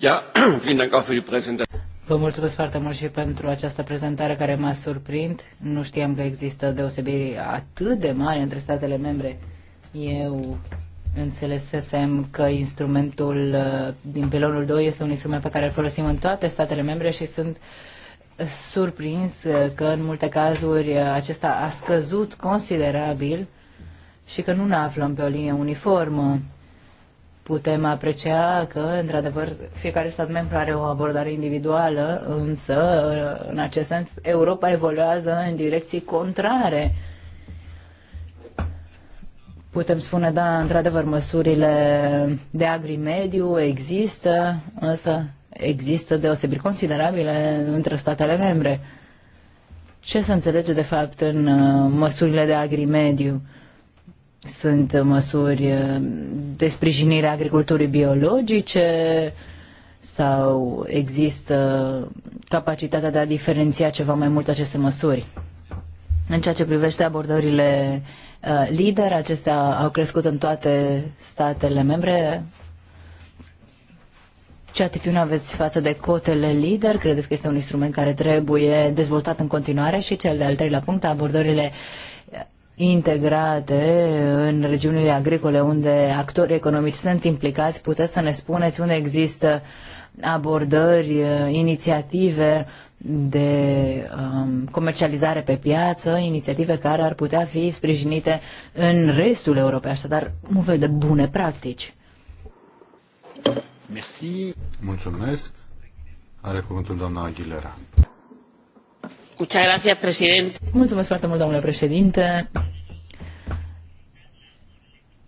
Ja, vielen Dank auch für die Präsentation. Vă mulțumesc foarte mult și pentru această prezentare care m-a surprins. Nu știam că există deosebiri atât de mari între statele membre. Eu Înțelesesem că instrumentul uh, din pilonul 2 este un instrument pe care îl folosim în toate statele membre și sunt uh, surprins uh, că în multe cazuri acesta a scăzut considerabil și că nu ne aflăm pe o linie uniformă. Putem aprecia că, într-adevăr, fiecare stat membru are o abordare individuală, însă, în acest sens, Europa evoluează în direcții contrare Putem spune, da, într-adevăr, măsurile de agrimediu există, însă există deosebiri considerabile între statele membre. Ce se înțelege, de fapt, în uh, măsurile de agrimediu? Sunt măsuri uh, de sprijinire a agriculturii biologice, sau există capacitatea de a diferenția ceva mai mult aceste măsuri. În ceea ce privește abordările Uh, lider. Acestea au crescut în toate statele membre. Ce atitudine aveți față de cotele lider? Credeți că este un instrument care trebuie dezvoltat în continuare? Și cel de-al treilea punct, abordările integrate în regiunile agricole unde actorii economici sunt implicați. Puteți să ne spuneți unde există abordări, uh, inițiative de um, comercializare pe piață, inițiative care ar putea fi sprijinite în restul Europei, așadar un fel de bune practici. Merci. Mulțumesc. Are cuvântul doamna Aguilera. Mulțumesc foarte mult, domnule președinte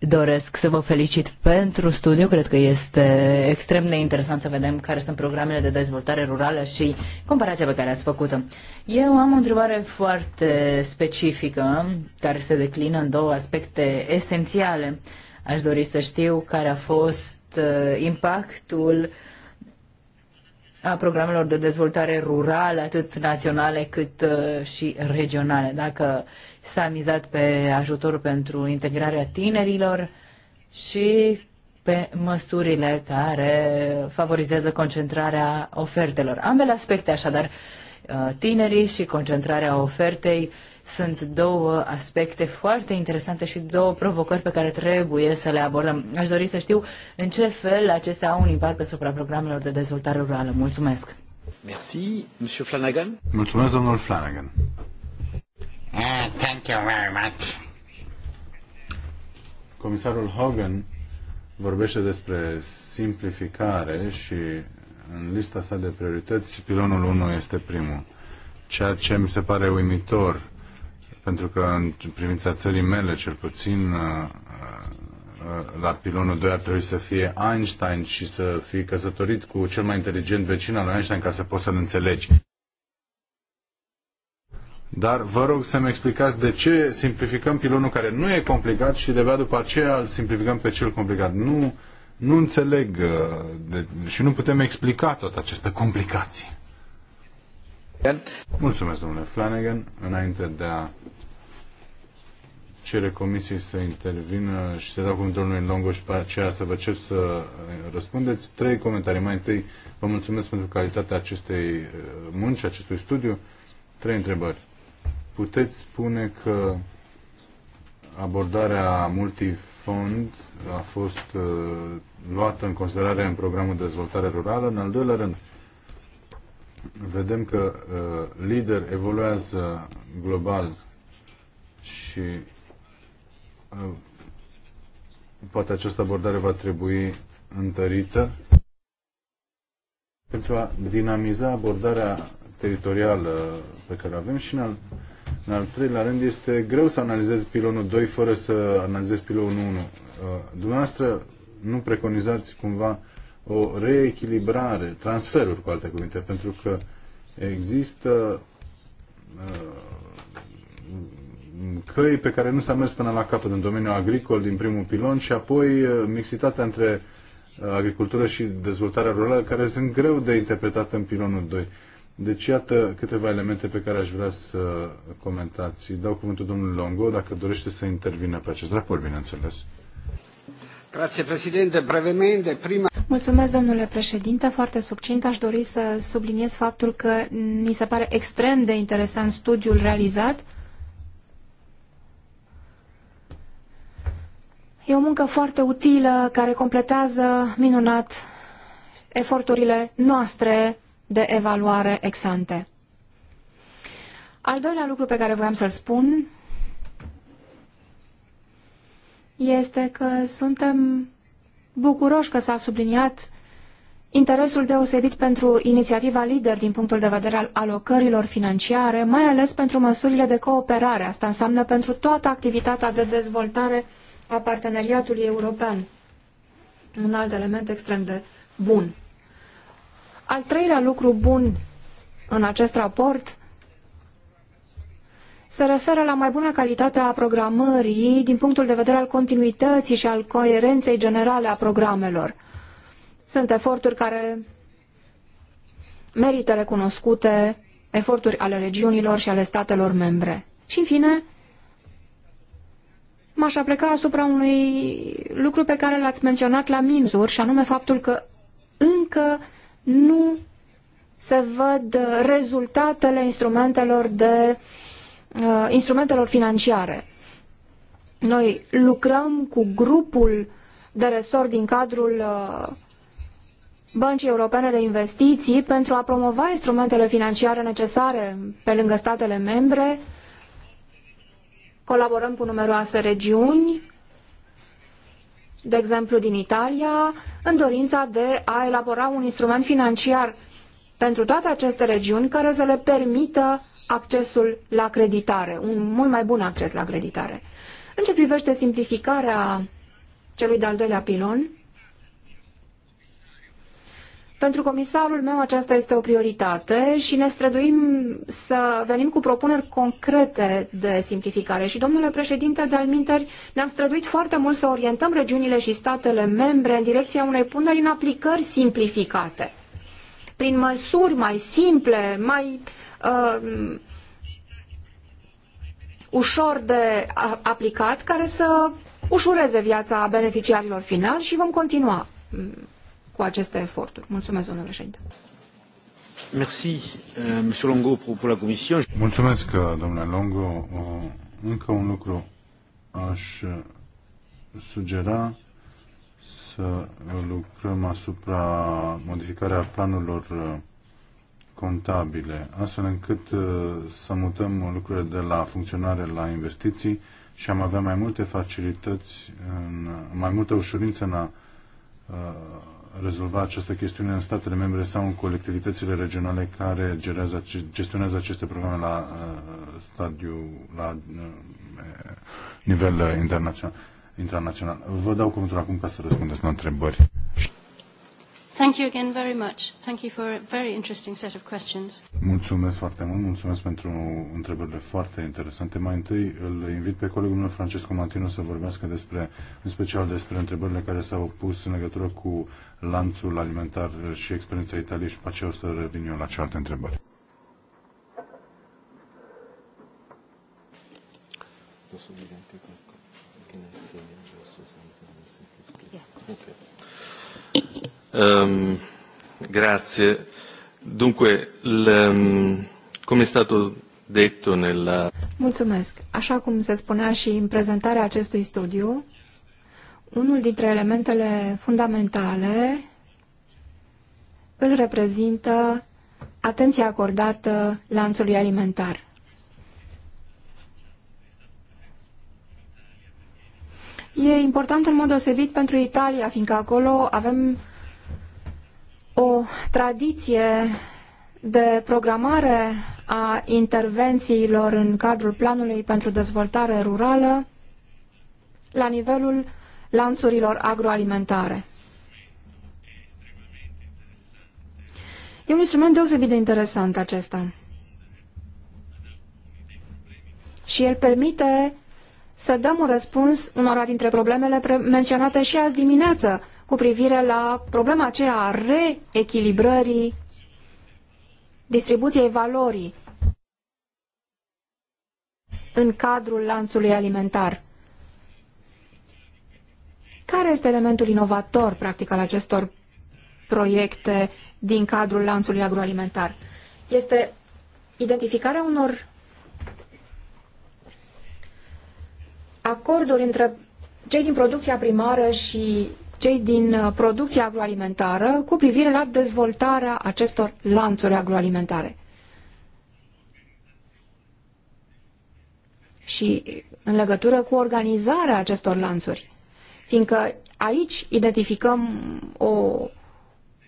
doresc să vă felicit pentru studiu. Cred că este extrem de interesant să vedem care sunt programele de dezvoltare rurală și comparația pe care ați făcut-o. Eu am o întrebare foarte specifică care se declină în două aspecte esențiale. Aș dori să știu care a fost uh, impactul uh, a programelor de dezvoltare rurală, atât naționale cât uh, și regionale. Dacă s-a mizat pe ajutor pentru integrarea tinerilor și pe măsurile care favorizează concentrarea ofertelor. Ambele aspecte, așadar, uh, tinerii și concentrarea ofertei sunt două aspecte foarte interesante și două provocări pe care trebuie să le abordăm. Aș dori să știu în ce fel acestea au un impact asupra programelor de dezvoltare rurală. Mulțumesc! Merci, Monsieur Flanagan. Mulțumesc, domnul Flanagan. Uh, thank you very much. Comisarul Hogan vorbește despre simplificare și în lista sa de priorități, pilonul 1 este primul. Ceea ce mi se pare uimitor pentru că în privința țării mele, cel puțin, uh, uh, la pilonul 2 ar trebui să fie Einstein și să fii căsătorit cu cel mai inteligent vecin al lui Einstein ca să poți să-l înțelegi. Dar vă rog să-mi explicați de ce simplificăm pilonul care nu e complicat și de după aceea îl simplificăm pe cel complicat. Nu, nu înțeleg uh, de, și nu putem explica toată această complicație. Mulțumesc, domnule Flanagan. Înainte de a cere comisiei să intervină și să dau cuvântul lui Longo și pe aceea să vă cer să răspundeți, trei comentarii. Mai întâi, vă mulțumesc pentru calitatea acestei uh, munci, acestui studiu. Trei întrebări. Puteți spune că abordarea multifond a fost uh, luată în considerare în programul de dezvoltare rurală? În al doilea rând, uh, vedem că uh, lider evoluează global și uh, poate această abordare va trebui întărită pentru a dinamiza abordarea teritorială pe care o avem și în al, în al treilea rând este greu să analizezi pilonul 2 fără să analizezi pilonul 1. Uh, dumneavoastră nu preconizați cumva o reechilibrare, transferuri cu alte cuvinte, pentru că există uh, căi pe care nu s-a mers până la capăt în domeniul agricol din primul pilon și apoi uh, mixitatea între uh, agricultură și dezvoltarea rurală care sunt greu de interpretat în pilonul 2. Deci iată câteva elemente pe care aș vrea să comentați. Dau cuvântul domnului Longo dacă dorește să intervină pe acest raport, bineînțeles. Grazie președinte. brevemente, prima... Mulțumesc, domnule președinte. Foarte succint aș dori să subliniez faptul că mi se pare extrem de interesant studiul realizat. E o muncă foarte utilă care completează minunat eforturile noastre de evaluare exante. Al doilea lucru pe care voiam să-l spun este că suntem bucuroși că s-a subliniat interesul deosebit pentru inițiativa lider din punctul de vedere al alocărilor financiare, mai ales pentru măsurile de cooperare. Asta înseamnă pentru toată activitatea de dezvoltare a parteneriatului european. Un alt element extrem de bun. Al treilea lucru bun în acest raport se referă la mai bună calitate a programării din punctul de vedere al continuității și al coerenței generale a programelor. Sunt eforturi care merită recunoscute, eforturi ale regiunilor și ale statelor membre. Și, în fine, m-aș apleca asupra unui lucru pe care l-ați menționat la minzuri, și anume faptul că încă nu se văd rezultatele instrumentelor de uh, Uh, instrumentelor financiare. Noi lucrăm cu grupul de resort din cadrul uh, Băncii Europene de Investiții pentru a promova instrumentele financiare necesare pe lângă statele membre. Colaborăm cu numeroase regiuni, de exemplu din Italia, în dorința de a elabora un instrument financiar pentru toate aceste regiuni care să le permită accesul la creditare, un mult mai bun acces la creditare. În ce privește simplificarea celui de-al doilea pilon, pentru comisarul meu aceasta este o prioritate și ne străduim să venim cu propuneri concrete de simplificare. Și, domnule președinte, de-al minteri, ne-am străduit foarte mult să orientăm regiunile și statele membre în direcția unei puneri în aplicări simplificate, prin măsuri mai simple, mai uh, uh, ușor de aplicat, care să ușureze viața beneficiarilor final și vom continua um, cu aceste eforturi. Mulțumesc, domnule președinte. Uh, Mulțumesc, uh, domnule Longo. Uh, încă un lucru aș sugera să lucrăm asupra modificarea planurilor contabile, astfel încât uh, să mutăm lucrurile de la funcționare la investiții și am avea mai multe facilități, în, mai multă ușurință în a uh, rezolva această chestiune în statele membre sau în colectivitățile regionale care gerează, gestionează aceste programe la uh, stadiu, la nivel internațional. internațional. Vă dau cuvântul acum ca să răspundeți la întrebări. Thank you again very much. Thank you for a very interesting set of questions. Mulțumesc foarte mult, mulțumesc pentru întrebările foarte interesante. Mai întâi îl invit pe colegul meu Francesco Martino să vorbească despre, în special despre întrebările care s-au pus în legătură cu lanțul alimentar și experiența Italiei și după aceea o să revin eu la cealaltă întrebări. Mulțumesc. Um, grazie. Dunque, l, ehm, come è stato detto nella... Mulțumesc. Așa cum se spunea și în prezentarea acestui studiu, unul dintre elementele fundamentale îl reprezintă atenția acordată lanțului alimentar. E important în mod deosebit pentru Italia, fiindcă acolo avem o tradiție de programare a intervențiilor în cadrul planului pentru dezvoltare rurală la nivelul lanțurilor agroalimentare. E un instrument deosebit de interesant acesta. Și el permite să dăm un răspuns unora dintre problemele menționate și azi dimineață cu privire la problema aceea a reechilibrării distribuției valorii în cadrul lanțului alimentar. Care este elementul inovator, practic, al acestor proiecte din cadrul lanțului agroalimentar? Este identificarea unor acorduri între cei din producția primară și cei din uh, producția agroalimentară cu privire la dezvoltarea acestor lanțuri agroalimentare. Și în legătură cu organizarea acestor lanțuri, fiindcă aici identificăm o,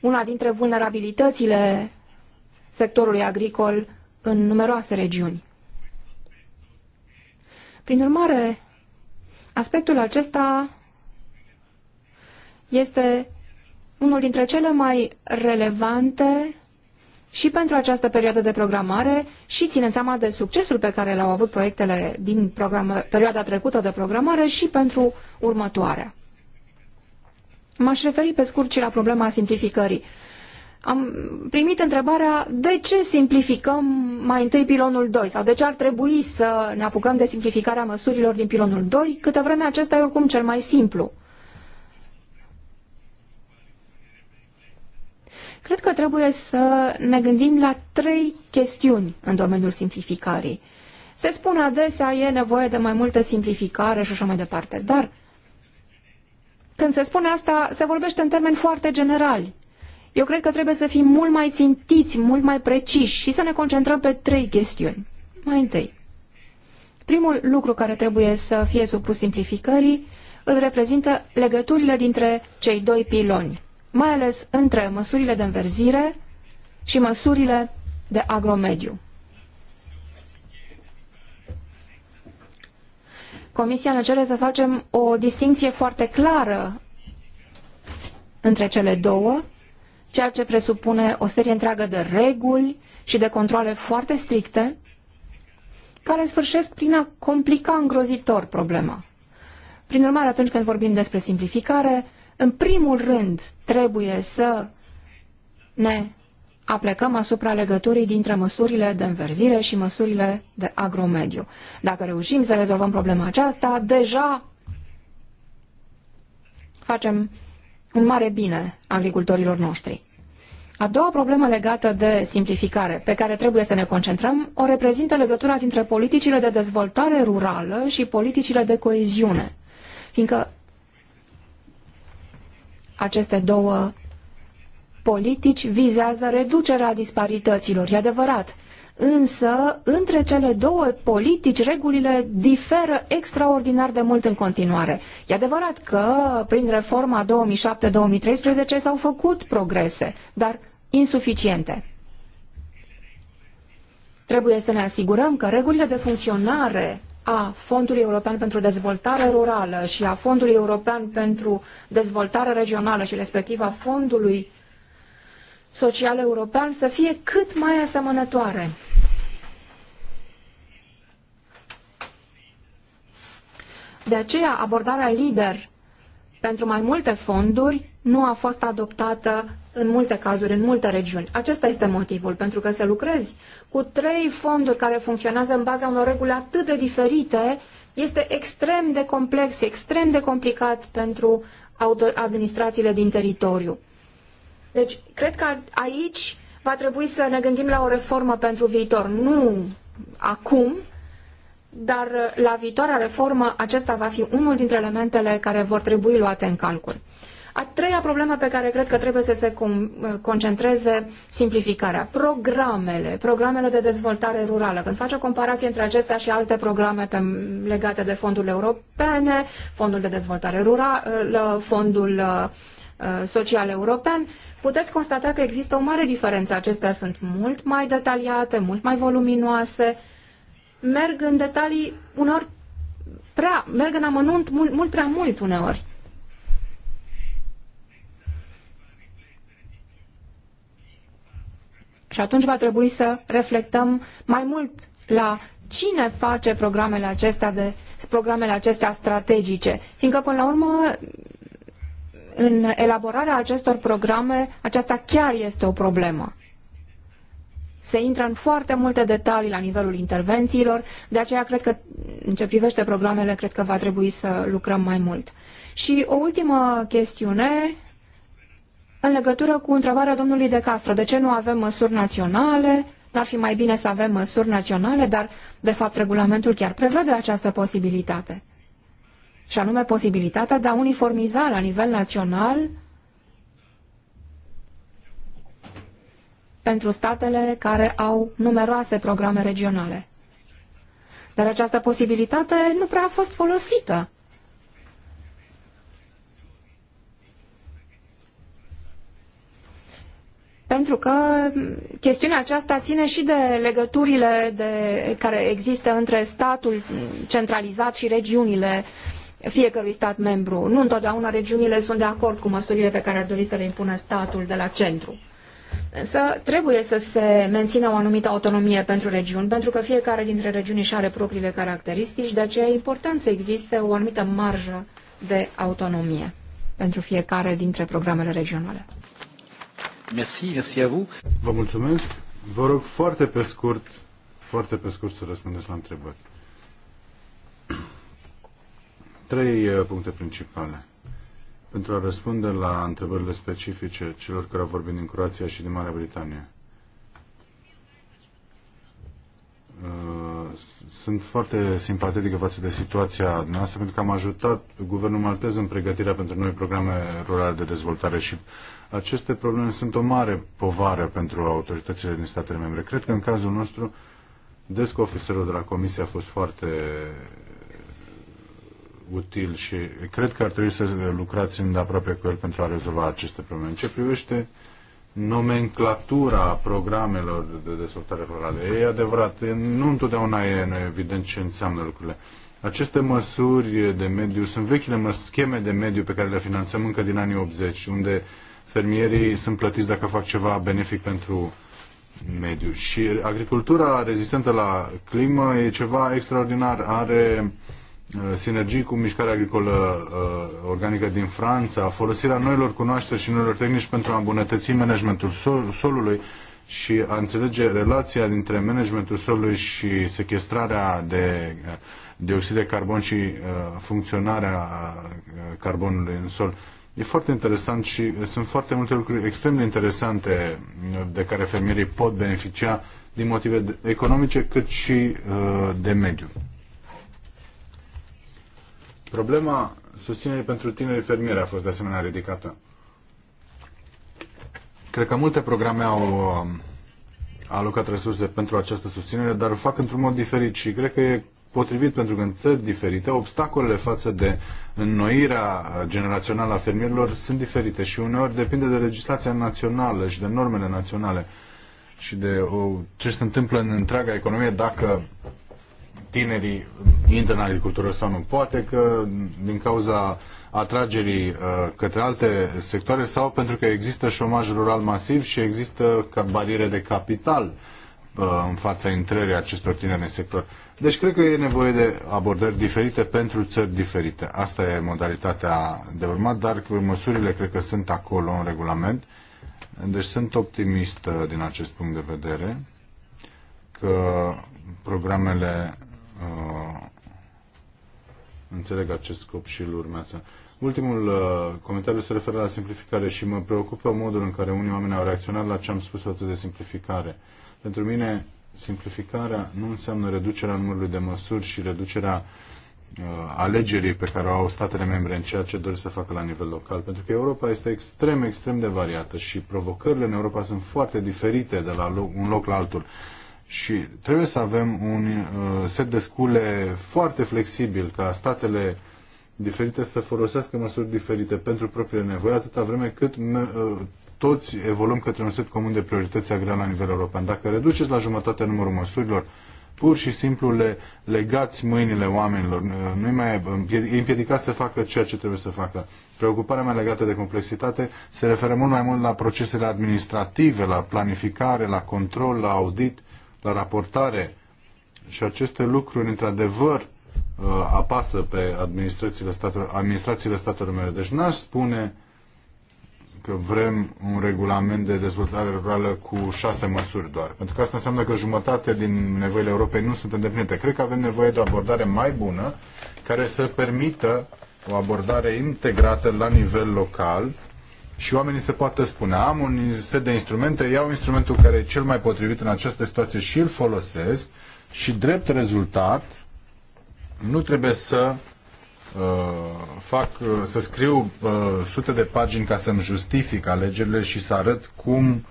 una dintre vulnerabilitățile sectorului agricol în numeroase regiuni. Prin urmare, aspectul acesta este unul dintre cele mai relevante și pentru această perioadă de programare și ținem seama de succesul pe care l-au avut proiectele din perioada trecută de programare și pentru următoarea. M-aș referi pe scurt și la problema simplificării. Am primit întrebarea de ce simplificăm mai întâi pilonul 2 sau de ce ar trebui să ne apucăm de simplificarea măsurilor din pilonul 2, câtă vreme acesta e oricum cel mai simplu. Cred că trebuie să ne gândim la trei chestiuni în domeniul simplificării. Se spune adesea e nevoie de mai multă simplificare și așa mai departe, dar când se spune asta, se vorbește în termeni foarte generali. Eu cred că trebuie să fim mult mai țintiți, mult mai preciși și să ne concentrăm pe trei chestiuni. Mai întâi, primul lucru care trebuie să fie supus simplificării îl reprezintă legăturile dintre cei doi piloni mai ales între măsurile de înverzire și măsurile de agromediu. Comisia ne cere să facem o distinție foarte clară între cele două, ceea ce presupune o serie întreagă de reguli și de controle foarte stricte, care sfârșesc prin a complica îngrozitor problema. Prin urmare, atunci când vorbim despre simplificare, în primul rând, trebuie să ne aplecăm asupra legăturii dintre măsurile de înverzire și măsurile de agromediu. Dacă reușim să rezolvăm problema aceasta, deja facem un mare bine agricultorilor noștri. A doua problemă legată de simplificare, pe care trebuie să ne concentrăm, o reprezintă legătura dintre politicile de dezvoltare rurală și politicile de coeziune. Fiindcă aceste două politici vizează reducerea disparităților, e adevărat. Însă, între cele două politici, regulile diferă extraordinar de mult în continuare. E adevărat că prin reforma 2007-2013 s-au făcut progrese, dar insuficiente. Trebuie să ne asigurăm că regulile de funcționare a Fondului European pentru Dezvoltare Rurală și a Fondului European pentru Dezvoltare Regională și respectiv a Fondului Social European să fie cât mai asemănătoare. De aceea, abordarea lider pentru mai multe fonduri nu a fost adoptată în multe cazuri, în multe regiuni. Acesta este motivul, pentru că să lucrezi cu trei fonduri care funcționează în baza unor reguli atât de diferite, este extrem de complex, extrem de complicat pentru administrațiile din teritoriu. Deci, cred că aici va trebui să ne gândim la o reformă pentru viitor. Nu acum, dar uh, la viitoarea reformă acesta va fi unul dintre elementele care vor trebui luate în calcul. A treia problemă pe care cred că trebuie să se uh, concentreze simplificarea. Programele, programele de dezvoltare rurală. Când faci o comparație între acestea și alte programe pe, legate de fondurile europene, fondul de dezvoltare rurală, fondul uh, uh, social european, puteți constata că există o mare diferență. Acestea sunt mult mai detaliate, mult mai voluminoase, uh, merg în detalii uneori prea, merg în amănunt mult, mult prea mult uneori. Și atunci va trebui să reflectăm mai mult la cine face programele acestea, de, programele acestea strategice. Fiindcă, până la urmă, în elaborarea acestor programe, aceasta chiar este o problemă se intră în foarte multe detalii la nivelul intervențiilor, de aceea cred că, în ce privește programele, cred că va trebui să lucrăm mai mult. Și o ultimă chestiune, în legătură cu întrebarea domnului De Castro, de ce nu avem măsuri naționale? N-ar fi mai bine să avem măsuri naționale, dar, de fapt, regulamentul chiar prevede această posibilitate. Și anume posibilitatea de a uniformiza la nivel național pentru statele care au numeroase programe regionale. Dar această posibilitate nu prea a fost folosită. Pentru că chestiunea aceasta ține și de legăturile de, care există între statul centralizat și regiunile fiecărui stat membru. Nu întotdeauna regiunile sunt de acord cu măsurile pe care ar dori să le impună statul de la centru. Însă trebuie să se mențină o anumită autonomie pentru regiuni, pentru că fiecare dintre regiuni își are propriile caracteristici, de aceea e important să existe o anumită marjă de autonomie pentru fiecare dintre programele regionale. Merci, merci à vous. Vă mulțumesc. Vă rog foarte pe scurt, foarte pe scurt să răspundeți la întrebări. Trei uh, puncte principale pentru a răspunde la întrebările specifice celor care au vorbit din Croația și din Marea Britanie. Uh, sunt foarte simpatetică față de situația noastră pentru că am ajutat guvernul maltez în pregătirea pentru noi programe rurale de dezvoltare și aceste probleme sunt o mare povară pentru autoritățile din statele membre. Cred că în cazul nostru Desk de la Comisie a fost foarte util și cred că ar trebui să lucrați îndeaproape cu el pentru a rezolva aceste probleme. În ce privește nomenclatura programelor de dezvoltare rurală, e adevărat, nu întotdeauna e evident ce înseamnă lucrurile. Aceste măsuri de mediu sunt vechile scheme de mediu pe care le finanțăm încă din anii 80, unde fermierii sunt plătiți dacă fac ceva benefic pentru mediu. Și agricultura rezistentă la climă e ceva extraordinar. Are Uh, sinergii cu mișcarea agricolă uh, organică din Franța, folosirea noilor cunoașteri și noilor tehnici pentru a îmbunătăți managementul sol, solului și a înțelege relația dintre managementul solului și sequestrarea de uh, dioxid de carbon și uh, funcționarea carbonului în sol. E foarte interesant și sunt foarte multe lucruri extrem de interesante de care fermierii pot beneficia din motive economice cât și uh, de mediu. Problema susținerii pentru tinerii fermieri a fost de asemenea ridicată. Cred că multe programe au um, alocat resurse pentru această susținere, dar o fac într-un mod diferit și cred că e potrivit pentru că în țări diferite obstacolele față de înnoirea generațională a fermierilor sunt diferite și uneori depinde de legislația națională și de normele naționale și de o, ce se întâmplă în întreaga economie dacă tinerii intră în agricultură sau nu. Poate că din cauza atragerii uh, către alte sectoare sau pentru că există șomaj rural masiv și există ca bariere de capital uh, în fața intrării acestor tineri în sector. Deci cred că e nevoie de abordări diferite pentru țări diferite. Asta e modalitatea de urmat, dar măsurile cred că sunt acolo în regulament. Deci sunt optimist din acest punct de vedere că programele înțeleg acest scop și îl urmează. Ultimul uh, comentariu se referă la simplificare și mă preocupă modul în care unii oameni au reacționat la ce am spus față de simplificare. Pentru mine, simplificarea nu înseamnă reducerea numărului de măsuri și reducerea uh, alegerii pe care o au statele membre în ceea ce doresc să facă la nivel local. Pentru că Europa este extrem, extrem de variată și provocările în Europa sunt foarte diferite de la loc, un loc la altul. Și trebuie să avem un uh, set de scule foarte flexibil ca statele diferite să folosească măsuri diferite pentru propriile nevoi, atâta vreme cât uh, toți evoluăm către un set comun de priorități agrare la nivel european. Dacă reduceți la jumătate numărul măsurilor, pur și simplu le legați mâinile oamenilor, nu mai împiedicați să facă ceea ce trebuie să facă. Preocuparea mea legată de complexitate se referă mult mai mult la procesele administrative, la planificare, la control, la audit la raportare și aceste lucruri, într-adevăr, uh, apasă pe administrațiile statelor, administrațiile statelor mele. Deci n-aș spune că vrem un regulament de dezvoltare rurală cu șase măsuri doar. Pentru că asta înseamnă că jumătate din nevoile Europei nu sunt îndeplinite. Cred că avem nevoie de o abordare mai bună care să permită o abordare integrată la nivel local și oamenii se poată spune, am un set de instrumente, iau instrumentul care e cel mai potrivit în această situație și îl folosesc și drept rezultat nu trebuie să uh, fac, uh, să scriu uh, sute de pagini ca să-mi justific alegerile și să arăt cum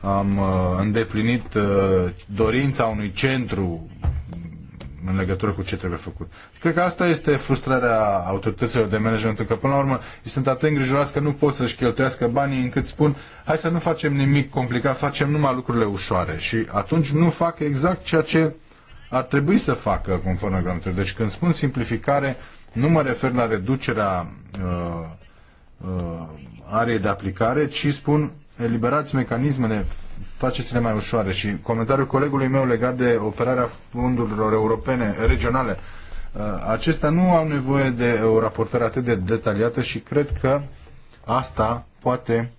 am uh, îndeplinit uh, dorința unui centru în legătură cu ce trebuie făcut. Și cred că asta este frustrarea autorităților de management, că până la urmă îi sunt atât îngrijorați că nu pot să-și cheltuiască banii încât spun hai să nu facem nimic complicat, facem numai lucrurile ușoare. Și atunci nu fac exact ceea ce ar trebui să facă conform regulamentului. Deci când spun simplificare, nu mă refer la reducerea uh, uh, arei de aplicare, ci spun eliberați mecanismele, faceți-le mai ușoare. Și comentariul colegului meu legat de operarea fondurilor europene, regionale, uh, acestea nu au nevoie de o raportare atât de detaliată și cred că asta poate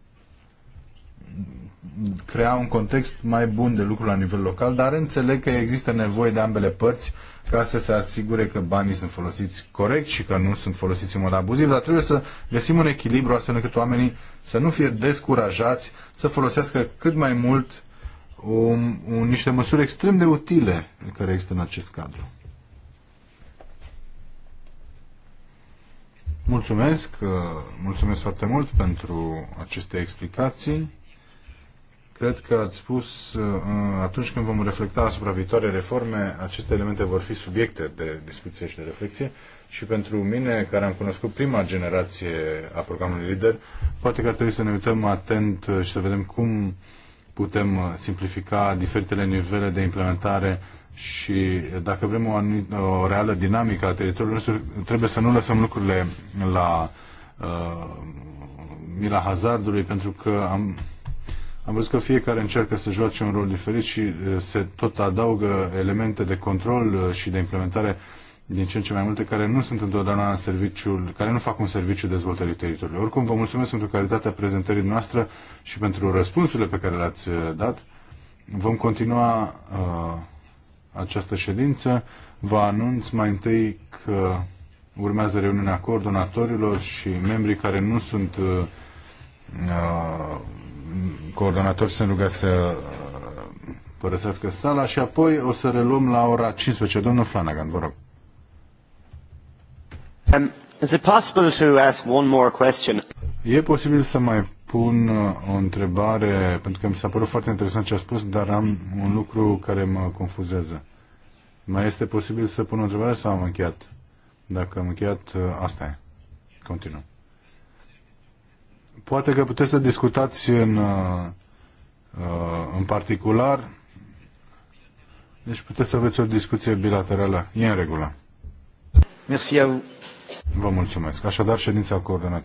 crea un context mai bun de lucru la nivel local, dar înțeleg că există nevoie de ambele părți ca să se asigure că banii sunt folosiți corect și că nu sunt folosiți în mod abuziv, dar trebuie să găsim un echilibru astfel încât oamenii să nu fie descurajați să folosească cât mai mult um, um, niște măsuri extrem de utile care există în acest cadru. Mulțumesc, uh, mulțumesc foarte mult pentru aceste explicații. Cred că ați spus, uh, atunci când vom reflecta asupra viitoare reforme, aceste elemente vor fi subiecte de discuție și de reflexie și pentru mine, care am cunoscut prima generație a programului LIDER, poate că ar trebui să ne uităm atent uh, și să vedem cum putem uh, simplifica diferitele nivele de implementare și dacă vrem o, o reală dinamică a teritoriului nostru, trebuie să nu lăsăm lucrurile la uh, mila hazardului, pentru că am, am văzut că fiecare încearcă să joace un rol diferit și se tot adaugă elemente de control și de implementare din ce în ce mai multe care nu sunt întotdeauna în serviciul, care nu fac un serviciu dezvoltării teritoriului. Oricum, vă mulțumesc pentru calitatea prezentării noastre și pentru răspunsurile pe care le-ați dat. Vom continua uh, această ședință. Vă anunț mai întâi că urmează reuniunea coordonatorilor și membrii care nu sunt uh, coordonatori sunt rugați să uh, părăsească sala și apoi o să reluăm la ora 15. Domnul Flanagan, vă rog. Um, is it possible to ask one more question? E posibil să mai pun uh, o întrebare, pentru că mi s-a părut foarte interesant ce a spus, dar am un lucru care mă confuzează. Mai este posibil să pun o întrebare sau am încheiat? Dacă am încheiat, uh, asta e. Continuăm. Poate că puteți să discutați în, uh, uh, în particular. Deci puteți să aveți o discuție bilaterală. E în regulă. Merci a vous. Vă mulțumesc. Așadar, ședința coordonată.